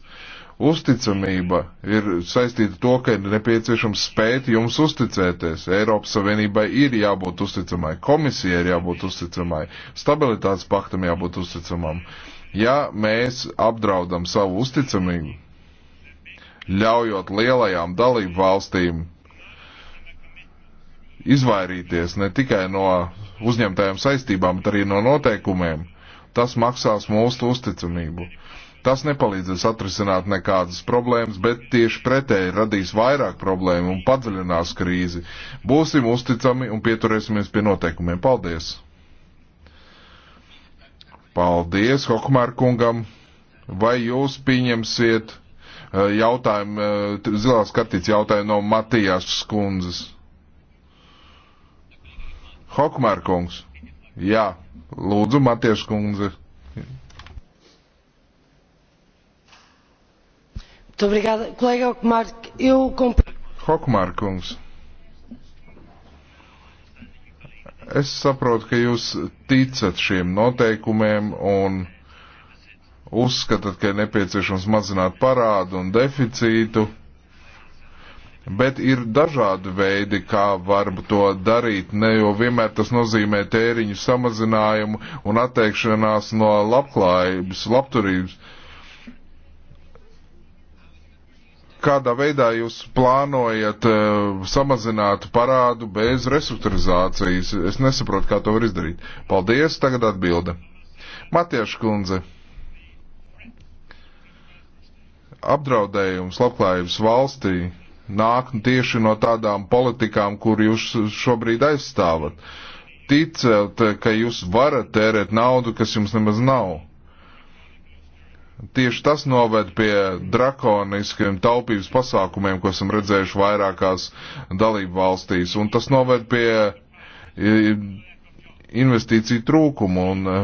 Uzticamība ir saistīta to, ka ir nepieciešams spēt jums uzticēties. Eiropas Savienībai ir jābūt uzticamai, komisijai ir jābūt uzticamai, stabilitātes paktam jābūt uzticamam. Ja mēs apdraudam savu uzticamību, ļaujot lielajām dalību valstīm izvairīties ne tikai no uzņemtajām saistībām, bet arī no noteikumiem, tas maksās mūsu uzticamību. Tas nepalīdzēs atrisināt nekādas problēmas, bet tieši pretēji radīs vairāk problēmu un padziļinās krīzi. Būsim uzticami un pieturēsimies pie noteikumiem. Paldies! Paldies Hokmār kungam! Vai jūs pieņemsiet eh, jautājumu, eh, zilās kartīts jautājumu no Matijas skundzes? Hokmār kungs! Jā, lūdzu, Matijas kundze! Obrigada. Colega Hokmar, eu compro. Hokmar, kungs. Es saprotu, ka jūs ticat šiem noteikumiem un uzskatāt, ka ir nepieciešams mazināt parādu un deficītu, bet ir dažādi veidi, kā var to darīt, ne jo vienmēr tas nozīmē tēriņu samazinājumu un atteikšanās no labklājības, labturības. kādā veidā jūs plānojat uh, samazināt parādu bez restruktūrizācijas. Es nesaprotu, kā to var izdarīt. Paldies, tagad atbilde. Matieša kundze. Apdraudējums labklājības valstī nāk tieši no tādām politikām, kur jūs šobrīd aizstāvat. Ticēt, ka jūs varat tērēt naudu, kas jums nemaz nav Tieši tas noved pie drakoniskiem taupības pasākumiem, ko esam redzējuši vairākās dalību valstīs, un tas noved pie investīciju trūkumu un e,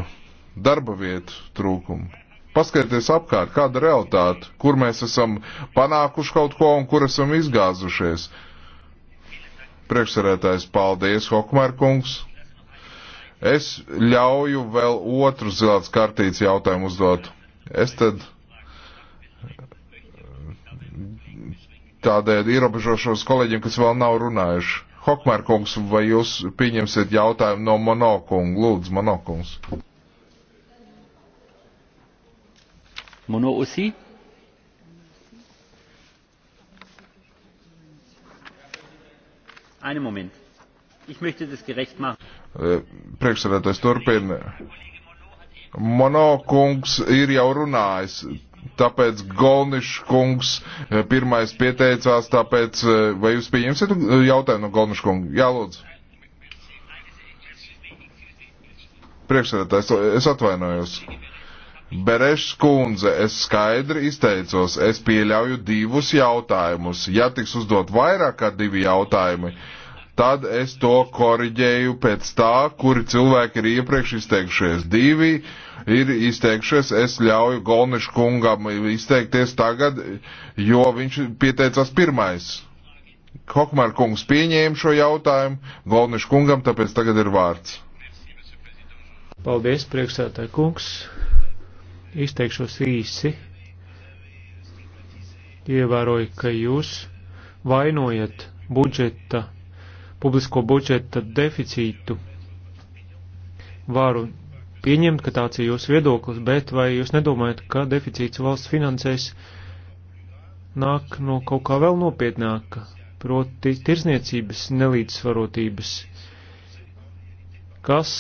darba vietu trūkumu. Paskatieties apkārt, kāda ir realitāte, kur mēs esam panākuši kaut ko un kur esam izgāzušies. Priekšsarētājs, paldies, Hokmārkungs. Es ļauju vēl otru zilāts kartīts jautājumu uzdot. Es tad tādēļ ierobežošos kolēģiem, kas vēl nav runājuši. Hokmērkungs, vai jūs pieņemsiet jautājumu no Monokunga? Lūdzu, Monokungs. Mono aussi? Einen Moment. Ich möchte das gerecht machen. Priekšsēdētājs turpina. Monokungs ir jau runājis, tāpēc Golnišs kungs eh, pirmais pieteicās, tāpēc eh, vai jūs pieņemsiet jautājumu no Golnišs kunga? Jā, lūdzu. Priekšsēdētājs, es atvainojos. Berešs kundze, es skaidri izteicos, es pieļauju divus jautājumus. Ja tiks uzdot vairāk kā divi jautājumi, uh, tad es to koriģēju pēc tā, kuri cilvēki ir iepriekš izteikušies. Divi ir izteikušies, es ļauju Golnišu kungam izteikties tagad, jo viņš pieteicās pirmais. Kokmar kungs pieņēma šo jautājumu Golnišu kungam, tāpēc tagad ir vārds. Paldies, priekšsētāji kungs. Izteikšos īsi. Ievēroju, ka jūs vainojat budžeta publisko budžeta deficītu. Varu pieņemt, ka tāds ir jūsu viedoklis, bet vai jūs nedomājat, ka deficīts valsts finansēs nāk no kaut kā vēl nopietnāka, proti tirsniecības nelīdzsvarotības, kas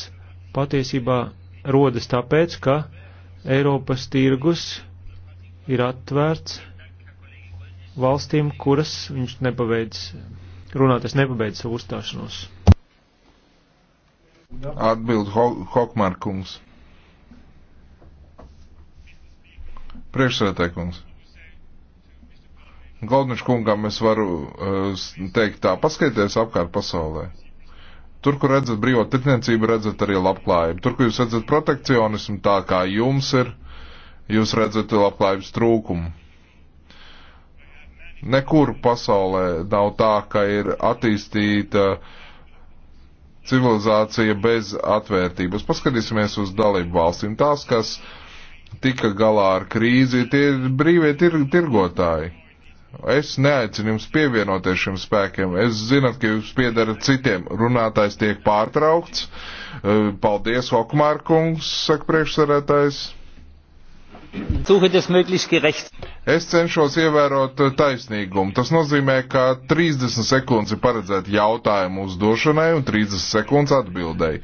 patiesībā rodas tāpēc, ka Eiropas tirgus ir atvērts valstīm, kuras viņš nepaveic runāt, es nepabeidzu savu uzstāšanos. Atbild Ho Hokmarkungs. Priekšsēdētājkungs. Goldnišķi kungam es varu uh, teikt tā, paskatieties apkārt pasaulē. Tur, kur redzat brīvo tirdzniecību, redzat arī labklājību. Tur, kur jūs redzat protekcionismu tā kā jums ir, jūs redzat labklājības trūkumu Nekur pasaulē nav tā, ka ir attīstīta civilizācija bez atvērtības. Paskatīsimies uz dalību valstīm. Tās, kas tika galā ar krīzi, tie ir brīvie tir tirgotāji. Es neaicinu jums pievienoties šiem spēkiem. Es zinu, ka jūs piedarat citiem. Runātājs tiek pārtraukts. Paldies, Okmārkungs, saka priekšsarētājs. Es cenšos ievērot eh, taisnīgumu. Tas nozīmē, ka 30 sekundes ir paredzēta jautājumu uzdošanai un 30 sekundes atbildēji.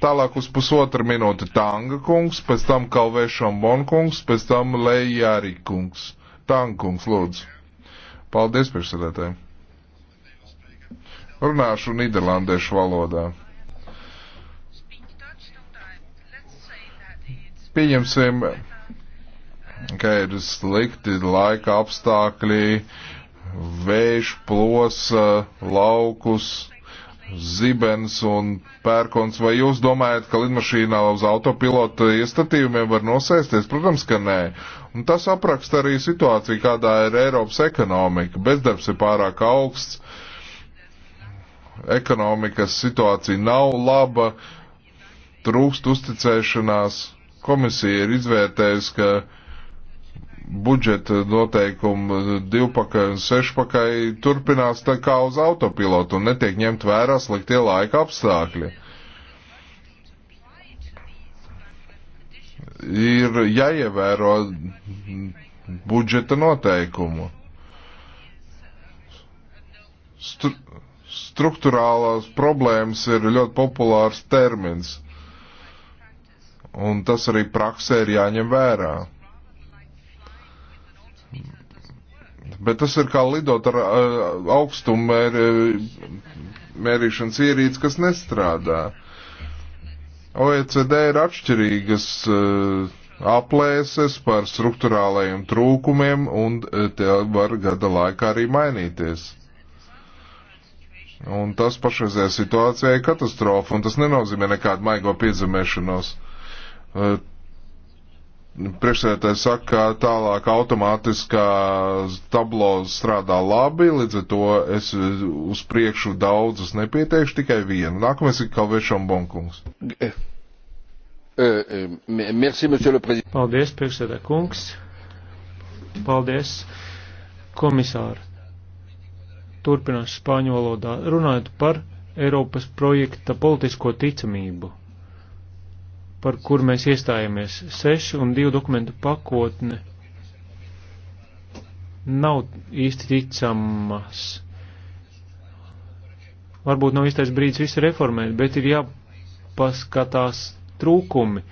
Tālāk uz pusotru minūti Tanga kungs, pēc tam Kalvēšam Bonkungs, pēc tam Lejārī kungs. Tanga kungs, lūdzu. Paldies, priekšsēdētāji. Runāšu Nīderlandiešu valodā. Pieņemsim ka ir slikti laika apstākļi, vējš plosa laukus, zibens un pērkons. Vai jūs domājat, ka lidmašīnā uz autopilota iestatījumiem var nosēsties? Protams, ka nē. Un tas apraksta arī situāciju, kādā ir Eiropas ekonomika. Bezdarbs ir pārāk augsts, ekonomikas situācija nav laba, trūkst uzticēšanās. Komisija ir izvērtējusi, ka budžeta noteikumu divpakai un sešpakai turpinās tā kā uz autopilotu un netiek ņemt vērā sliktie laika apstākļi. Ir jāievēro budžeta noteikumu. Stru struktūrālās problēmas ir ļoti populārs termins, un tas arī praksē ir jāņem vērā. Bet tas ir kā lidot ar uh, augstumu uh, mērīšanas ierīci, kas nestrādā. OECD ir atšķirīgas uh, aplēses par struktūrālajiem trūkumiem, un tie var gada laikā arī mainīties. Un tas pašreizējā situācijā ir katastrofa, un tas nenozīmē nekādu maigo piedzemēšanos. Priekšsēdētājs saka, ka tālāk automātiskā tablo strādā labi, līdz ar to es uz priekšu daudzas nepieteikšu, tikai vienu. Nākamais ir Kalvešom Bonkungs. Eh, eh, eh, Paldies, priekšsēdētāj kungs. Paldies, komisāri. Turpināšu spāņu valodā runājot par Eiropas projekta politisko ticamību par kur mēs iestājamies. Sešu un divu dokumentu pakotne nav īsti ticamas. Varbūt nav īstais brīdis visu reformēt, bet ir jāpaskatās trūkumi.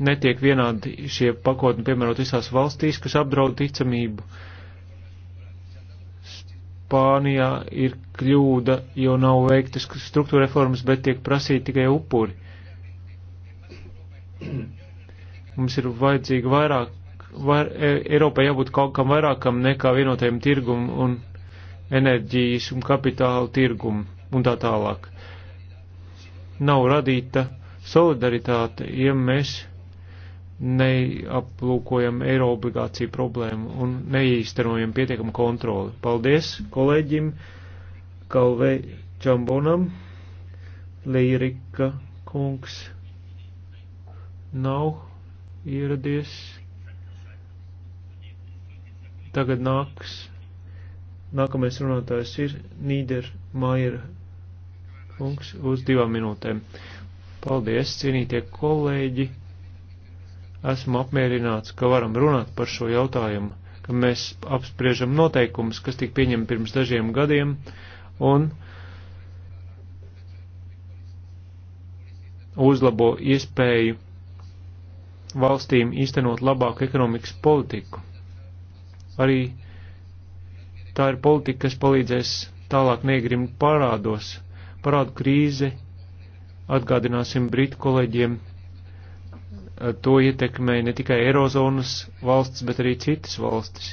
Netiek vienādi šie pakotni piemērot visās valstīs, kas apdraud ticamību. Uh, Spānijā ir kļūda, jo nav veiktas struktūra reformas, bet tiek prasīti tikai upuri. Mums ir vajadzīga vairāk, vair, e, Eiropai jābūt kaut kam vairākam nekā vienotajam tirgum un enerģijas un kapitāla tirgum un tā tālāk. Nav radīta solidaritāte, ja mēs neaplūkojam eiro obligāciju problēmu un neīstenojam pietiekamu kontroli. Paldies kolēģim Kalvei Čambonam, Lirika kungs nav ieradies. Tagad nāks, nākamais runātājs ir Nīder Maira kungs uz divām minūtēm. Paldies, cienītie kolēģi! esmu apmierināts, ka varam runāt par šo jautājumu, ka mēs apspriežam noteikumus, kas tika pieņemti pirms dažiem gadiem, un uzlabo iespēju valstīm īstenot labāku ekonomikas politiku. Arī tā ir politika, kas palīdzēs tālāk negrimt parādos, parādu krīze, atgādināsim Britu kolēģiem to ietekmē ne tikai Eirozonas valsts, bet arī citas valstis.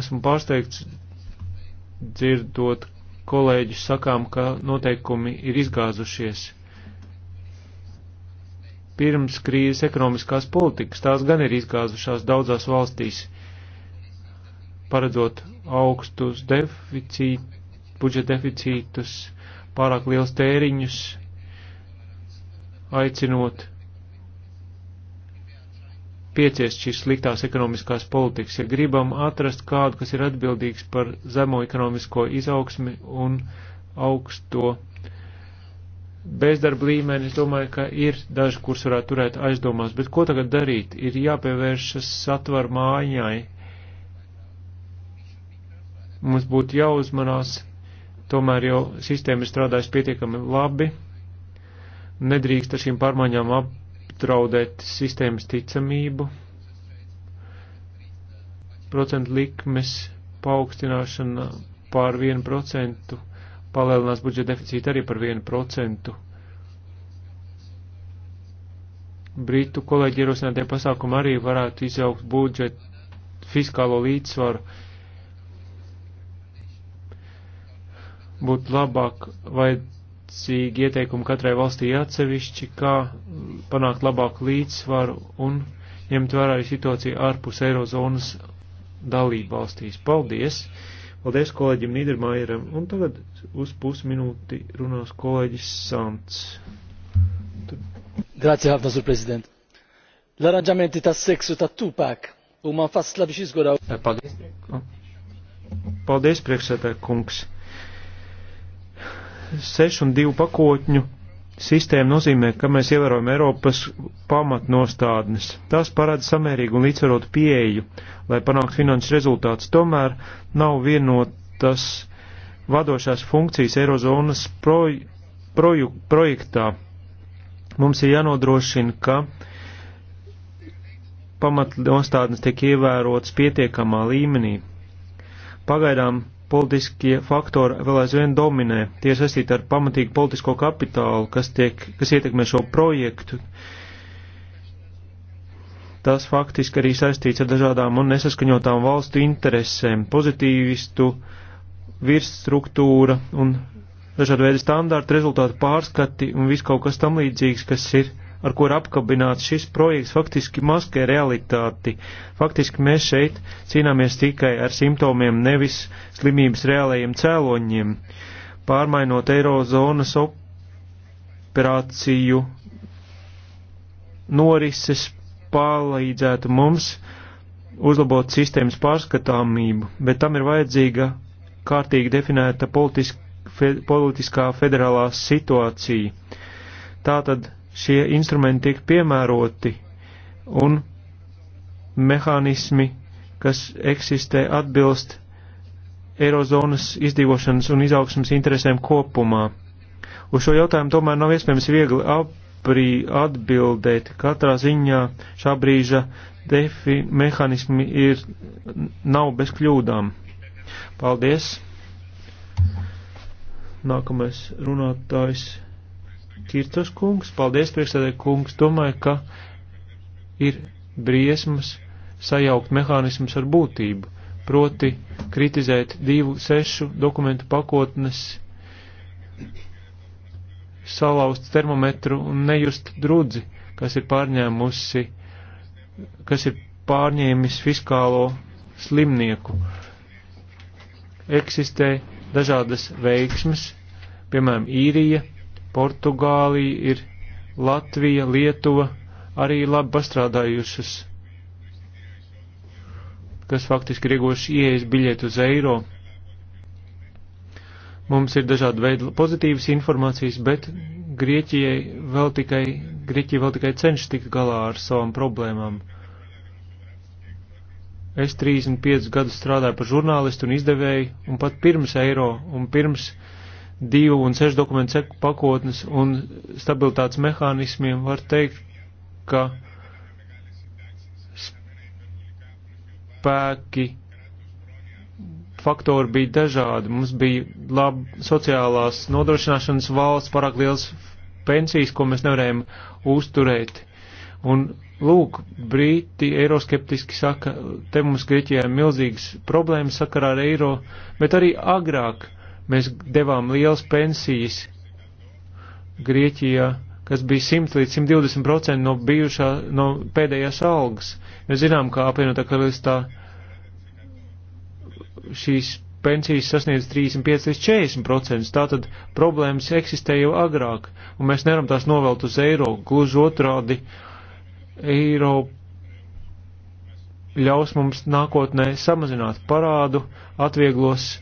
Esmu pārsteigts dzirdot kolēģus sakām, ka noteikumi ir izgāzušies. Pirms krīzes ekonomiskās politikas tās gan ir izgāzušās daudzās valstīs, paredzot augstus deficīt, budžeta deficītus, pārāk liels tēriņus, aicinot pieciest šīs sliktās ekonomiskās politikas, ja gribam atrast kādu, kas ir atbildīgs par zemo ekonomisko izaugsmi un augsto bezdarba līmeni, es domāju, ka ir daži, kurus varētu turēt aizdomās, bet ko tagad darīt? Ir jāpievēršas satvar mājai. Mums būtu jāuzmanās, tomēr jau sistēma ir strādājusi pietiekami labi. Nedrīkst ar šīm pārmaiņām ap apdraudēt sistēmas ticamību, procentu likmes paaugstināšana pār 1%, palielinās budžeta deficīti arī par 1%. Brītu kolēģi ierosinātie pasākumi arī varētu izjaukt budžetu fiskālo līdzsvaru. Būtu labāk vai spēcīgi ieteikumi katrai valstī atsevišķi, kā panākt labāku līdzsvaru un ņemt vērā arī situāciju ārpus Eirozonas dalību valstīs. Paldies! Paldies kolēģim Nīdermājeram, un tagad uz pusminūti runās kolēģis Sants. Grazie ħafna, sur prezident. L-arranġamenti tas seksu e ta' Tupac u man fasla biex jizguraw. Paldies, priekšsētā kungs sešu un divu pakotņu sistēma nozīmē, ka mēs ievērojam Eiropas pamatnostādnes. Tās parāda samērīgu un līdzsvarotu pieeju, lai panāktu finanses rezultātus. Tomēr nav vienotas vadošās funkcijas Eirozonas proj proju projektā. Mums ir jānodrošina, ka pamatnostādnes tiek ievērotas pietiekamā līmenī. Pagaidām politiskie faktori vēl aizvien dominē. Tie saistīti ar pamatīgu politisko kapitālu, kas, tiek, kas ietekmē šo projektu. Tas faktiski arī saistīts ar dažādām un nesaskaņotām valstu interesēm, pozitīvistu, virsstruktūra un dažādu veidu standārtu rezultātu pārskati un viss kaut kas tam līdzīgs, kas ir ar kur apkabināts šis projekts, faktiski maskē realitāti. Faktiski mēs šeit cīnāmies tikai ar simptomiem, nevis slimības reālajiem cēloņiem. Pārmainot eirozonas operāciju norises palīdzētu mums uzlabot sistēmas pārskatāmību, bet tam ir vajadzīga kārtīgi definēta politiska, fe, politiskā federālā situācija. Tātad šie instrumenti tiek piemēroti un mehānismi, kas eksistē, atbilst Eirozonas izdzīvošanas un izaugsmas interesēm kopumā. Uz šo jautājumu tomēr nav iespējams viegli aprī atbildēt. Katrā ziņā šā brīža defi mehānismi ir, nav bez kļūdām. Paldies! Nākamais runātājs. Kircos kungs, paldies priekšsēdē kungs, domāju, ka ir briesmas sajaukt mehānismus ar būtību, proti kritizēt divu, sešu dokumentu pakotnes, salauzt termometru un nejust drudzi, kas ir pārņēmusi, kas ir pārņēmis fiskālo slimnieku. Eksistē dažādas veiksmes, piemēram, īrija, Portugālija, ir Latvija, Lietuva arī labi pastrādājušas, kas faktiski ir ieguvuši ieejas biļetu uz eiro. Mums ir dažādi veidi pozitīvas informācijas, bet Grieķijai vēl tikai, Grieķija vēl tikai cenšas tikt galā ar savām problēmām. Es 35 gadus strādāju par žurnālistu un izdevēju, un pat pirms eiro un pirms divu un sešu dokumentu pakotnes un stabilitātes mehānismiem var teikt, ka spēki, faktori bija dažādi. Mums bija laba sociālās nodrošināšanas valsts, pārāk liels pensijas, ko mēs nevarējām uzturēt. Un lūk, brīti eiroskeptiski saka, te mums Grieķijā ir milzīgas problēmas sakarā ar eiro, bet arī agrāk Mēs devām liels pensijas Grieķijā, kas bija 100 līdz 120% no bijušā, no pēdējās algas. Mēs zinām, ka apvienotā karalistā šīs pensijas sasniedz 35 līdz 40%. Tātad problēmas eksistē jau agrāk, un mēs nevaram tās novelt uz eiro. Gluži otrādi, eiro ļaus mums nākotnē samazināt parādu, atvieglos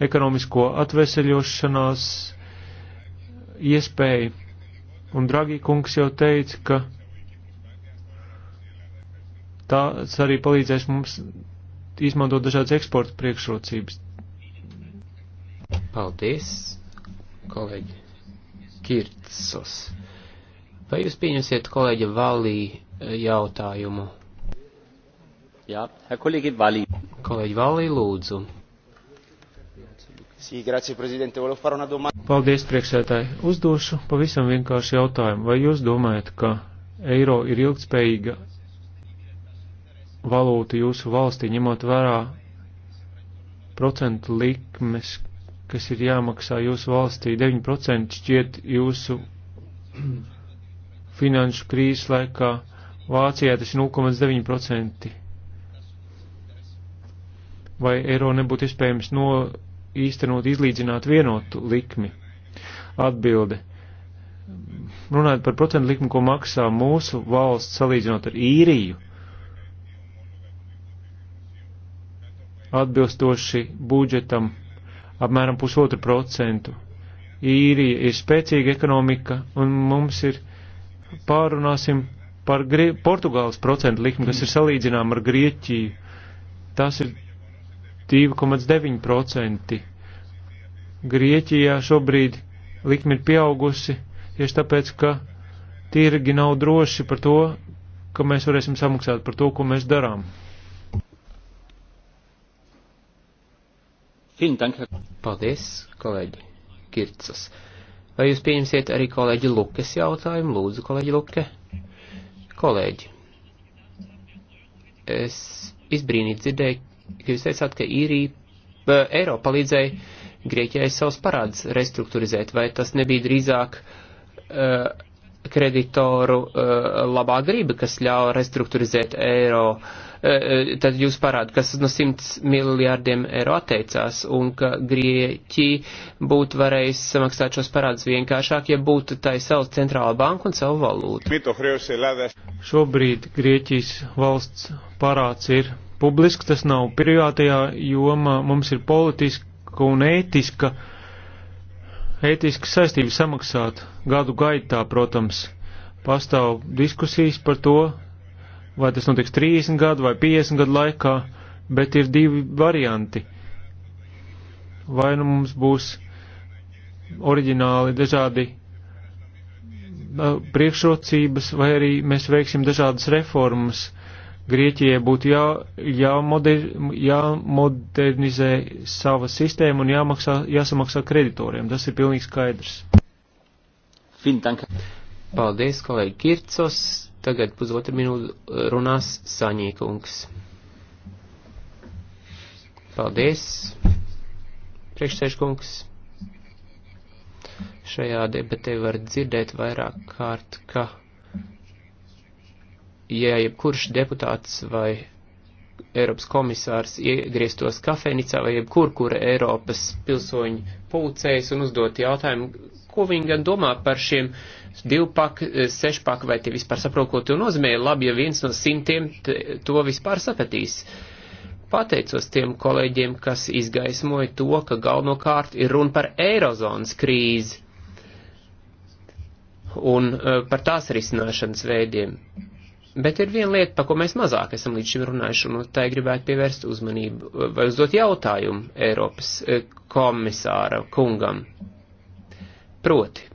ekonomisko atveseļošanās iespēju. Un Dragī kungs jau teica, ka tās arī palīdzēs mums izmantot dažādas eksporta priekšrocības. Paldies, kolēģi Kirtsos. Vai jūs pieņemsiet kolēģi Valī jautājumu? Jā, kolēģi Valī. Kolēģi Valī, lūdzu. Paldies, priekšsētāji. Uzdošu pavisam vienkārši jautājumu. Vai jūs domājat, ka eiro ir ilgspējīga valūta jūsu valstī, ņemot vērā procentu likmes, kas ir jāmaksā jūsu valstī? 9% šķiet jūsu finanšu krīzes laikā. Vācijā tas ir 0,9%. Vai eiro nebūtu iespējams no īstenot izlīdzināt vienotu likmi? Atbilde. Runājot par procentu likmi, ko maksā mūsu valsts salīdzinot ar īriju, atbilstoši budžetam apmēram pusotru procentu. Īrija ir spēcīga ekonomika, un mums ir pārunāsim par Grie Portugāles procentu likmi, kas ir salīdzināma ar Grieķiju. Tas ir 2,9%. Grieķijā šobrīd likme ir pieaugusi tieši tāpēc, ka tirgi nav droši par to, ka mēs varēsim samaksāt par to, ko mēs darām. Paldies, kolēģi Kircas. Vai jūs pieņemsiet arī kolēģi Lukas jautājumu? Lūdzu, kolēģi Luke. Kolēģi, es izbrīnīt dzirdēju, ka jūs teicāt, ka īrija, Eiropa palīdzēja Grieķijai savus parādus restruktūrizēt, vai tas nebija drīzāk uh, kreditoru uh, labā grība, kas ļāva restruktūrizēt eiro, uh, tad jūs parāda, kas no 100 miljārdiem eiro atteicās un ka Grieķija būtu varējusi samaksāt šos parādus vienkāršāk, ja būtu tai savu centrālo banku un savu valūtu. Šobrīd Grieķijas valsts parāds ir publisks, tas nav privātajā jomā, mums ir politiska un ētiska, ētiska saistība samaksāt gadu gaitā, protams. Pastāv diskusijas par to, vai tas notiks 30 gadu vai 50 gadu laikā, bet ir divi varianti. Vai nu mums būs oriģināli dažādi priekšrocības, vai arī mēs veiksim dažādas reformas Grieķijai būtu jā, jāmoder, jāmodernizē sava sistēma un jāmaksā, jāsamaksā kreditoriem. Tas ir pilnīgi skaidrs. Paldies, kolēģi Kircos. Tagad pusotru minūtu runās Saņīkungs. Paldies, priekšsēžkungs. Šajā debatē var dzirdēt vairāk kārt, ka ja jebkurš deputāts vai Eiropas komisārs iegrieztos kafejnīcā vai jebkur, kur Eiropas pilsoņi pulcējas un uzdot jautājumu, ko viņi gan domā par šiem divpak, sešpak, vai tie vispār saprot, ko to nozīmē. Labi, ja viens no simtiem to vispār sapratīs. Pateicos tiem kolēģiem, kas izgaismoja to, ka galvenokārt ir runa par eirozonas krīzi un eh, par tās risināšanas veidiem Bet ir viena lieta, par ko mēs mazāk esam līdz šim runājuši, un tai gribētu pievērst uzmanību vai uzdot jautājumu Eiropas eh, komisāra kungam. Proti,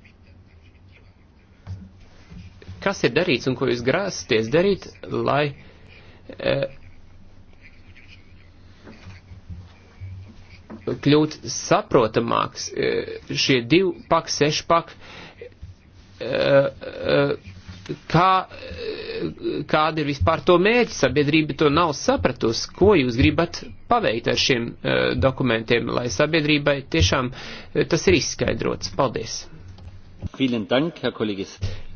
kas ir darīts un ko jūs grāsaties darīt, lai eh, kļūt saprotamāks eh, šie divi pak, seši pak. Eh, eh, kā, kāda ir vispār to mērķi. Sabiedrība to nav sapratusi, ko jūs gribat paveikt ar šiem uh, dokumentiem, lai sabiedrībai tiešām eh, tas ir izskaidrots. Paldies! Dank,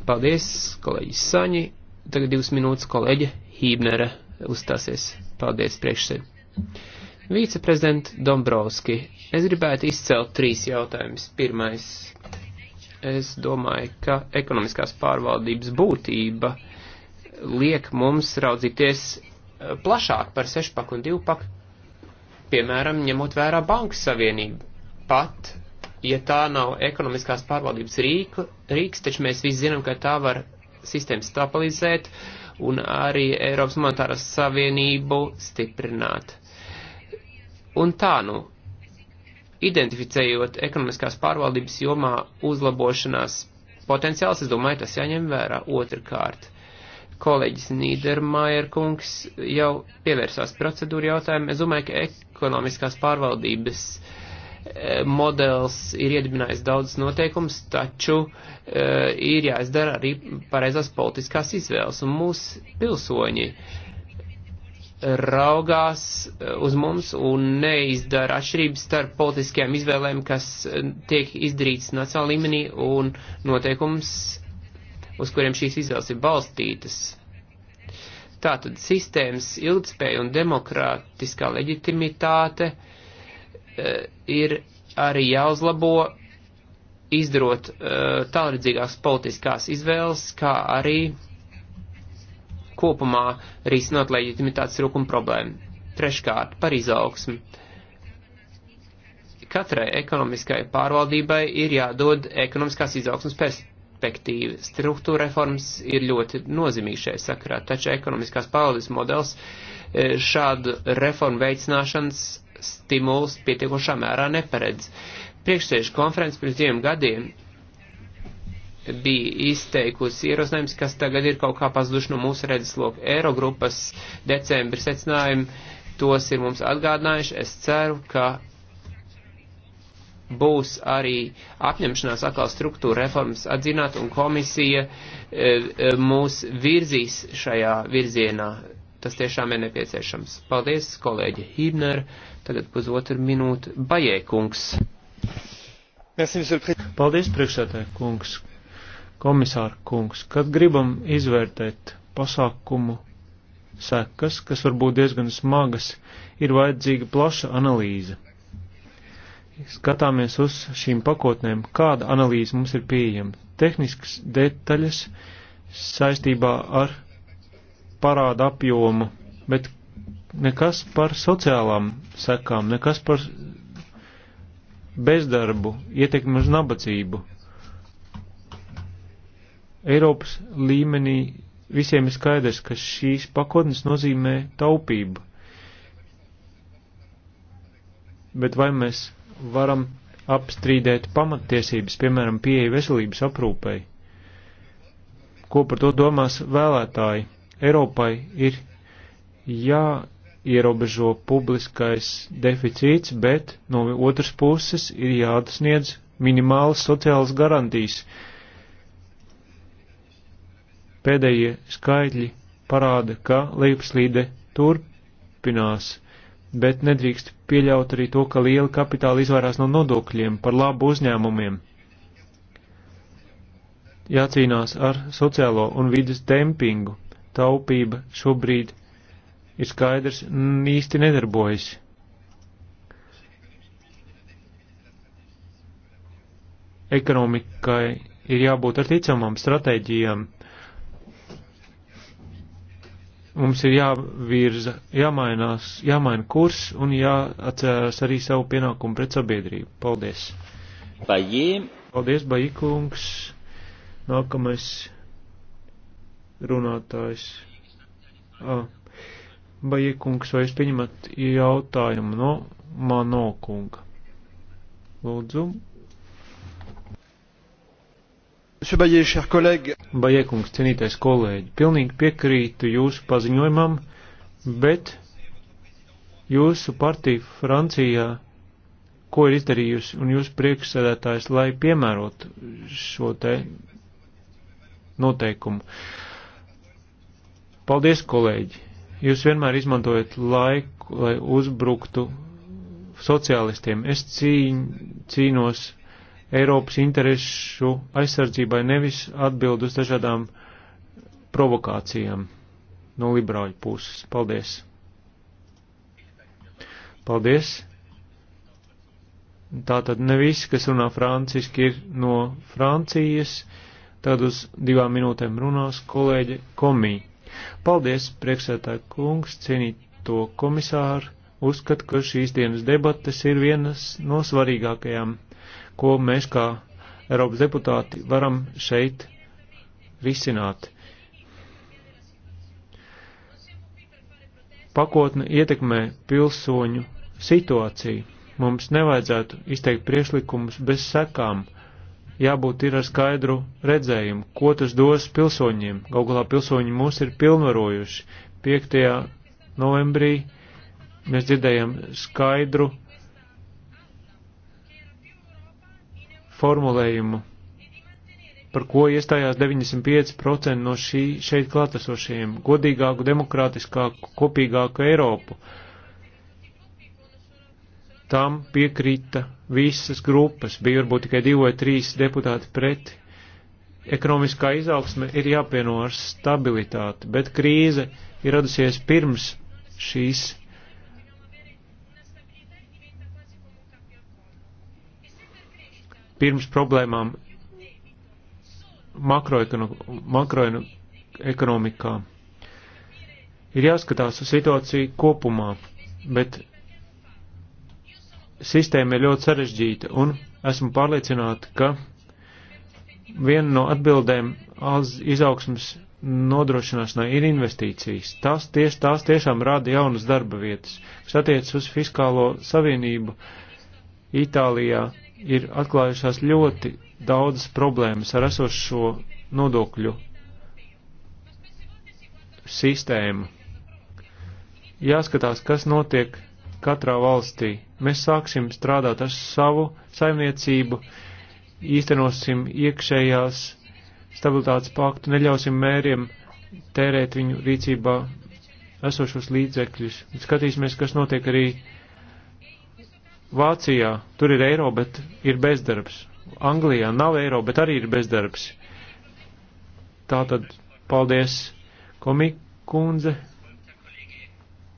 Paldies, kolēģis Saņi. Tagad divas minūtes kolēģe Hībnere uzstāsies. Paldies priekšsēd. Viceprezident Dombrovski, es gribētu izcelt trīs jautājumus. Pirmais Es domāju, ka ekonomiskās pārvaldības būtība liek mums raudzīties eh, plašāk par sešpaku un divpaku, piemēram, ņemot vērā bankas savienību. Pat, ja tā nav ekonomiskās pārvaldības rīka, rīks, taču mēs visi zinām, ka tā var sistēmu stabilizēt un arī Eiropas monetāras savienību stiprināt. Un tā nu, identificējot ekonomiskās pārvaldības jomā uzlabošanās potenciāls, es domāju, tas jāņem vērā otrkārt. Kolēģis Nīdermajer kungs jau pievērsās procedūru jautājumu. Es domāju, ka ekonomiskās pārvaldības e, modelis ir iedibinājis daudz noteikums, taču e, ir jāizdara arī pareizās politiskās izvēles. Un mūsu pilsoņi uh, raugās eh, uz mums un neizdara atšķirības starp politiskajām izvēlēm, kas eh, tiek izdarītas nacionāla līmenī un noteikums, uz kuriem šīs izvēles ir balstītas. Tātad sistēmas ilgspēja un demokrātiskā leģitimitāte eh, ir arī jāuzlabo, izdarot tālredzīgākas politiskās izvēles, kā arī kopumā risinot leģitimitātes trūkuma problēmu. Treškārt, par izaugsmu. Katrai ekonomiskai pārvaldībai ir jādod ekonomiskās izaugsmas perspektīva. Struktūra reformas ir ļoti nozīmīga šajā sakarā, taču ekonomiskās pārvaldības modelis e, šādu reformu veicināšanas stimulus pietiekošā mērā neparedz. Priekšsēžu konferences pirms diviem gadiem bija izteikusi ierosinājums, kas tagad ir kaut kā pazuduši no mūsu redzesloka. Eirogrupas decembra secinājumi tos ir mums atgādinājuši. Es ceru, ka būs arī apņemšanās atkal struktūra reformas atzināt un komisija e, e mūs virzīs šajā virzienā. Tas tiešām ir nepieciešams. Paldies, kolēģi Hībner. Tagad pusotru minūtu Bajē kungs. Paldies, priekšsētāji kungs. Komisāra kungs, kad gribam izvērtēt pasākumu sekas, kas var būt diezgan smagas, ir vajadzīga plaša analīze. Skatāmies uz šīm pakotnēm, kāda analīze mums ir pieejama. Tehniskas detaļas saistībā ar parāda apjomu, bet nekas par sociālām sekām, nekas par bezdarbu, ietekmi uz nabadzību. Eiropas līmenī visiem ir skaidrs, ka šīs pakotnes nozīmē taupību. Bet vai mēs varam apstrīdēt pamattiesības, piemēram, pieeja veselības aprūpei? Ko par to domās vēlētāji? Eiropai ir jāierobežo publiskais deficīts, bet no otras puses ir jāatsniedz minimālas sociālas garantijas Pēdējie skaitļi parāda, ka lejupslīde turpinās, bet nedrīkst pieļaut arī to, ka liela kapitāla izvairās no nodokļiem par labu uzņēmumiem. Jācīnās ar sociālo un vidas dempingu. Taupība šobrīd ir skaidrs īsti nedarbojas. Ekonomikai ir jābūt ar ticamām stratēģijām Mums ir jāvirza, jāmainās, jāmaina kurs un jāatcerās arī savu pienākumu pret sabiedrību. Paldies! Bajī. Paldies, Bajikungs! Nākamais runātājs. Ah. Bajikungs, vai jūs pieņemat jautājumu no Manokunga? Lūdzu. Bajekungs, cienītais kolēģi, pilnīgi piekrītu jūsu paziņojumam, bet jūsu partija Francijā, ko ir izdarījusi un jūsu priekšsēdētājs, lai piemērotu šo te noteikumu. Paldies, kolēģi! Jūs vienmēr izmantojat laiku, lai uzbruktu sociālistiem. Es cīn, cīnos Eiropas interesu aizsardzībai, nevis atbild uz dažādām provokācijām no liberāļu puses. Paldies! Paldies! Tātad ne visi, kas runā franciski, ir no Francijas. Tad uz divām minūtēm runās kolēģe Komī. Paldies, priekšsētāji kungs, cienīto komisāru. Uzskat, ka šīs dienas debates ir vienas no svarīgākajām ko mēs kā Eiropas deputāti varam šeit risināt. Pakotne ietekmē pilsoņu situāciju. Mums nevajadzētu izteikt priešlikumus bez sekām. Jābūt ir ar skaidru redzējumu, ko tas dos pilsoņiem. Gaugulā pilsoņi mūs ir pilnvarojuši. 5. novembrī mēs dzirdējam skaidru formulējumu, par ko iestājās 95% no šī, šeit klātesošajiem - godīgāku, demokrātiskāku, kopīgāku Eiropu. Tam piekrita visas grupas, bija varbūt tikai divi vai trīs deputāti preti. Ekonomiskā izaugsme ir jāpieno ar stabilitāti, bet krīze ir radusies pirms šīs pirms problēmām makroekonomikā. Ir jāskatās uz situāciju kopumā, bet sistēma ir ļoti sarežģīta un esmu pārliecināta, ka viena no atbildēm izaugsmas nodrošināšanai ir investīcijas. Tās, ties, tās tiešām rada jaunas darba vietas. Kas attiecas uz fiskālo savienību, Itālijā ir atklājušās ļoti daudzas problēmas ar esošo nodokļu sistēmu. Jāskatās, kas notiek katrā valstī. Mēs sāksim strādāt ar savu saimniecību, īstenosim iekšējās stabilitātes paktu, neļausim mēriem tērēt viņu rīcībā esošos līdzekļus. Skatīsimies, kas notiek arī Vācijā tur ir eiro, bet ir bezdarbs. Anglijā nav eiro, bet arī ir bezdarbs. Tātad paldies, komikundze.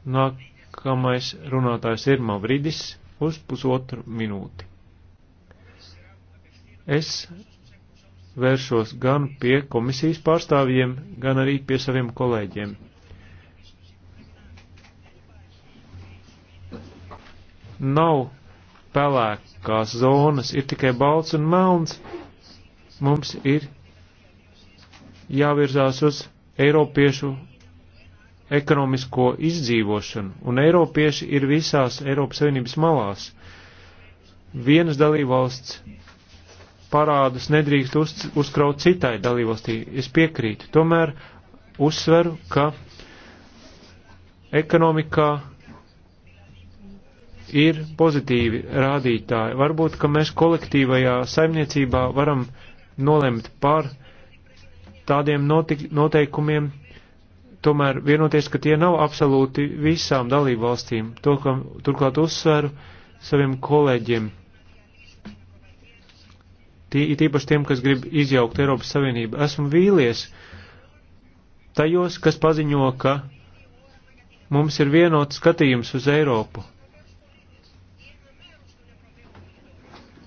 Nākamais runātājs ir Mavridis uz pusotru minūti. Es vēršos gan pie komisijas pārstāvjiem, gan arī pie saviem kolēģiem. Nav pelēkās zonas, ir tikai balts un melns. Mums ir jāvirzās uz Eiropiešu ekonomisko izdzīvošanu, un Eiropieši ir visās Eiropas Savienības malās. Vienas dalībvalsts parādus nedrīkst uz, uzkraut citai dalībvalstī, es piekrītu. Tomēr uzsveru, ka ekonomikā ir pozitīvi rādītāji. Varbūt, ka mēs kolektīvajā saimniecībā varam nolemt par tādiem notik, noteikumiem, tomēr vienoties, ka tie nav absolūti visām dalību valstīm. To, ka turklāt uzsveru saviem kolēģiem, tī, tīpaši tiem, kas grib izjaukt Eiropas Savienību, esmu vīlies tajos, kas paziņo, ka mums ir vienots skatījums uz Eiropu.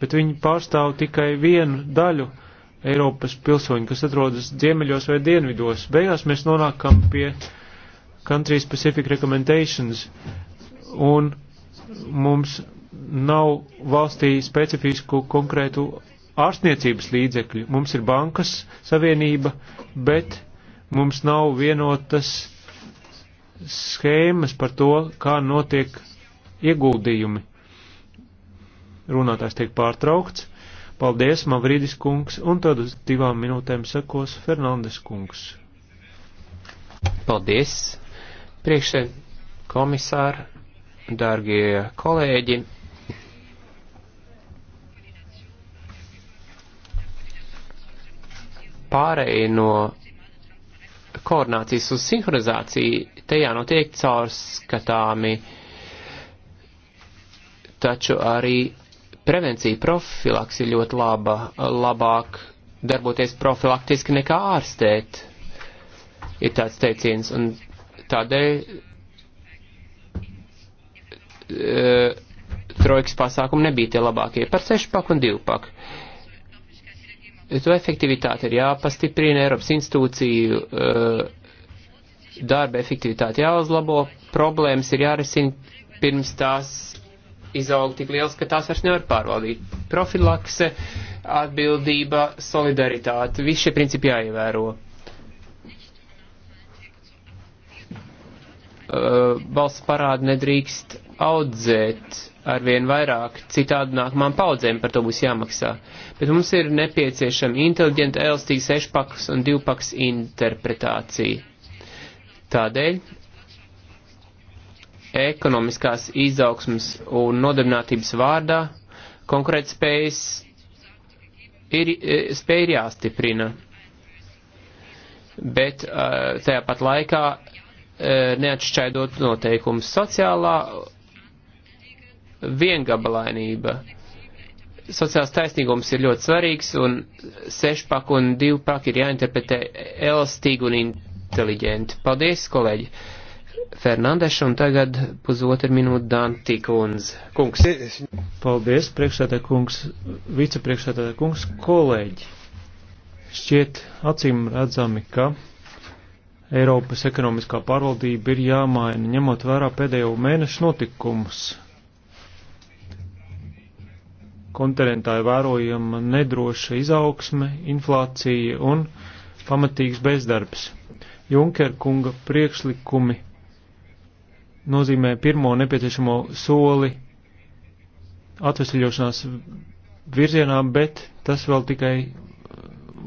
bet viņi pārstāv tikai vienu daļu Eiropas pilsoņu, kas atrodas ziemeļos vai dienvidos. Beigās mēs nonākam pie country specific recommendations, un mums nav valstī specifisku konkrētu ārstniecības līdzekļu. Mums ir bankas savienība, bet mums nav vienotas schēmas par to, kā notiek ieguldījumi runātājs tiek pārtraukts. Paldies, Mavridis kungs, un tad uz divām minūtēm sekos Fernandes kungs. Paldies, priekšsēd komisāri, dārgie kolēģi. Pārēj no koordinācijas uz sinhronizāciju, tajā notiek caurskatāmi, taču arī prevencija, profilaks ir ļoti laba, labāk darboties profilaktiski nekā ārstēt, ir tāds teiciens, un tādēļ e, trojkas pasākumi nebija tie labākie par sešpaku un divpaku. To efektivitāti ir jāpastiprina Eiropas institūciju. E, darba efektivitāte jāuzlabo, problēmas ir jārisina pirms tās izaug tik liels, ka tās vairs nevar pārvaldīt. Profilakse, atbildība, solidaritāte, visi šie principi jāievēro. Uh, valsts parādu nedrīkst audzēt arvien vairāk, citādi nākamām paudzēm par to būs jāmaksā. Bet mums ir nepieciešama inteliģenta LST sešpaks un divpaks interpretācija. Tādēļ ekonomiskās izaugsmas un nodarbinātības vārdā konkurētspējas ir, e, spēja ir jāstiprina. Bet e, tajā pat laikā e, neatšķaidot noteikumus sociālā viengabalainība. Sociāls taisnīgums ir ļoti svarīgs un sešpak un divpak ir jāinterpretē elastīgi un inteliģenti. Paldies, kolēģi! Fernandeša un tagad pusotru minūtu Danti kundz. Kungs. Paldies, priekšsēdē kungs, vicepriekšsēdē kungs, kolēģi. Šķiet acīm redzami, ka Eiropas ekonomiskā pārvaldība ir jāmaina, ņemot vērā pēdējo mēnešu notikumus. Kontinentā ir vērojama nedroša izaugsme, inflācija un pamatīgs bezdarbs. Junker kunga priekšlikumi nozīmē pirmo nepieciešamo soli atvesaļošanās virzienā, bet tas vēl tikai,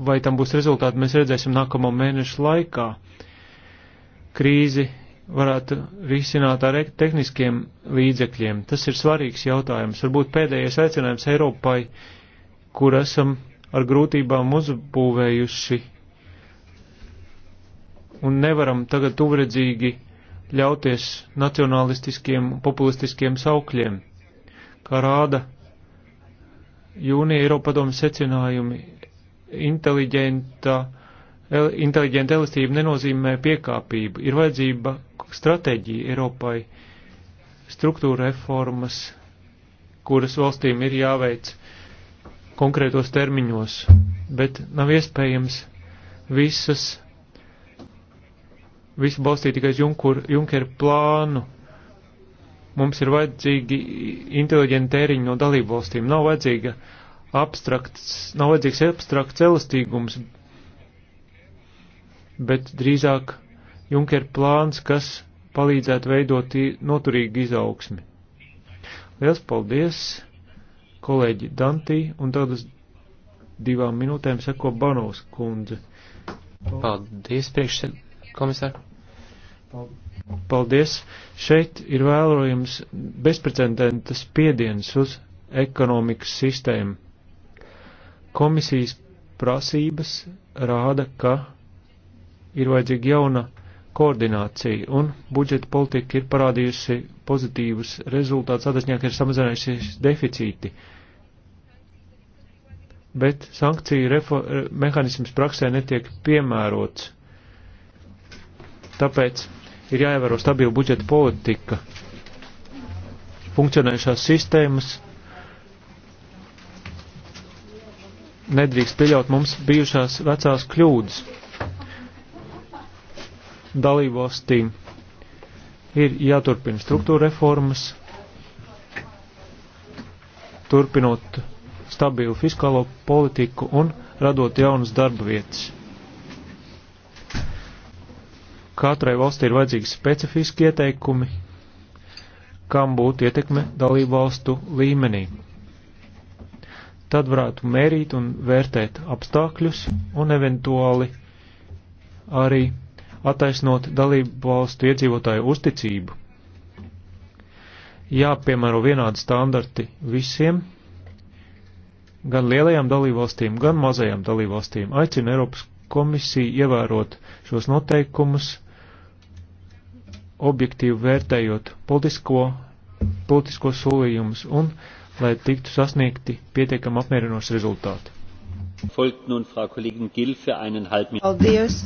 vai tam būs rezultāti, mēs redzēsim nākamo mēnešu laikā. Krīzi varētu risināt ar tehniskiem līdzekļiem. Tas ir svarīgs jautājums. Varbūt pēdējais aicinājums Eiropai, kur esam ar grūtībām uzbūvējuši un nevaram tagad tuvredzīgi ļauties nacionalistiskiem, populistiskiem saukļiem, kā rāda jūnija Eiropadomu secinājumi. Inteliģenta, inteliģenta elastība nenozīmē piekāpību, ir vajadzība stratēģija Eiropai, struktūra reformas, kuras valstīm ir jāveic konkrētos termiņos, bet nav iespējams visas visu balstīt tikai uz Junkera plānu. Mums ir vajadzīgi inteliģenti tēriņi no dalību valstīm. Nav vajadzīga abstrakts, nav vajadzīgs abstrakts elastīgums, bet drīzāk Junkera plāns, kas palīdzētu veidot noturīgu izaugsmi. Liels paldies, kolēģi Dantī, un tad uz divām minūtēm seko Banovs kundze. Paldies, priekšsēd komisār. Paldies! Šeit ir vērojams bezprecedenta spiediens uz ekonomikas sistēmu. Komisijas prasības rāda, ka ir vajadzīga jauna koordinācija, un budžeta politika ir parādījusi pozitīvus rezultātus, atdaņā, ka ir samazinājušies deficīti. Bet sankciju eh, mehānisms praksē netiek piemērots. Tāpēc ir jāievēro stabila budžeta politika, funkcionējušās sistēmas. Nedrīkst pieļaut mums bijušās vecās kļūdas. Dalībvalstīm ir jāturpina struktūra reformas, turpinot stabilu fiskālo politiku un radot jaunas darba vietas katrai valstī ir vajadzīgi specifiski ieteikumi, kam būtu ietekme dalību valstu līmenī. Tad varētu mērīt un vērtēt apstākļus un eventuāli arī attaisnot dalību valstu iedzīvotāju uzticību. Jāpiemēro vienādi standarti visiem, gan lielajām dalībvalstīm, gan mazajām dalībvalstīm. Aicinu Eiropas komisiju ievērot šos noteikumus objektīvi vērtējot politisko, politisko solījumus un lai tiktu sasniegti pietiekam apmierinoši rezultāti. Paldies!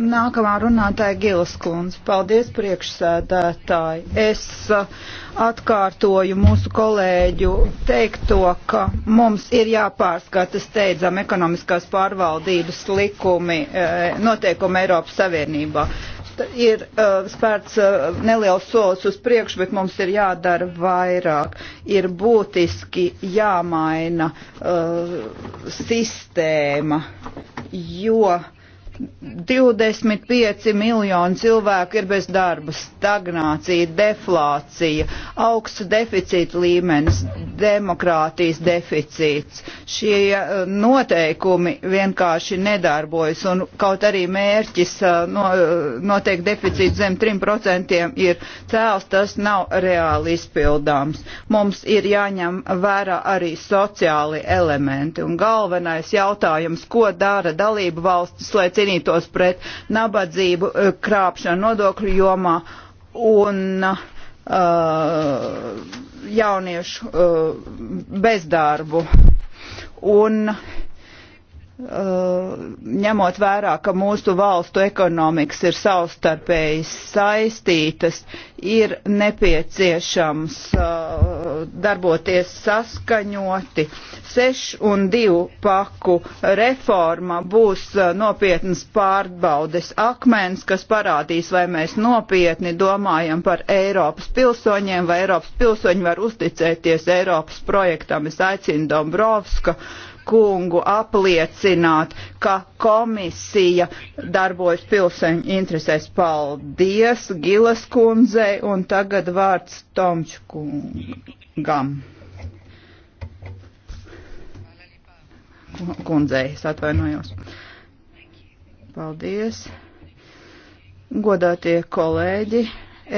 Nākamā runātāja Gilas kundze. Paldies priekšsēdētāji. Es uh, atkārtoju mūsu kolēģu teikto, ka mums ir jāpārskata steidzam ekonomiskās pārvaldības likumi, uh, noteikumi Eiropas Savienībā tagad ir uh, spērts uh, neliels solis uz priekšu, bet mums ir jādara vairāk. Ir būtiski jāmaina uh, sistēma, jo uh, 25 miljoni cilvēku ir bez darba, stagnācija, deflācija, augsts deficīta līmenis, demokrātijas deficīts. Šie noteikumi vienkārši nedarbojas, un kaut arī mērķis no, noteikti deficīts zem 3% ir cēls, tas nav reāli izpildāms. Mums ir jāņem vērā arī sociāli elementi, un galvenais jautājums, ko dara dalību valstis, lai cīnītos cīnītos pret nabadzību, eh, krāpšanu nodokļu jomā un uh, jauniešu uh, bezdarbu. Un uh, Uh, ņemot vērā, ka mūsu valstu ekonomikas ir savstarpēji saistītas, ir nepieciešams uh, darboties saskaņoti. Sešu un divu paku reforma būs uh, nopietnas pārbaudes akmens, kas parādīs, vai mēs nopietni domājam par Eiropas pilsoņiem, vai Eiropas pilsoņi var uzticēties Eiropas projektam. Es aicinu Dombrovska kungu apliecināt, ka komisija darbojas pilsēņu interesēs. Paldies Gilas kundzei un tagad vārds Tomču kungam. Kundzei, es atvainojos. Paldies. Godātie kolēģi,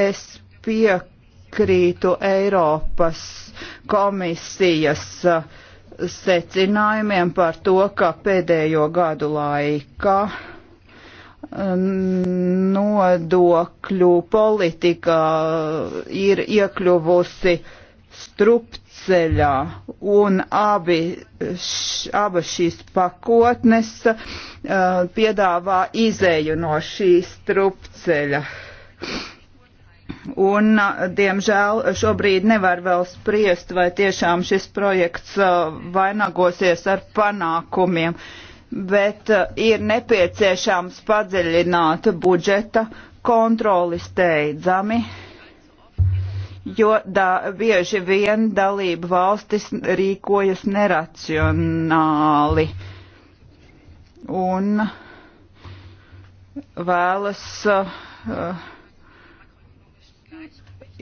es piekrītu Eiropas komisijas uh, secinājumiem par to, ka pēdējo gadu laikā um, nodokļu politika ir iekļuvusi strupceļā un abi, š, abas šīs pakotnes uh, piedāvā izēju no šīs strupceļa. Uh, un, diemžēl, šobrīd nevar vēl spriest, vai tiešām šis projekts vainagosies ar panākumiem, bet ir nepieciešams padziļināt budžeta kontroli steidzami, jo da, bieži vien dalību valstis rīkojas neracionāli un vēlas uh,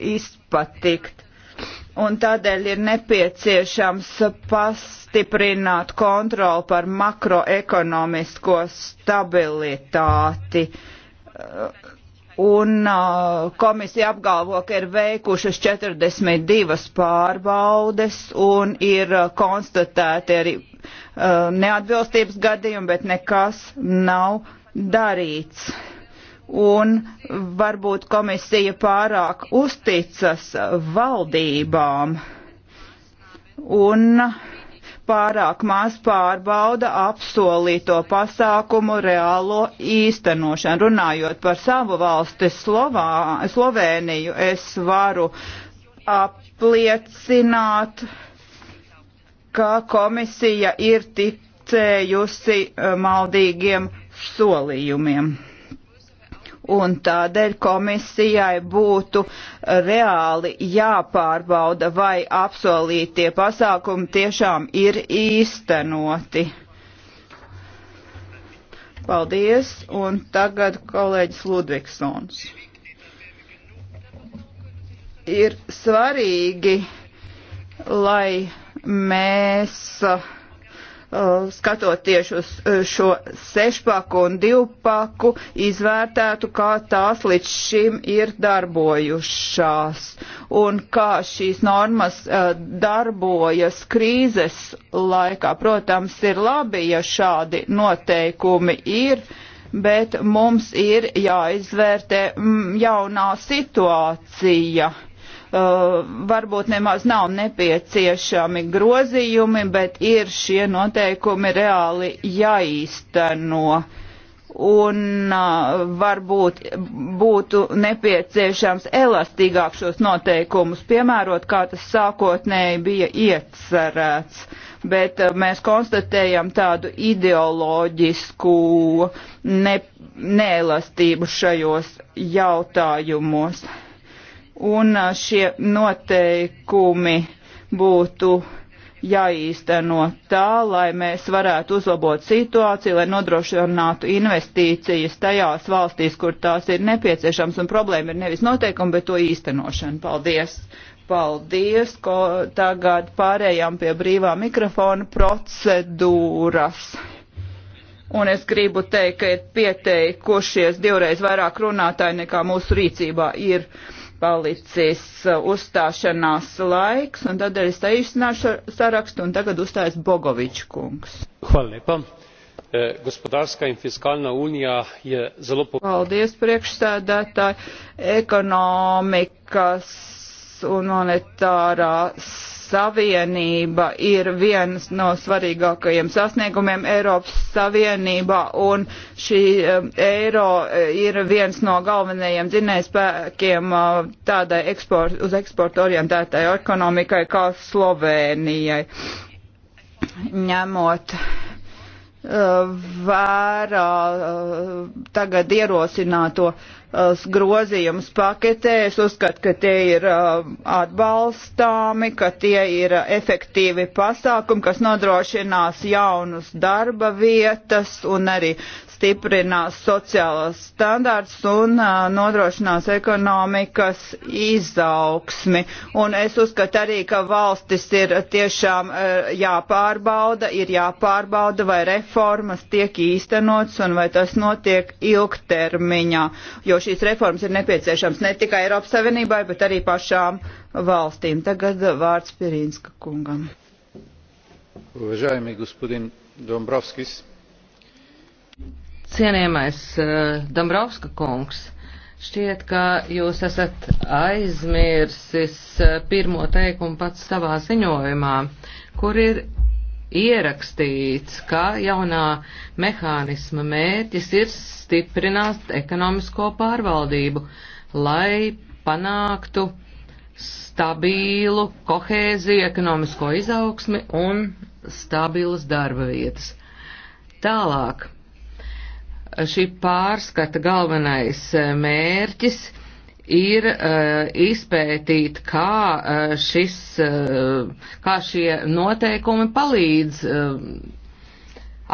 izpatikt. Un tādēļ ir nepieciešams pastiprināt kontroli par makroekonomisko stabilitāti. Un uh, komisija apgalvo, ka ir veikušas 42 pārbaudes un ir uh, konstatēti arī uh, neatbilstības gadījumi, bet nekas nav darīts un varbūt komisija pārāk uzticas valdībām un pārāk maz pārbauda apsolīto pasākumu reālo īstenošanu. Runājot par savu valsti Slovā, Slovēniju, es varu apliecināt, ka komisija ir ticējusi maldīgiem solījumiem un tādēļ komisijai būtu reāli jāpārbauda, vai apsolītie pasākumi tiešām ir īstenoti. Paldies, un tagad kolēģis Ludvigsons. Ir svarīgi, lai mēs uh, Uh, skatot tieši uz uh, šo sešpaku un divpaku, izvērtētu, kā tās līdz šim ir darbojušās un kā šīs normas uh, darbojas krīzes laikā. Protams, ir labi, ja šādi noteikumi ir, bet mums ir jāizvērtē mm, jaunā situācija Eh, varbūt nemaz nav nepieciešami grozījumi, bet ir šie noteikumi reāli jāīsteno. Un eh, varbūt būtu nepieciešams elastīgāk šos noteikumus piemērot, kā tas sākotnēji bija iecerēts bet eh, mēs konstatējam tādu ideoloģisku ne, neelastību šajos jautājumos un šie noteikumi būtu jāīsteno tā, lai mēs varētu uzlabot situāciju, lai nodrošinātu investīcijas tajās valstīs, kur tās ir nepieciešams, un problēma ir nevis noteikumi, bet to īstenošana. Paldies! Paldies, ko tagad pārējām pie brīvā mikrofona procedūras. Un es gribu teikt, ka ir pieteikušies divreiz vairāk runātāji nekā mūsu rīcībā ir. Uh, palicis uh, uzstāšanās laiks, un tad ir saīsināšu sarakstu, un tagad uzstājas Bogovičs kungs. Hvala lepa. E, gospodarska in fiskalna unija je zelo pomembna. Paldies, priekšsēdētāji. Ekonomikas un monetārās Savienība ir viens no svarīgākajiem sasniegumiem Eiropas Savienībā, un šī um, eiro eh, ir viens no galvenajiem dzinējspēkiem uh, tādai eksport, uz eksportu orientētai ekonomikai kā Slovenijai. Ņemot uh, vērā uh, tagad ierosināto uh, Uh, grozījums paketē. Es uzskatu, ka tie ir uh, atbalstāmi, ka tie ir uh, efektīvi pasākumi, kas nodrošinās jaunus darba vietas un arī stiprinās sociālos standārts un uh, nodrošinās ekonomikas izaugsmi. Un es uzskatu arī, ka valstis ir tiešām uh, jāpārbauda, ir jāpārbauda, vai reformas tiek īstenots un vai tas notiek ilgtermiņā, jo šīs reformas ir nepieciešams ne tikai Eiropas Savienībai, bet arī pašām valstīm. Tagad vārds Pirīnska kungam. Уважаеми господин Домбровскис, Cienījamais uh, Dombrovska kungs, šķiet, ka jūs esat aizmirsis uh, pirmo teikumu pats savā ziņojumā, kur ir ierakstīts, ka jaunā mehānisma mērķis ir stiprināt ekonomisko pārvaldību, lai panāktu stabilu kohēziju, ekonomisko izaugsmi un stabilas darba vietas. Tālāk šī pārskata galvenais eh, mērķis ir uh, izpētīt, kā, uh, šis, uh, kā šie noteikumi palīdz uh,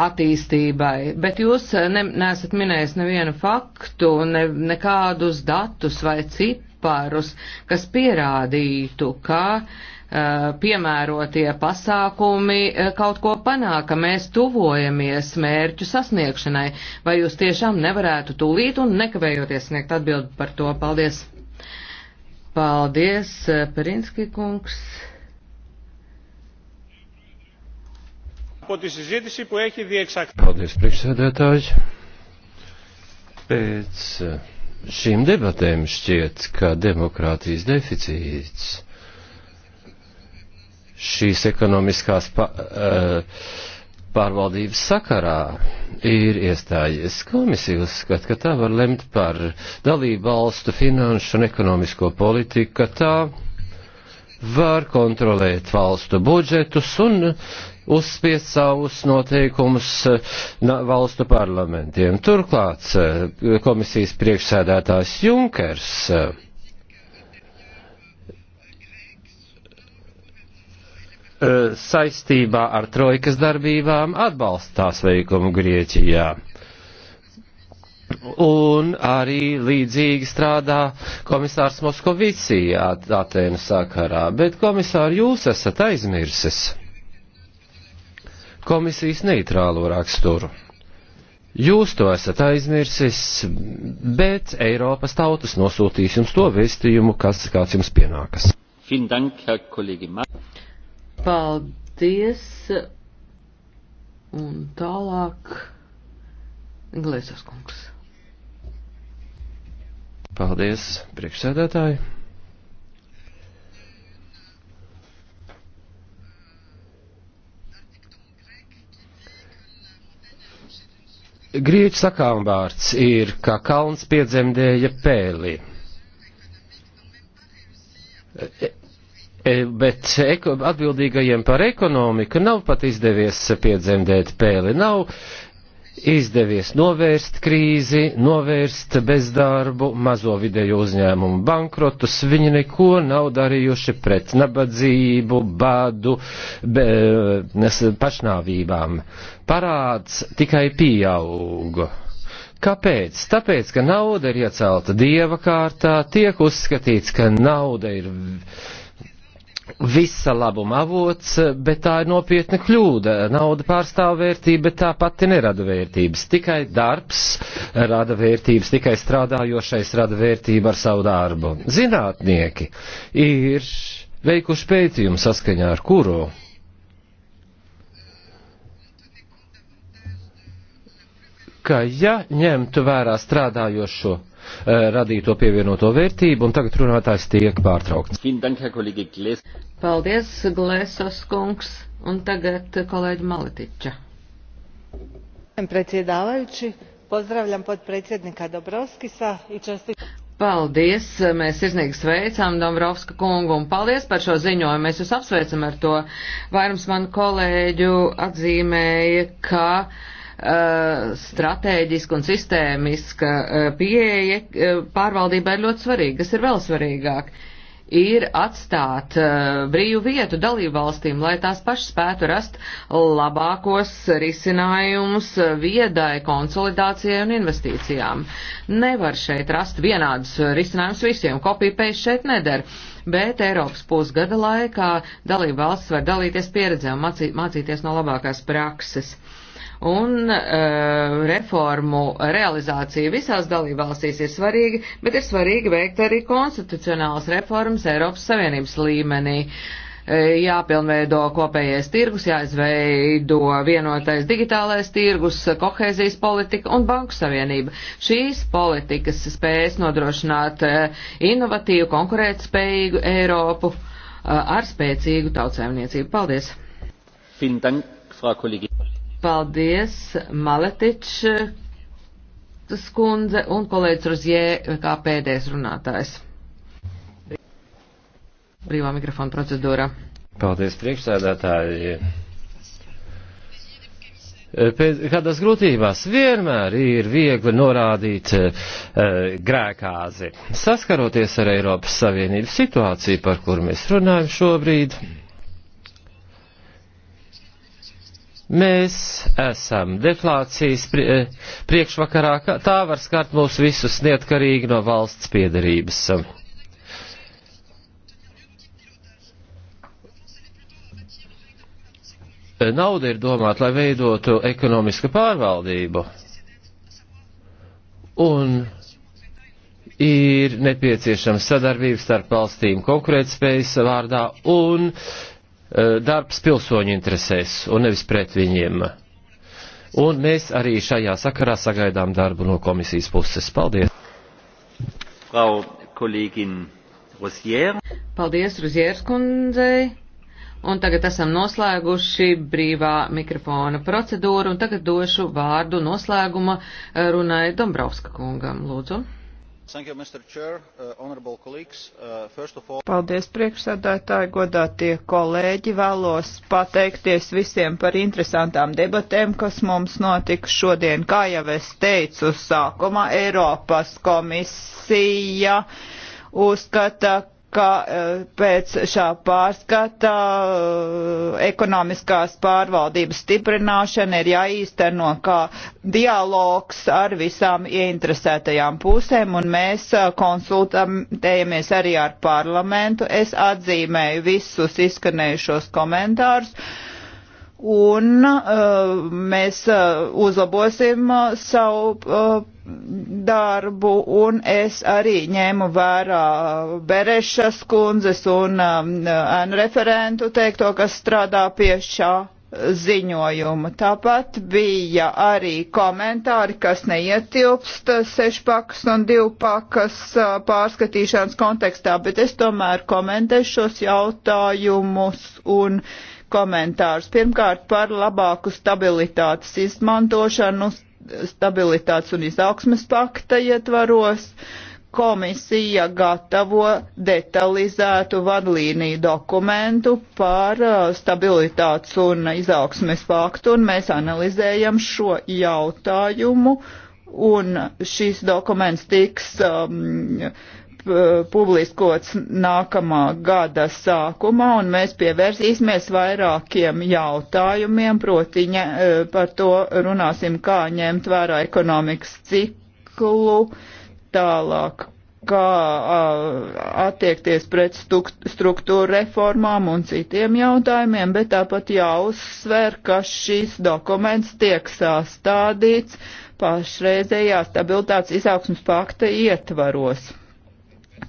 attīstībai, bet jūs ne, nesat minējis nevienu faktu, ne, nekādus datus vai ciparus, kas pierādītu, ka uh, Eh, piemērotie pasākumi eh, kaut ko panāk, ka mēs tuvojamies mērķu sasniegšanai, vai jūs tiešām nevarētu tūlīt un nekavējoties sniegt atbildi par to? Paldies! Paldies, eh, Perinski kungs! Paldies, priekšsēdētāji! Pēc šīm debatēm šķiet, ka demokrātijas deficīts šīs ekonomiskās pa, eh, pārvaldības sakarā ir iestājies komisija uzskat, ka tā var lemt par dalību valstu finanšu un ekonomisko politiku, ka tā var kontrolēt valstu budžetus un uzspiest savus noteikumus eh, valstu parlamentiem. Turklāt eh, komisijas priekšsēdētājs Junkers Eh, saistībā ar trojkas darbībām atbalstās veikumu Grieķijā. Un arī līdzīgi strādā komisārs Moskovici Atēnu sakarā, bet komisāri jūs esat aizmirsis komisijas neitrālo raksturu. Jūs to esat aizmirsis, bet Eiropas tautas nosūtīs jums to vēstījumu, kas kāds jums pienākas. Vielen Dank, Herr Kollege Mann. Paldies! Un tālāk Glēzes kungs. Paldies, priekšsēdētāji! Grieķu sakāmvārds ir, ka kalns piedzemdēja pēli. E, bet atbildīgajiem par ekonomiku nav pat izdevies piedzemdēt pēli, nav izdevies novērst krīzi, novērst bezdarbu, mazo vidēju uzņēmumu bankrotus. Viņi neko nav darījuši pret nabadzību, bādu, be, nes, pašnāvībām. Parāds tikai pieauga. Kāpēc? Tāpēc, ka nauda ir iecelta dieva kārtā, tiek uzskatīts, ka nauda ir visa labuma avots, bet tā ir nopietna kļūda. Nauda pārstāv vērtību, bet tā pati nerada vērtības. Tikai darbs rada vērtības, tikai strādājošais rada vērtību ar savu darbu. Zinātnieki ir veikuši pētījumu saskaņā ar kuru. ka ja ņemtu vērā strādājošo Eh, radīto pievienoto vērtību, un tagad runātājs tiek pārtraukts. Paldies, Glēsos kungs, un tagad kolēģi Maletiča. Predsēdāvajuči, pozdravljam podpredsjednika Dobrovskisa i čestitam. Paldies! Mēs sirsnīgi sveicām Dombrovska kungu un paldies par šo ziņojumu. Mēs jūs apsveicam ar to. Vairums man kolēģu atzīmēja, ka uh, Eh, stratēģiska un sistēmiska eh, pieeja eh, pārvaldībai ir ļoti svarīga. Kas ir vēl svarīgāk? Ir atstāt brīvu vietu dalību valstīm, lai tās pašas spētu rast labākos risinājumus viedai konsolidācijai un investīcijām. Nevar šeit rast vienādus risinājumus visiem, kopīpējas šeit nedara bet Eiropas pusgada laikā dalība valsts var dalīties pieredzē un mācīties no labākās prakses un uh, reformu realizācija visās dalībvalstīs ir svarīga, bet ir svarīgi veikt arī konstitucionālas reformas Eiropas Savienības līmenī. Uh, jāpilnveido kopējais tirgus, jāizveido vienotais digitālais tirgus, kohēzijas politika un banku savienība. Šīs politikas spējas nodrošināt uh, inovatīvu, konkurētspējīgu Eiropu ar spēcīgu tautsēmniecību. Paldies! Vielen Dank, Frau Kollegin. Paldies, Maletič skundze un kolēģis Rozjē, kā pēdējais runātājs. Brīvā mikrofona procedūra. Paldies, priekšsēdētāji. Pēc kādās grūtībās vienmēr ir viegli norādīt uh, grēkāzi. Saskaroties ar Eiropas Savienības situāciju, par kur mēs runājam šobrīd. Mm Mēs esam deflācijas eh, priekšvakarā, tā var skart mūs visus neatkarīgi no valsts piedarības. Nauda ir domāta, lai veidotu ekonomisku pārvaldību, un ir nepieciešama sadarbība starp valstīm konkurētspējas vārdā, un uh, Eh, darbs pilsoņu interesēs un nevis pret viņiem. Un mēs arī šajā sakarā sagaidām darbu no komisijas puses. Paldies! Frau kolēģin Rosier. Paldies, Rosiers kundzei! Un tagad esam noslēguši brīvā mikrofona procedūru, un tagad došu vārdu noslēguma eh, runai Dombrovska kungam. Lūdzu! Uh, uh, Paldies priekšsēdētāji, godātie kolēģi. Vēlos pateikties visiem par interesantām debatēm, kas mums notika šodien. Kā jau es teicu sākumā, Eiropas komisija uzskata, ka eh, pēc šā pārskata eh, ekonomiskās pārvaldības stiprināšana ir jāīsteno kā dialogs ar visām ieinteresētajām pusēm, un mēs eh, konsultējamies arī ar parlamentu. Es atzīmēju visus izskanējušos komentārus. Un uh, mēs uh, uzlabosim uh, savu uh, darbu, un es arī ņēmu vērā Berešas kundzes un um, referentu teikto, kas strādā pie šā ziņojumu. Tāpat bija arī komentāri, kas neietilpst sešpakas un divpakas uh, pārskatīšanas kontekstā, bet es tomēr komentēšu šos jautājumus un komentārus. Pirmkārt, par labāku stabilitātes izmantošanu stabilitātes un izaugsmes pakta ietvaros. Komisija gatavo detalizētu vadlīniju dokumentu par uh, stabilitātes un izaugsmes paktu, un mēs analizējam šo jautājumu, un šis dokuments tiks um, Eh, publiskots nākamā gada sākumā, un mēs pievērsīsimies vairākiem jautājumiem, proti ņa, eh, par to runāsim, kā ņemt vērā ekonomikas ciklu, tālāk kā eh, attiekties pret struktūra reformām un citiem jautājumiem, bet tāpat jāuzsver, ka šis dokuments tiek sastādīts pašreizējā stabilitātes izaugsmas pakta ietvaros.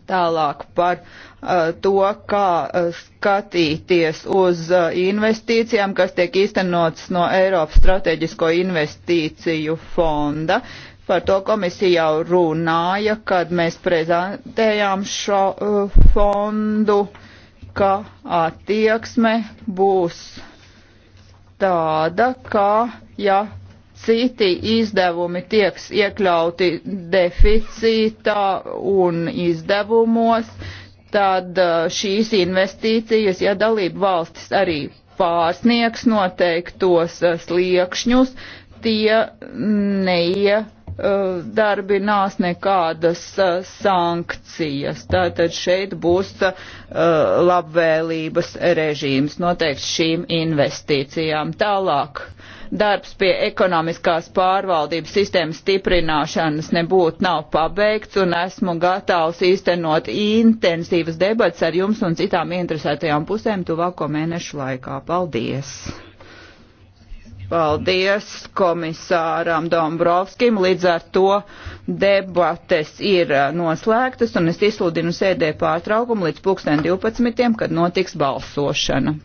Tālāk par uh, to, kā uh, skatīties uz uh, investīcijām, kas tiek īstenotas no Eiropas Strateģisko investīciju fonda. Par to komisija jau runāja, kad mēs prezentējām šo uh, fondu, ka attieksme būs tāda, ka, ja citi izdevumi tiek iekļauti deficītā un izdevumos, tad uh, šīs investīcijas, ja dalību valstis arī pārsniegs noteiktos uh, sliekšņus, tie neiedarbinās nekādas uh, sankcijas. Tātad šeit būs labvēlības režīms noteikti šīm investīcijām. Tālāk darbs pie ekonomiskās pārvaldības sistēmas stiprināšanas nebūtu nav pabeigts, un esmu gatavs īstenot intensīvas debats ar jums un citām interesētajām pusēm tuvāko mēnešu laikā. Paldies! Paldies komisāram Dombrovskim. Līdz ar to debates ir eh, noslēgtas un es izsludinu sēdē pārtraukumu līdz pulksten 12, kad notiks balsošana.